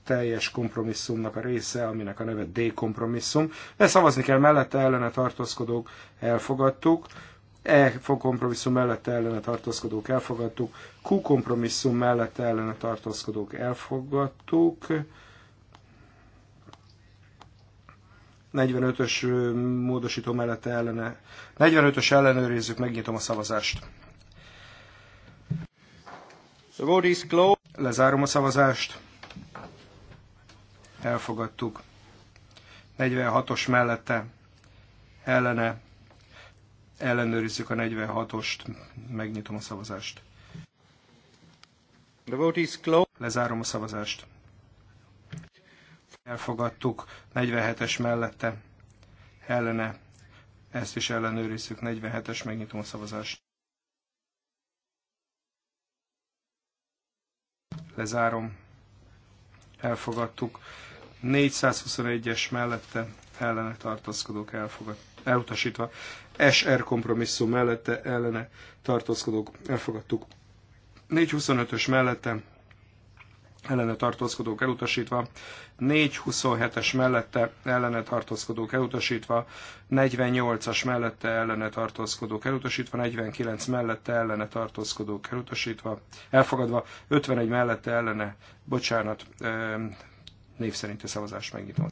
teljes kompromisszumnak a része, aminek a neve D kompromisszum. De szavazni kell mellette ellene tartózkodók, elfogadtuk. E kompromisszum mellette ellene tartózkodók, elfogadtuk. Q kompromisszum mellette ellene tartózkodók, elfogadtuk. 45-ös módosító mellette ellene. 45-ös ellenőrizzük, megnyitom a szavazást. The vote is closed. Lezárom a szavazást. Elfogadtuk. 46-os mellette ellene. Ellenőrizzük a 46-ost, megnyitom a szavazást. The vote is closed. Lezárom a szavazást. Elfogadtuk 47-es mellette ellene. Ezt is ellenőrizzük. 47-es, megnyitom a szavazást. Lezárom. Elfogadtuk. 421-es mellette ellene tartózkodók elfogad, elutasítva. SR kompromisszum mellette ellene tartózkodók elfogadtuk. 425-ös mellette ellene tartózkodók elutasítva, 427-es mellette ellene tartózkodók elutasítva, 48-as mellette ellene tartózkodók elutasítva, 49 mellette ellene tartózkodók elutasítva, elfogadva, 51 mellette ellene, bocsánat, név szerinti szavazás megnyitom.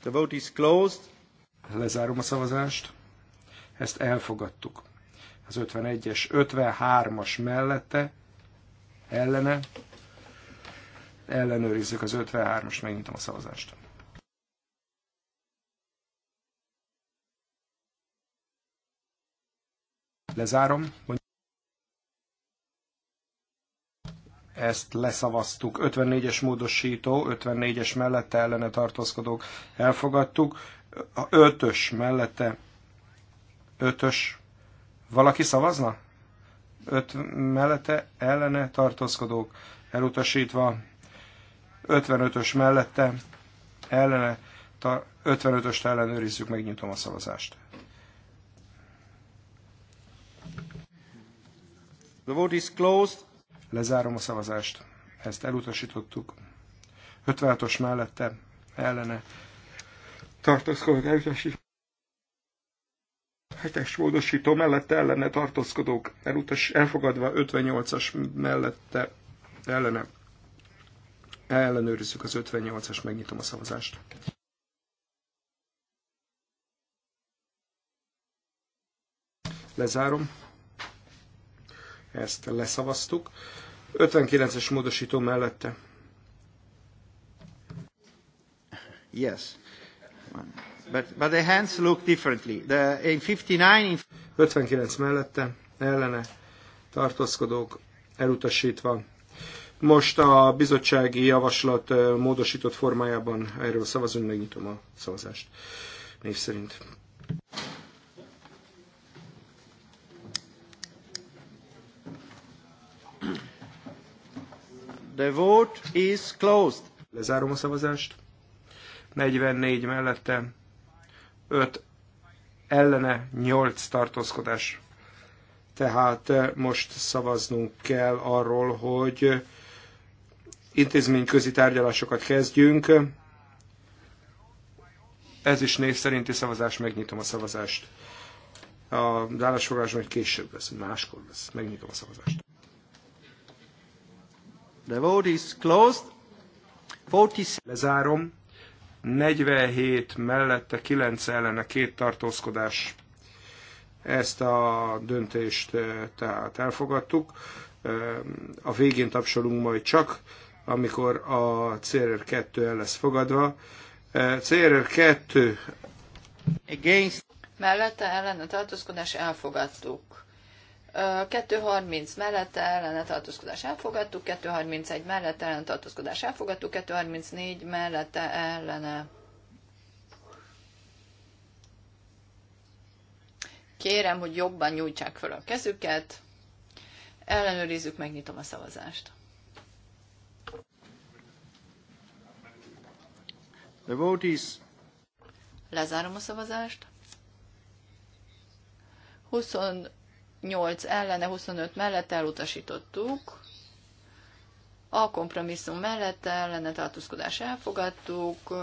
The vote is closed. Lezárom a szavazást. Ezt elfogadtuk. Az 51-es, 53-as mellette ellene. Ellenőrizzük az 53-as, megnyitom a szavazást. Lezárom. Ezt leszavaztuk. 54-es módosító, 54-es mellette ellene tartózkodók elfogadtuk. A 5-ös mellette 5-ös. Valaki szavazna? öt mellette ellene tartózkodók elutasítva, 55-ös mellette ellene, 55-öst ellenőrizzük, megnyitom a szavazást. The vote is closed. Lezárom a szavazást. Ezt elutasítottuk. 56-os mellette ellene tartózkodók elutasítva hetes módosító mellette ellene tartózkodók elutas, elfogadva 58-as mellette ellene. Ellenőrizzük az 58-as, megnyitom a szavazást. Lezárom. Ezt leszavaztuk. 59-es módosító mellette. Yes. One. But, but the hands look differently. The, in 59, in... 59 mellette, ellene tartózkodók elutasítva. Most a bizottsági javaslat módosított formájában erről szavazunk, megnyitom a szavazást név szerint. The vote is closed. Lezárom a szavazást. 44 mellette, 5 ellene 8 tartózkodás. Tehát eh, most szavaznunk kell arról, hogy intézményközi tárgyalásokat kezdjünk. Ez is név szerinti szavazás, megnyitom a szavazást. A állásfoglalás majd később lesz, máskor lesz. Megnyitom a szavazást. The vote is closed. 40... Lezárom. 47 mellette 9 ellene két tartózkodás. Ezt a döntést eh, tehát elfogadtuk. Eh, a végén tapsolunk majd csak, amikor a CRR 2 el lesz fogadva. Eh, CRR 2 Against. Mellette ellen a tartózkodás elfogadtuk. 2.30 mellett ellene tartózkodás elfogadtuk, 2.31 mellett ellene tartózkodás elfogadtuk, 2.34 mellette ellene. Kérem, hogy jobban nyújtsák fel a kezüket. Ellenőrizzük, megnyitom a szavazást. The vote is... Lezárom a szavazást. 20 8 ellene, 25 mellett elutasítottuk. A kompromisszum mellett ellene tartózkodás elfogadtuk.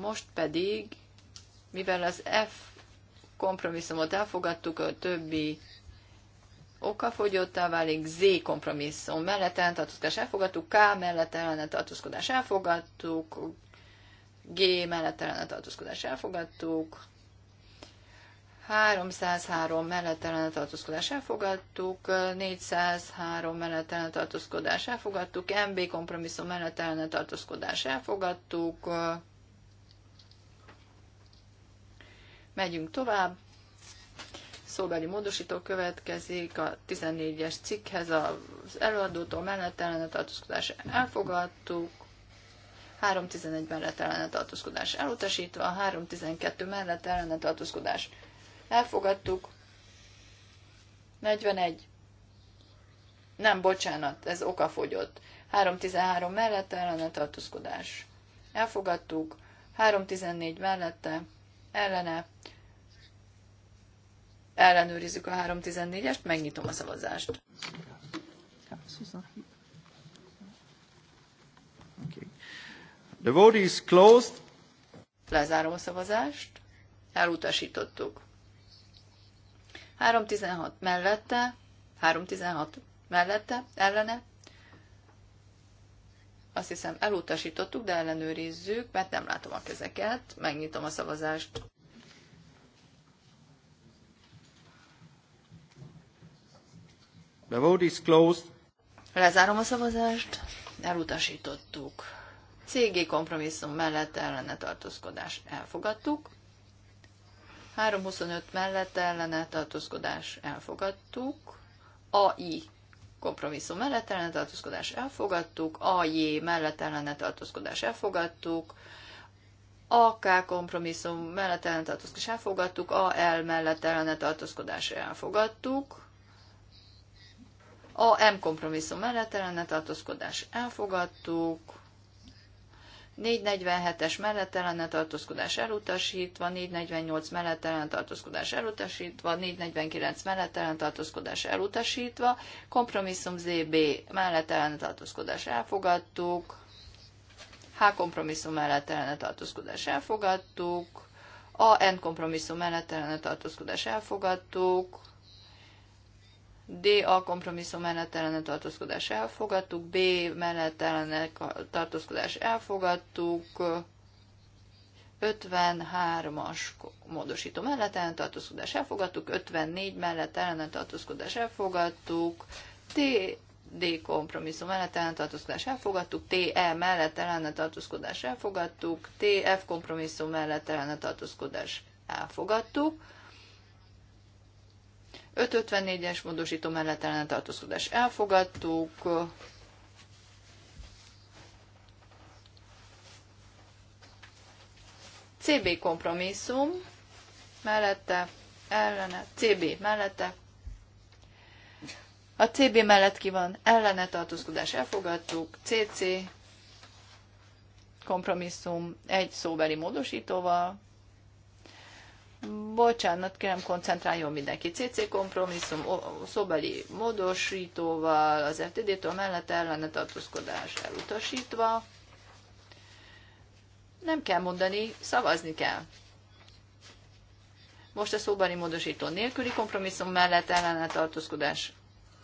Most pedig, mivel az F kompromisszumot elfogadtuk, a többi oka fogyottá válik, Z kompromisszum mellett ellentartózkodás elfogadtuk, K mellett tartózkodás elfogadtuk, G mellett tartózkodás elfogadtuk, 303 mellettelen tartózkodás elfogadtuk, 403 mellettelen tartózkodás elfogadtuk, MB kompromisszum mellettelen tartózkodás elfogadtuk. Megyünk tovább. Szóbeli módosító következik a 14-es cikkhez az előadótól mellettelen tartózkodás elfogadtuk. 311 mellett ellene tartózkodás elutasítva, 312 mellett ellene tartózkodás Elfogadtuk. 41. Nem, bocsánat, ez okafogyott. 313 mellette ellene tartózkodás. Elfogadtuk. 314 mellette ellene. Ellenőrizzük a 314-est, megnyitom a szavazást. The vote is closed. Lezárom a szavazást. Elutasítottuk. 316 mellette, 316 mellette, ellene. Azt hiszem elutasítottuk, de ellenőrizzük, mert nem látom a kezeket. Megnyitom a szavazást. The vote is closed. Lezárom a szavazást. Elutasítottuk. CG kompromisszum mellett ellene tartózkodás elfogadtuk. 325 mellett ellene tartózkodás elfogadtuk. AI kompromisszum mellett ellene tartózkodás elfogadtuk. AJ mellett ellene tartózkodás elfogadtuk. AK kompromisszum mellett ellene tartózkodás elfogadtuk. AL mellett ellene tartózkodás elfogadtuk. A M kompromisszum mellett ellene tartózkodás elfogadtuk. 447-es mellett ellene tartózkodás elutasítva, 448 mellett ellen tartózkodás elutasítva, 449 mellett ellen tartózkodás elutasítva, kompromisszum ZB mellett ellen tartózkodás elfogadtuk, H kompromisszum mellett ellen tartózkodás elfogadtuk, a N kompromisszum mellett ellen tartózkodás elfogadtuk, D. A kompromisszum mellett ellene tartózkodás elfogadtuk, B. mellett ellene tartózkodás elfogadtuk, 53-as módosító mellett ellene tartózkodás elfogadtuk, 54 mellett ellene tartózkodás elfogadtuk, T. D kompromisszum mellett tartózkodás elfogadtuk, E. mellett tartózkodás elfogadtuk, F kompromisszum mellett tartózkodás elfogadtuk, 554-es módosító mellett ellen tartózkodás elfogadtuk. CB kompromisszum mellette, ellene, CB mellette. A CB mellett ki van ellene tartózkodás elfogadtuk, CC kompromisszum egy szóbeli módosítóval, Bocsánat, kérem, koncentráljon mindenki. CC kompromisszum, szobeli módosítóval, az FTD-től mellett ellene tartózkodás elutasítva. Nem kell mondani, szavazni kell. Most a szobeli módosító nélküli kompromisszum mellett ellene tartózkodás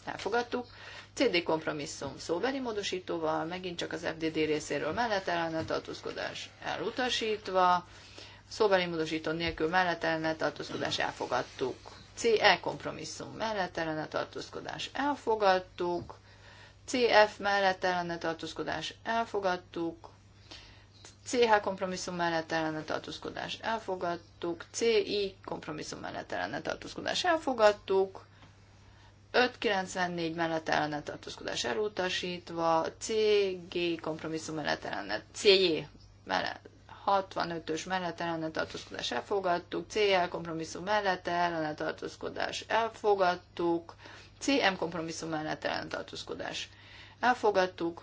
elfogadtuk. CD kompromisszum szóbeli módosítóval, megint csak az FDD részéről mellett ellene tartózkodás elutasítva szóbeli módosító nélkül mellettelene tartózkodás elfogadtuk. CE kompromisszum mellettelene tartózkodás elfogadtuk. CF mellettelene tartózkodás elfogadtuk. CH kompromisszum mellett ellene tartózkodás elfogadtuk, CI e kompromisszum mellett ellene tartózkodás elfogadtuk, 594 mellett ellene tartózkodás elutasítva, CG kompromisszum mellett ellene, CJ mellett 65-ös mellett ellene tartózkodás elfogadtuk, CL kompromisszum mellett ellene tartózkodás elfogadtuk, CM kompromisszum mellett ellene tartózkodás elfogadtuk,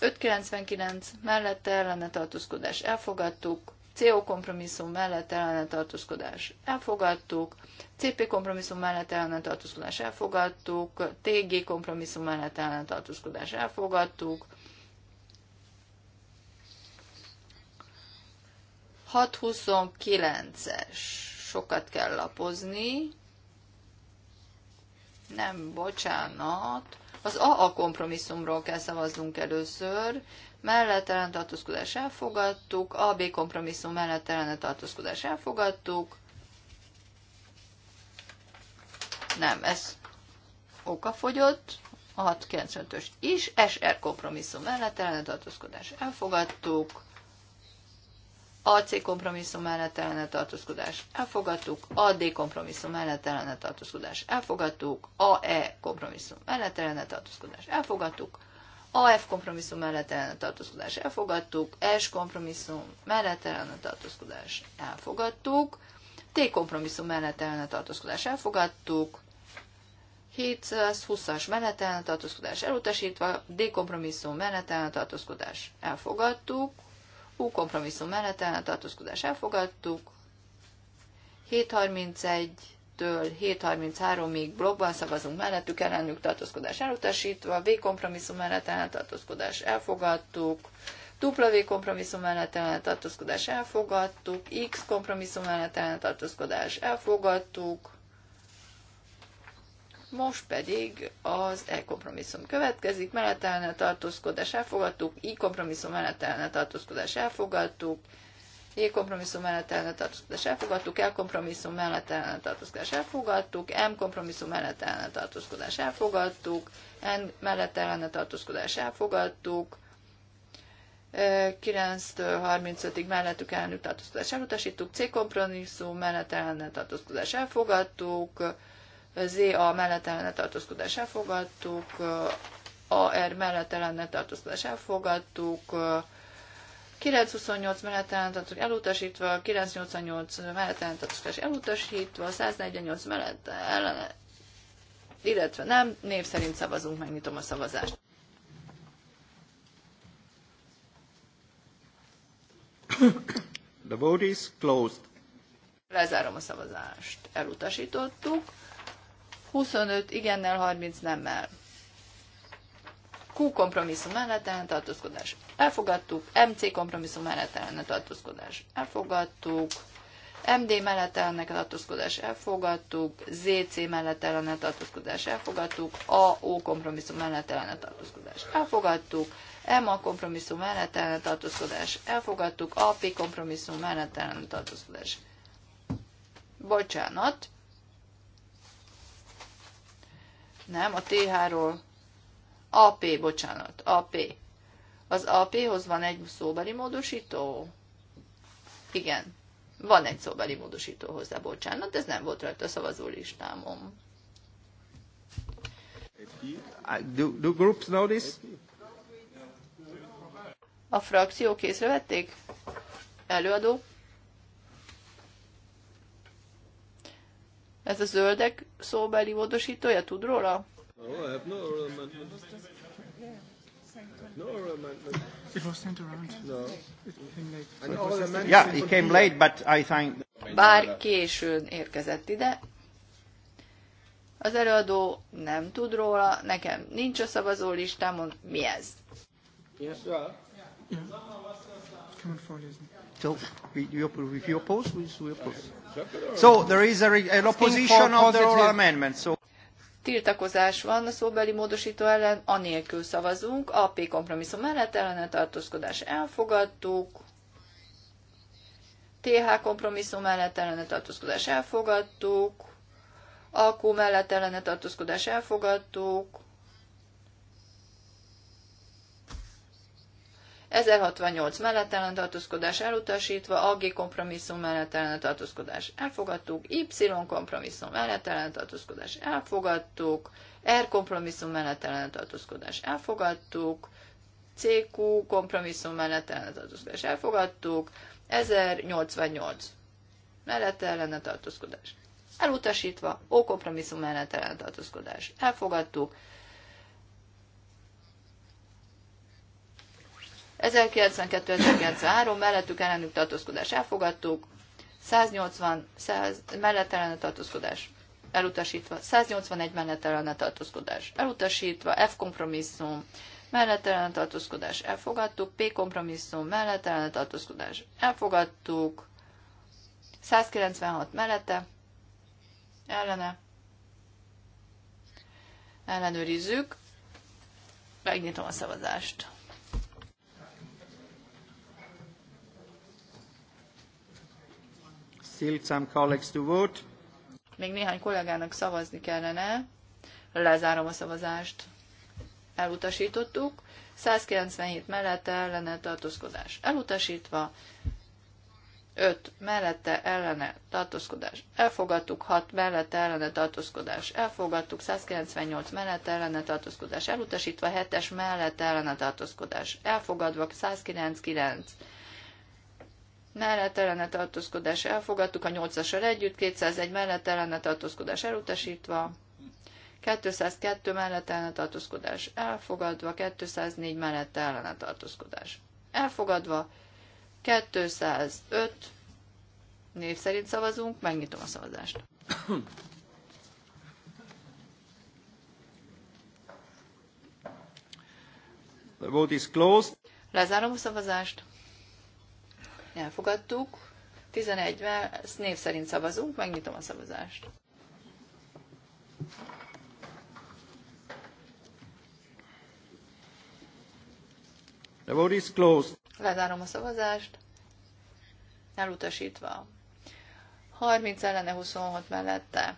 599 mellett ellene tartózkodás elfogadtuk, CO kompromisszum mellett ellene tartózkodás elfogadtuk, CP kompromisszum mellett ellene tartózkodás elfogadtuk, TG kompromisszum mellett ellene tartózkodás elfogadtuk, 629-es. Sokat kell lapozni. Nem, bocsánat. Az AA kompromisszumról kell szavaznunk először. Mellettelen tartózkodás elfogadtuk. AB kompromisszum mellettelen tartózkodás elfogadtuk. Nem, ez okafogyott. A 695-ös is. SR kompromisszum mellettelen tartózkodás elfogadtuk. AC kompromisszum mellett ellene tartózkodás elfogadtuk, AD kompromisszum mellett ellene tartózkodás elfogadtuk, AE kompromisszum mellett ellene tartózkodás elfogadtuk, AF kompromisszum mellett ellene tartózkodás elfogadtuk, S kompromisszum mellett ellene tartózkodás elfogadtuk, T kompromisszum mellett ellene tartózkodás elfogadtuk, 720-as mellett tartózkodás elutasítva, D kompromisszum mellett tartózkodás elfogadtuk, Q kompromisszum mellett ellentartózkodás elfogadtuk. 731-től 733-ig blogban szavazunk mellettük, ellenük tartózkodás elutasítva, V kompromisszum mellett ellentartózkodás elfogadtuk, W kompromisszum mellett ellentartózkodás elfogadtuk, X kompromisszum mellett ellentartózkodás elfogadtuk, most pedig az e-kompromisszum következik, mellett tartózkodás elfogadtuk, i-kompromisszum mellett tartózkodás elfogadtuk, e kompromisszum mellett ellenetartózkodás elfogadtuk, e kompromisszum mellett ellenetartózkodás elfogadtuk, M-kompromisszum mellett ellenetartózkodás elfogadtuk, N mellett ellenetartózkodás elfogadtuk, 9-től 35-ig mellettük ellenük tartózkodás elutasítottuk, C kompromisszum mellett ellenet tartózkodás elfogadtuk, ZA e mellett ellene tartózkodás elfogadtuk, AR mellett ellene tartózkodás elfogadtuk, 928 mellett ellentartózkodás elutasítva, 988 mellett ellentartózkodás elutasítva, 148 mellett ellen, illetve nem, név szerint szavazunk, megnyitom a szavazást. The vote is closed. Lezárom a szavazást. Elutasítottuk. 25 igennel, 30 nemmel. Q kompromisszum mellett ellen tartózkodás. Elfogadtuk. MC kompromisszum mellett ellen tartózkodás. Elfogadtuk. MD mellett ellene tartózkodás elfogadtuk, ZC mellett ellene tartózkodás elfogadtuk, AO kompromisszum mellett ellene tartózkodás elfogadtuk, MA kompromisszum mellett ellene tartózkodás elfogadtuk, AP kompromisszum mellett ellene tartózkodás. Bocsánat, Nem, a TH-ról. AP, bocsánat, AP. Az AP-hoz van egy szóbeli módosító? Igen, van egy szóbeli módosító hozzá, bocsánat, ez nem volt rajta a szavazó listámom. Do, do groups know this? A frakciók észrevették? Előadó? Ez a zöldek szóbeli módosítója, tud róla? Yeah, came late, but I think... Bár későn érkezett ide, az előadó nem tud róla, nekem nincs a szavazó listámon, mi ez? Yes, yeah. yeah. Come on, So we if you oppose, we oppose. So there is a, an opposition of the oral amendment. So tiltakozás van a szóbeli módosító ellen, anélkül szavazunk, a P kompromisszum mellett ellene tartózkodás elfogadtuk, TH kompromisszum mellett ellene tartózkodás elfogadtuk, AQ mellett ellene tartózkodás elfogadtuk, 1068 mellett ellen tartózkodás elutasítva, AG kompromisszum mellett ellen tartózkodás elfogadtuk, Y kompromisszum mellett ellen tartózkodás elfogadtuk, R kompromisszum mellett ellen tartózkodás elfogadtuk, CQ kompromisszum mellett ellen tartózkodás elfogadtuk, 1088 mellett ellen tartózkodás elutasítva, O kompromisszum mellett ellen tartózkodás elfogadtuk, 1992-1993 mellettük ellenük tartózkodás elfogadtuk, 180 100, mellett ellene tartózkodás elutasítva, 181 mellett ellene tartózkodás elutasítva, F kompromisszum mellett ellene tartózkodás elfogadtuk, P kompromisszum mellett ellene tartózkodás elfogadtuk, 196 mellette ellene ellenőrizzük, megnyitom a szavazást. still some colleagues to vote. Még néhány kollégának szavazni kellene. Lezárom a szavazást. Elutasítottuk. 197 mellette ellene tartózkodás elutasítva. 5 mellette ellene tartózkodás elfogadtuk, 6 mellette ellene tartózkodás elfogadtuk, 198 mellette ellene tartózkodás elutasítva, 7-es mellette ellene tartózkodás elfogadva, 199 mellett ellene tartózkodás elfogadtuk, a 8-assal együtt, 201 mellett ellene tartózkodás elutasítva, 202 mellett ellene tartózkodás elfogadva, 204 mellett ellene tartózkodás elfogadva, 205 név szerint szavazunk, megnyitom a szavazást. The vote is closed. Lezárom a szavazást elfogadtuk. 11-vel ezt név szerint szavazunk, megnyitom a szavazást. The vote is closed. Lezárom a szavazást. Elutasítva. 30 ellene 26 mellette.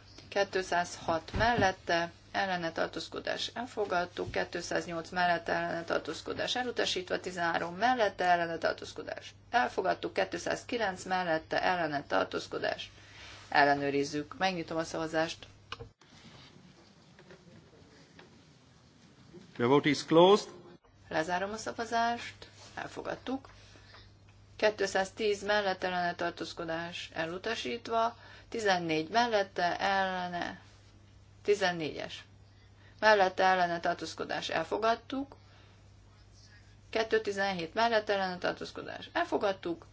206 mellette ellene tartózkodás elfogadtuk, 208 mellett ellene tartózkodás elutasítva, 13 mellette ellene tartózkodás elfogadtuk, 209 mellette ellene tartózkodás ellenőrizzük. Megnyitom a szavazást. The vote is closed. Lezárom a szavazást. Elfogadtuk. 210 mellette ellene tartózkodás elutasítva, 14 mellette ellene 14-es. Mellette ellene tartózkodás elfogadtuk. 217 mellette ellene tartózkodás elfogadtuk.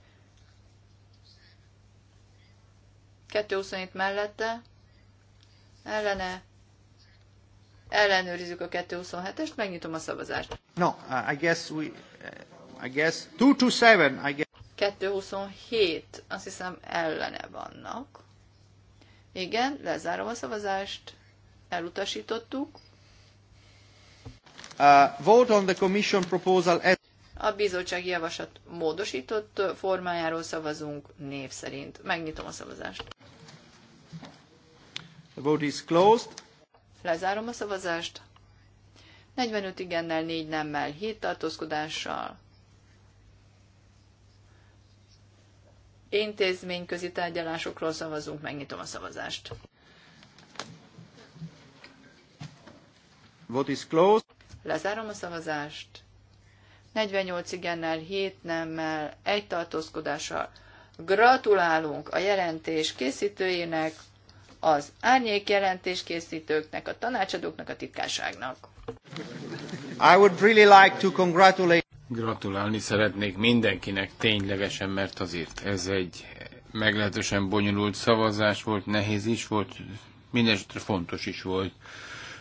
227 mellette ellene ellenőrizzük a 227-est, megnyitom a szavazást. No, uh, I guess we, uh, I guess 227, I guess. 227, azt hiszem ellene vannak. Igen, lezárom a szavazást elutasítottuk. A, vote on the commission proposal as... A bizottság javaslat módosított formájáról szavazunk név szerint. Megnyitom a szavazást. The vote is closed. Lezárom a szavazást. 45 igennel, 4 nemmel, 7 tartózkodással. Intézményközi tárgyalásokról szavazunk, megnyitom a szavazást. Vote is closed. Lezárom a szavazást. 48 igennel, 7 nemmel, egy tartózkodással. Gratulálunk a jelentés készítőjének, az árnyék jelentés készítőknek, a tanácsadóknak, a titkárságnak. I would really like to congratulate Gratulálni szeretnék mindenkinek ténylegesen, mert azért ez egy meglehetősen bonyolult szavazás volt, nehéz is volt, mindenesetre fontos is volt.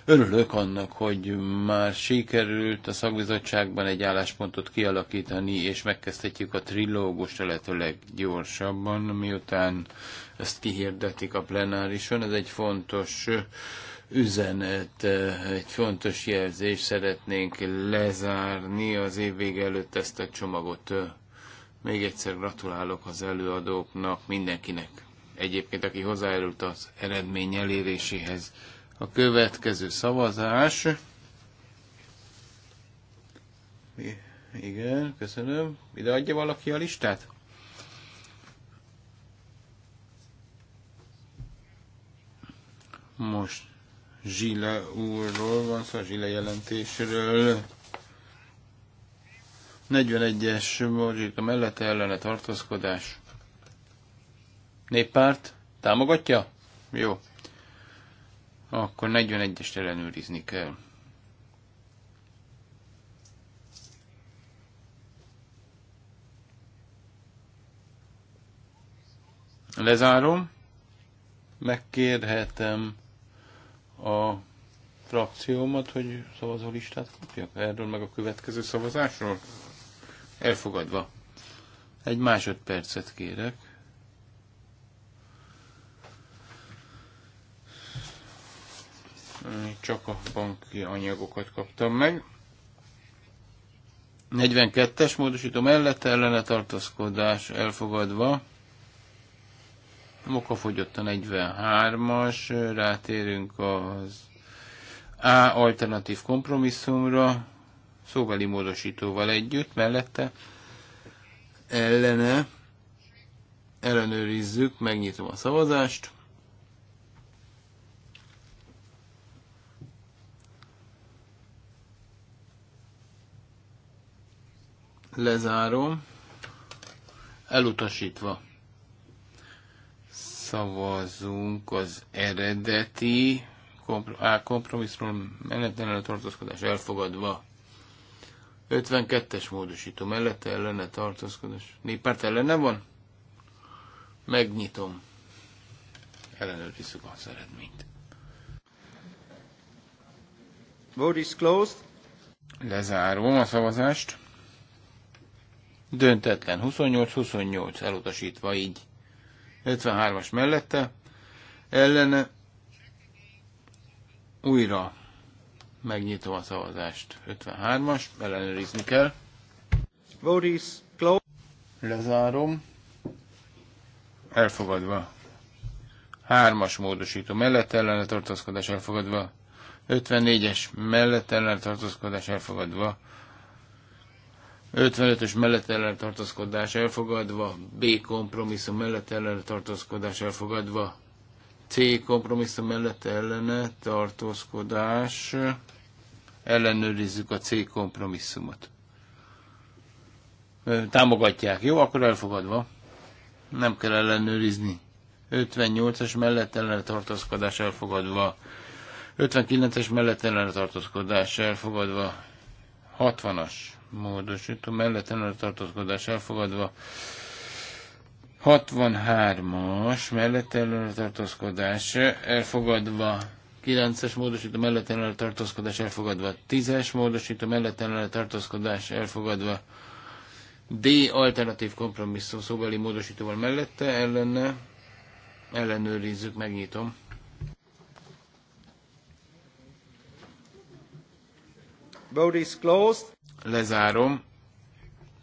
Örülök annak, hogy már sikerült a szakbizottságban egy álláspontot kialakítani, és megkezdhetjük a trilógust a lehető leggyorsabban, miután ezt kihirdetik a plenárison. Ez egy fontos üzenet, egy fontos jelzés. Szeretnénk lezárni az év vége előtt ezt a csomagot. Még egyszer gratulálok az előadóknak, mindenkinek. Egyébként, aki hozzájárult az eredmény eléréséhez a következő szavazás. Igen, köszönöm. Ide adja valaki a listát? Most Zsile úrról van szó, szóval Zsile jelentésről. 41-es Morzsika mellette ellene tartózkodás. Néppárt? Támogatja? Jó. Akkor 41-est ellenőrizni kell. Lezárom. Megkérhetem a frakciómat, hogy szavazólistát kapjak erről meg a következő szavazásról? Elfogadva. Egy másodpercet kérek. csak a banki anyagokat kaptam meg. 42-es módosító mellett ellene tartózkodás elfogadva. fogyott a 43-as, rátérünk az A alternatív kompromisszumra, szóbeli módosítóval együtt, mellette ellene ellenőrizzük, megnyitom a szavazást. Lezárom. Elutasítva. Szavazunk az eredeti a kompromisszról mellette ellene tartózkodás elfogadva. 52-es módosító mellette ellene tartózkodás. Néppárt ellene van? Megnyitom. Ellenőrizzük az eredményt. Vote is closed. Lezárom a szavazást döntetlen 28-28 elutasítva így. 53-as mellette ellene újra megnyitom a szavazást. 53-as, ellenőrizni kell. Vote close Lezárom. Elfogadva. Hármas módosító mellett ellene tartózkodás elfogadva. 54-es mellett ellen tartózkodás elfogadva. 55-ös mellett ellen tartózkodás elfogadva, B kompromisszum mellett ellen tartózkodás elfogadva, C kompromisszum mellett ellene tartózkodás, ellenőrizzük a C kompromisszumot. Támogatják, jó, akkor elfogadva. Nem kell ellenőrizni. 58 es mellett ellen tartózkodás elfogadva, 59-es mellett ellen tartózkodás elfogadva, 60-as módosító mellett a tartózkodás elfogadva. 63-as mellette ellene tartózkodás elfogadva. 9-es módosító mellett ellene tartózkodás elfogadva. 10-es módosító mellett ellene tartózkodás elfogadva. D alternatív kompromisszum szóbeli módosítóval mellette ellenne, ellenőrizzük, megnyitom. Vote is closed lezárom.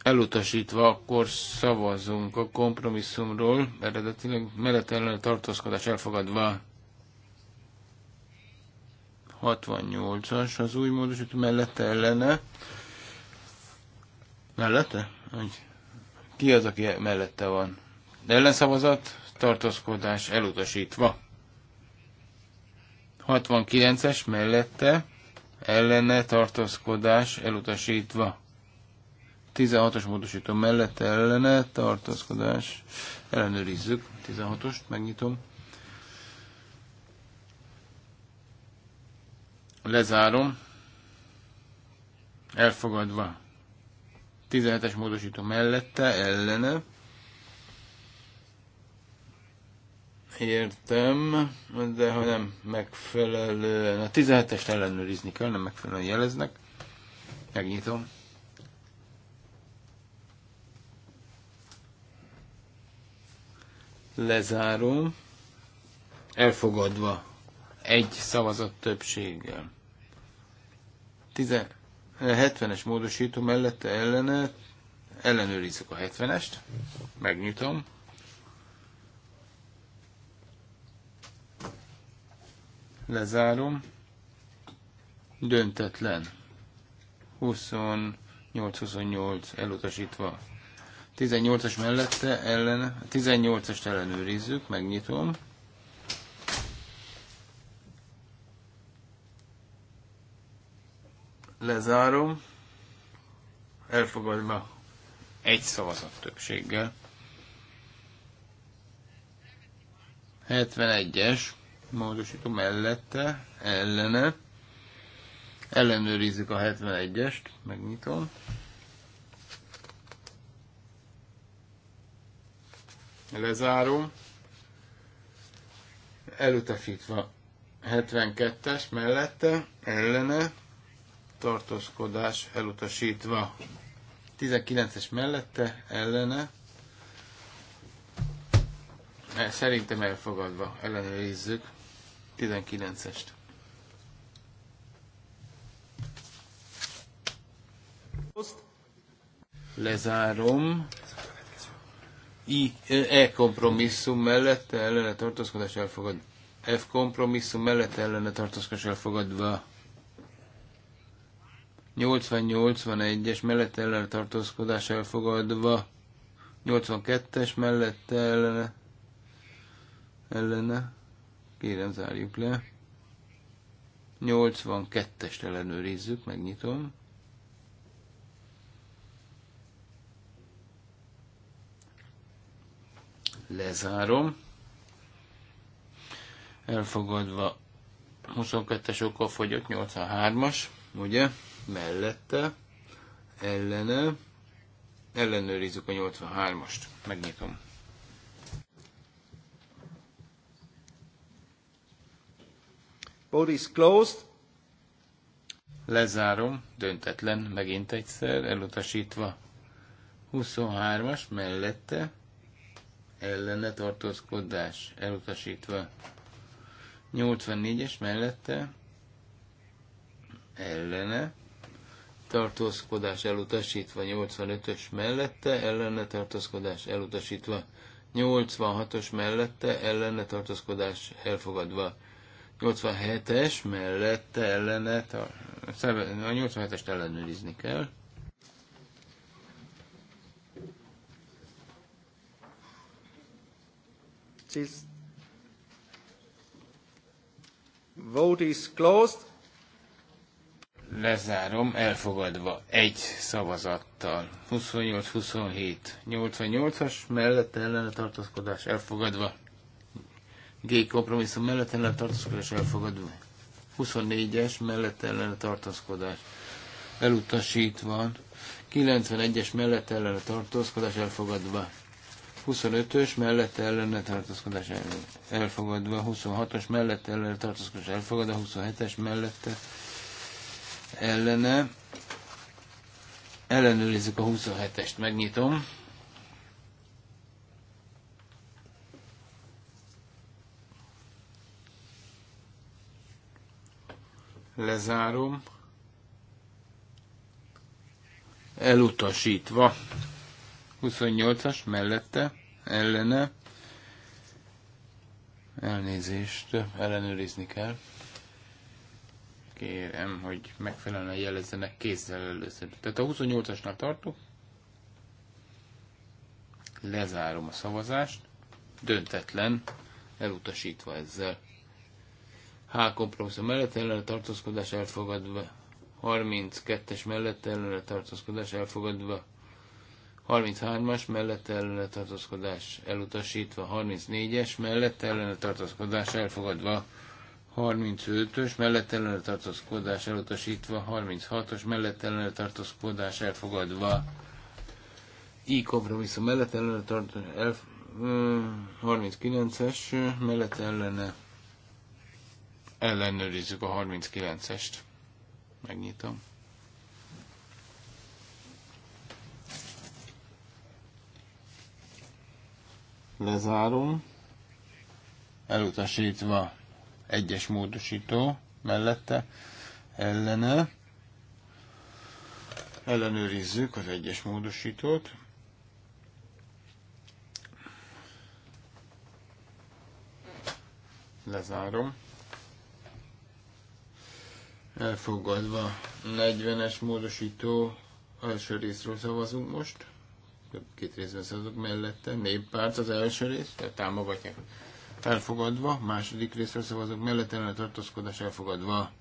Elutasítva akkor szavazunk a kompromisszumról, eredetileg mellett ellen tartózkodás elfogadva 68-as az új módosító mellette ellene. Mellette? Hogy ki az, aki mellette van? De ellenszavazat, tartózkodás elutasítva. 69-es mellette ellene tartózkodás elutasítva. 16-os módosító mellette ellene tartózkodás. Ellenőrizzük. 16-ost megnyitom. Lezárom. Elfogadva. 17-es módosító mellette ellene értem, de ha nem megfelelően, a 17-est ellenőrizni kell, nem megfelelően jeleznek. Megnyitom. Lezárom. Elfogadva. Egy szavazat többséggel. 70-es módosító mellette ellene ellenőrizzük a 70-est. Megnyitom. Lezárom. Döntetlen. 28-28 elutasítva. 18-as mellette ellen, 18-ast ellenőrizzük, megnyitom. Lezárom. Elfogadva egy szavazat többséggel. 71-es módosító mellette, ellene. Ellenőrizzük a 71-est, megnyitom. Lezárom. Elutasítva 72-es mellette, ellene, tartózkodás elutasítva. 19-es mellette, ellene, szerintem elfogadva, ellenőrizzük. 19-est. Lezárom. I, e kompromisszum mellett ellene tartózkodás elfogad. F kompromisszum mellett ellene tartózkodás elfogadva. 80-81-es mellett ellene tartózkodás elfogadva. 82-es mellett ellene ellene Kérem, zárjuk le. 82-est ellenőrizzük, megnyitom. Lezárom. Elfogadva 22-es okkal fogyott, 83-as, ugye? Mellette, ellene. Ellenőrizzük a 83-ast. Megnyitom. Vote is closed. Lezárom, döntetlen, megint egyszer, elutasítva. 23-as mellette ellene tartózkodás, elutasítva. 84-es mellette ellene tartózkodás elutasítva 85-ös mellette, ellene tartózkodás elutasítva 86-os mellette, ellene tartózkodás elfogadva 87-es mellette ellenet, a, a 87-est ellenőrizni kell. This vote is closed. Lezárom, elfogadva egy szavazattal. 28-27, 88-as mellette ellene tartózkodás elfogadva. G kompromisszum mellett ellen tartózkodás elfogadva. 24-es mellett ellen tartózkodás elutasítva. 91-es mellett ellen tartózkodás elfogadva. 25-ös mellette ellen tartózkodás elfogadva, 26-os mellette ellen tartózkodás elfogadva, 27-es mellette ellene ellenőrizzük a 27-est, megnyitom. Lezárom. Elutasítva. 28-as mellette, ellene. Elnézést, ellenőrizni kell. Kérem, hogy megfelelően jelezzenek kézzel először. Tehát a 28-asnál tartok. Lezárom a szavazást. Döntetlen, elutasítva ezzel. H kompromisszum mellett ellene tartózkodás elfogadva. 32-es mellett ellene tartózkodás elfogadva. 33-as mellett ellene tartózkodás elutasítva. 34-es mellett ellene tartózkodás elfogadva. 35-ös mellett ellene tartózkodás elutasítva. 36-os mellett ellene tartózkodás elfogadva. I kompromisszum mellett ellene tartózkodás 39-es mellett ellene Ellenőrizzük a 39-est. Megnyitom. Lezárom. Elutasítva egyes módosító mellette ellene. Ellenőrizzük az egyes módosítót. Lezárom. Elfogadva. 40-es módosító első részről szavazunk most. Két részben szavazok mellette. Néppárt az első rész, tehát támogatják. Elfogadva. Második részről szavazunk mellette, a tartózkodás elfogadva.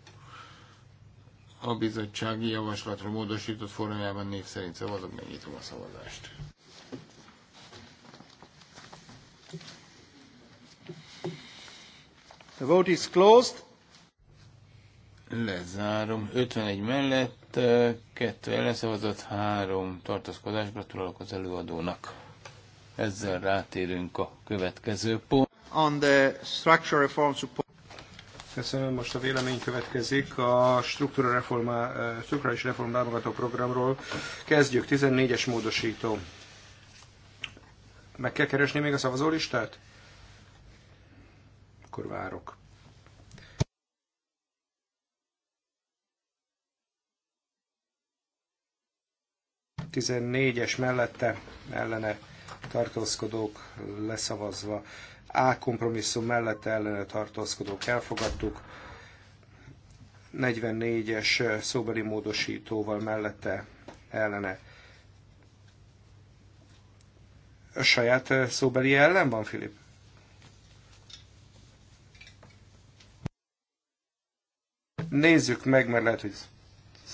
A bizottsági javaslatra módosított formájában név szerint szavazok, megnyitom a szavazást. The vote is closed. Lezárom. 51 mellett, 2 ellenszavazat, 3 tartózkodás. Gratulálok az előadónak. Ezzel rátérünk a következő pont. On the structure reform support. Köszönöm, most a vélemény következik a strukturális reform támogató programról. Kezdjük, 14-es módosító. Meg kell keresni még a szavazólistát? Akkor várok. 14-es mellette ellene tartózkodók leszavazva. A kompromisszum mellette ellene tartózkodók elfogadtuk. 44-es szóbeli módosítóval mellette ellene. A saját szóbeli ellen van, Filip? Nézzük meg, mert lehet, hogy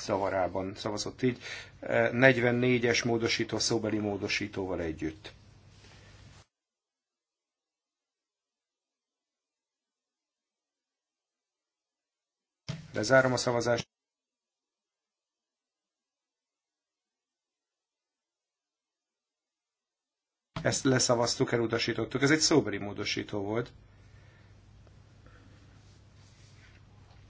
zavarában szavazott így. 44-es e, módosító szóbeli módosítóval együtt. Lezárom a szavazást. Ezt leszavaztuk, elutasítottuk. Ez egy szóbeli módosító volt.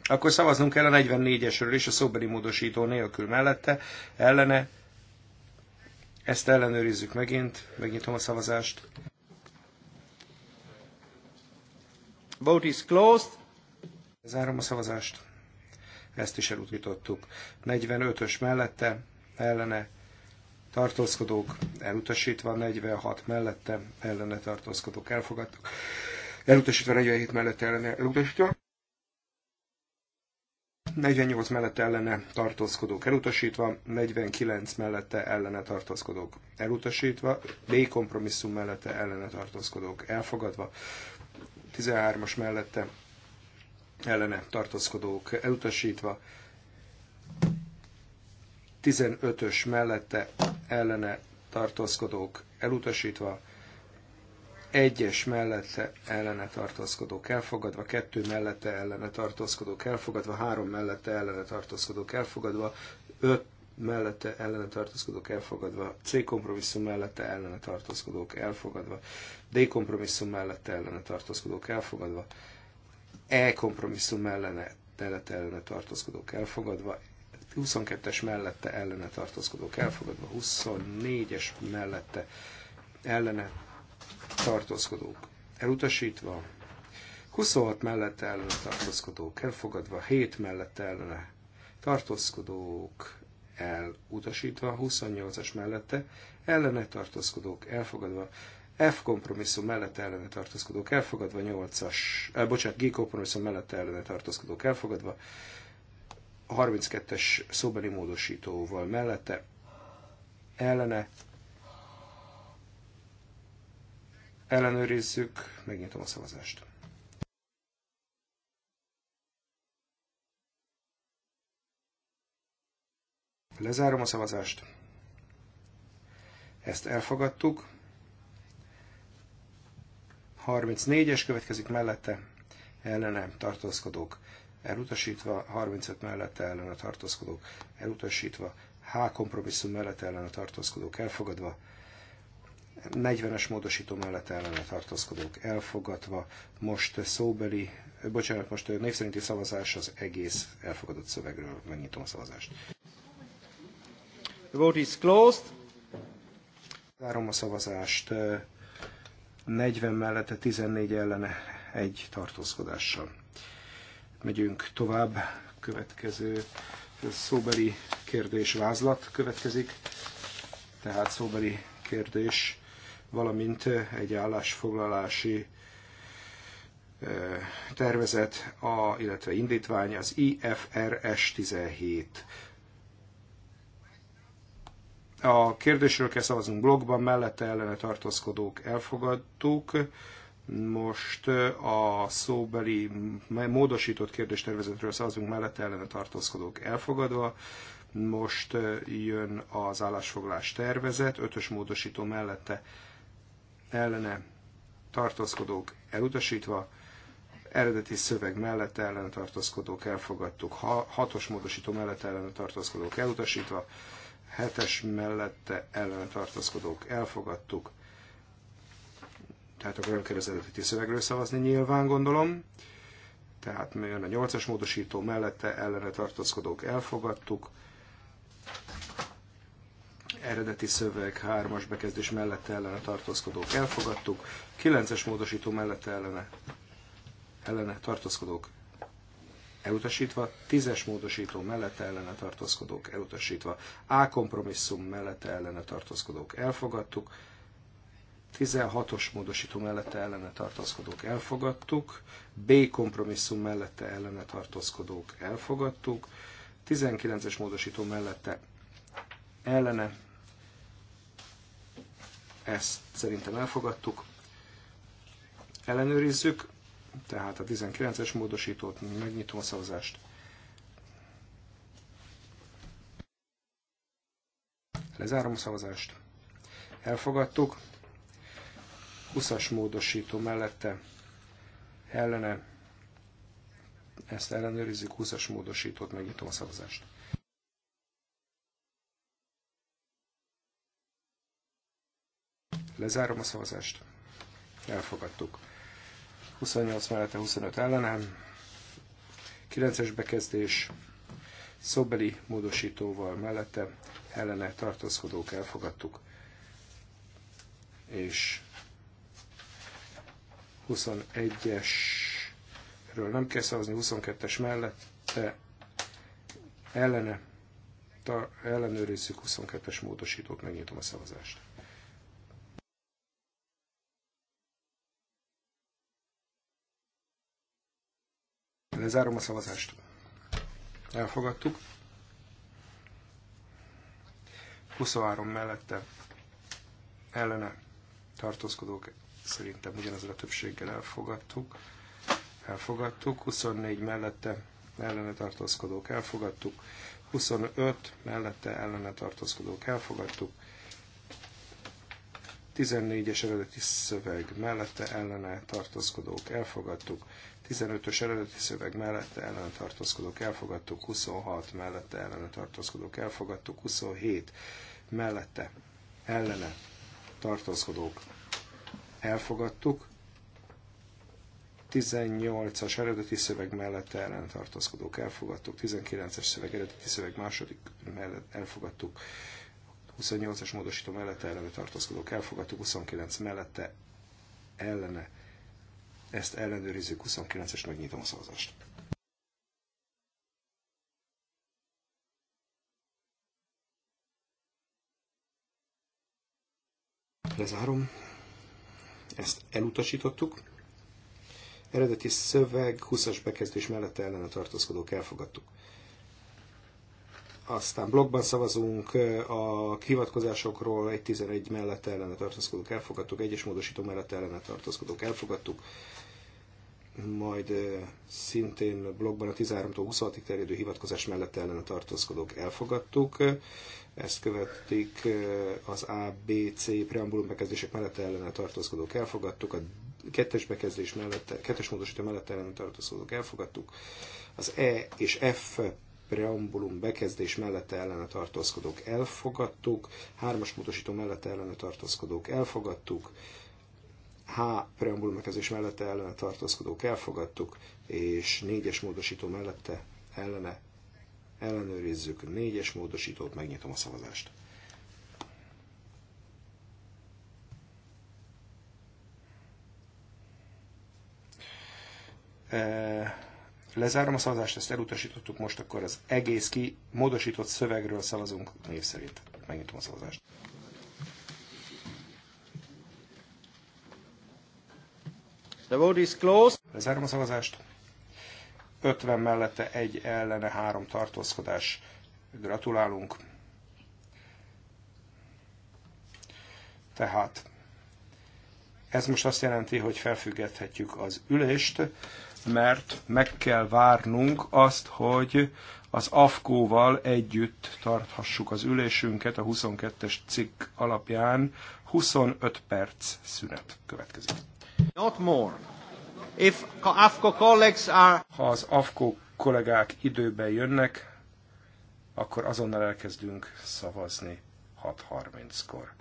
Akkor szavaznunk kell a 44-esről és a szóbeli módosító nélkül mellette, ellene. Ezt ellenőrizzük megint, megnyitom a szavazást. Vote is closed. Zárom a szavazást. Ezt is elutasítottuk. 45-ös mellette, ellene tartózkodók, elutasítva 46 mellette, ellene tartózkodók elfogadtuk. Elutasítva 47 mellette, ellene elutasítva. 48 mellette ellene tartózkodók elutasítva, 49 mellette ellene tartózkodók elutasítva, B kompromisszum mellette ellene tartózkodók elfogadva, 13-as mellette ellene tartózkodók elutasítva, 15-ös mellette ellene tartózkodók elutasítva, egyes mellette ellene tartózkodók elfogadva, kettő mellette ellene tartózkodók elfogadva, három mellette ellene tartózkodók elfogadva, öt mellette ellene tartózkodók elfogadva, C kompromisszum mellette ellene tartózkodók elfogadva, D kompromisszum mellette ellene tartózkodók elfogadva, E kompromisszum mellene, mellette ellene tartózkodók elfogadva, 22-es mellette ellene tartózkodók elfogadva, 24-es mellette ellene tartózkodók elutasítva, 26 mellett ellen tartózkodók elfogadva, 7 mellett ellene tartózkodók elutasítva, 28-as mellette ellene tartózkodók elfogadva, F kompromisszum mellett ellene tartózkodók elfogadva, 8-as, eh, bocsánat, G kompromisszum mellett ellene tartózkodók elfogadva, 32-es szóbeli módosítóval mellette ellene ellenőrizzük, megnyitom a szavazást. Lezárom a szavazást. Ezt elfogadtuk. 34-es következik mellette, ellenem tartózkodók elutasítva, 35 mellette ellen a tartózkodók elutasítva, H kompromisszum mellett ellen a tartózkodók elfogadva, 40-es módosító mellett ellene tartózkodók elfogadva, most szóbeli, bocsánat, most név szerinti szavazás az egész elfogadott szövegről. Megnyitom a szavazást. The vote is closed. Várom a szavazást. 40 mellette 14 ellene egy tartózkodással. Megyünk tovább. Következő szóbeli kérdés vázlat következik. Tehát szóbeli kérdés valamint egy állásfoglalási tervezet, a, illetve indítvány az IFRS 17. A kérdésről kell szavazunk blogban, mellette ellene tartózkodók elfogadtuk. Most a szóbeli módosított kérdéstervezetről szavazunk, mellette ellene tartózkodók elfogadva. Most jön az állásfoglás tervezet, ötös módosító mellette ellene tartózkodók elutasítva, eredeti szöveg mellett ellene tartózkodók elfogadtuk, ha, hatos módosító mellett ellene tartózkodók elutasítva, hetes mellette ellene tartózkodók elfogadtuk, tehát akkor nem kell az eredeti szövegről szavazni nyilván, gondolom. Tehát jön a nyolcas módosító mellette ellene tartózkodók elfogadtuk, eredeti szöveg 3-as bekezdés mellette ellene tartózkodók elfogadtuk, 9-es módosító mellette ellene, ellene tartózkodók elutasítva, 10-es módosító mellette ellene tartózkodók elutasítva, A kompromisszum mellette ellene tartózkodók elfogadtuk, 16-os módosító mellette ellene tartózkodók elfogadtuk, B kompromisszum mellette ellene tartózkodók elfogadtuk, 19-es módosító mellette ellene ezt szerintem elfogadtuk. Ellenőrizzük, tehát a 19-es módosítót megnyitom a szavazást. Lezárom a szavazást. Elfogadtuk. 20-as módosító mellette ellene. Ezt ellenőrizzük, 20-as módosítót megnyitom a szavazást. Lezárom a szavazást. Elfogadtuk. 28 mellette 25 ellenem. 9-es bekezdés szobeli módosítóval mellette ellene tartózkodók elfogadtuk. És 21-esről nem kell szavazni, 22-es mellette ellene, ta, ellenőrizzük 22-es módosítót, megnyitom a szavazást. Lezárom a szavazást. Elfogadtuk. 23 mellette ellene tartózkodók szerintem ugyanazzal a többséggel elfogadtuk. Elfogadtuk. 24 mellette ellene tartózkodók elfogadtuk. 25 mellette ellene tartózkodók elfogadtuk. 14-es eredeti szöveg mellette ellene tartózkodók elfogadtuk. 15-ös eredeti szöveg mellette ellene tartózkodók elfogadtuk, 26 mellette ellene tartózkodók elfogadtuk, 27 mellette ellene tartózkodók elfogadtuk, 18-as eredeti szöveg mellette ellen tartózkodók elfogadtuk, 19-es szöveg eredeti szöveg második mellett elfogadtuk, 28-as módosító mellette ellene tartózkodók elfogadtuk, 29 mellette ellene ezt ellenőrizzük 29-es, megnyitom a szavazást. Lezárom. Ezt elutasítottuk. Eredeti szöveg 20-as bekezdés mellett ellene tartózkodók elfogadtuk aztán blogban szavazunk a hivatkozásokról, 1.11 mellett ellene tartózkodók elfogadtuk, egyes módosító mellett ellene tartózkodók elfogadtuk, majd szintén blogban a 13-tól 26-ig terjedő hivatkozás mellett ellene tartózkodók elfogadtuk. Ezt követik az A, B, C preambulum bekezdések mellett ellene tartózkodók elfogadtuk, a kettes bekezdés mellett, kettes módosítő mellett ellene tartózkodók elfogadtuk, az E és F preambulum bekezdés mellett ellene tartózkodók elfogadtuk, hármas módosító mellett ellene tartózkodók elfogadtuk, H preambulmekezés mellette ellene tartózkodók elfogadtuk, és négyes módosító mellette ellene ellenőrizzük négyes módosítót, megnyitom a szavazást. Lezárom a szavazást, ezt elutasítottuk, most akkor az egész ki módosított szövegről szavazunk név szerint. Megnyitom a szavazást. The vote is closed. Lezárom a szavazást. 50 mellette egy ellene három tartózkodás. Gratulálunk. Tehát ez most azt jelenti, hogy felfüggethetjük az ülést, mert meg kell várnunk azt, hogy az AFKÓ-val együtt tarthassuk az ülésünket a 22-es cikk alapján. 25 perc szünet következik. Ha az Afko kollégák időben jönnek, akkor azonnal elkezdünk szavazni 6.30-kor.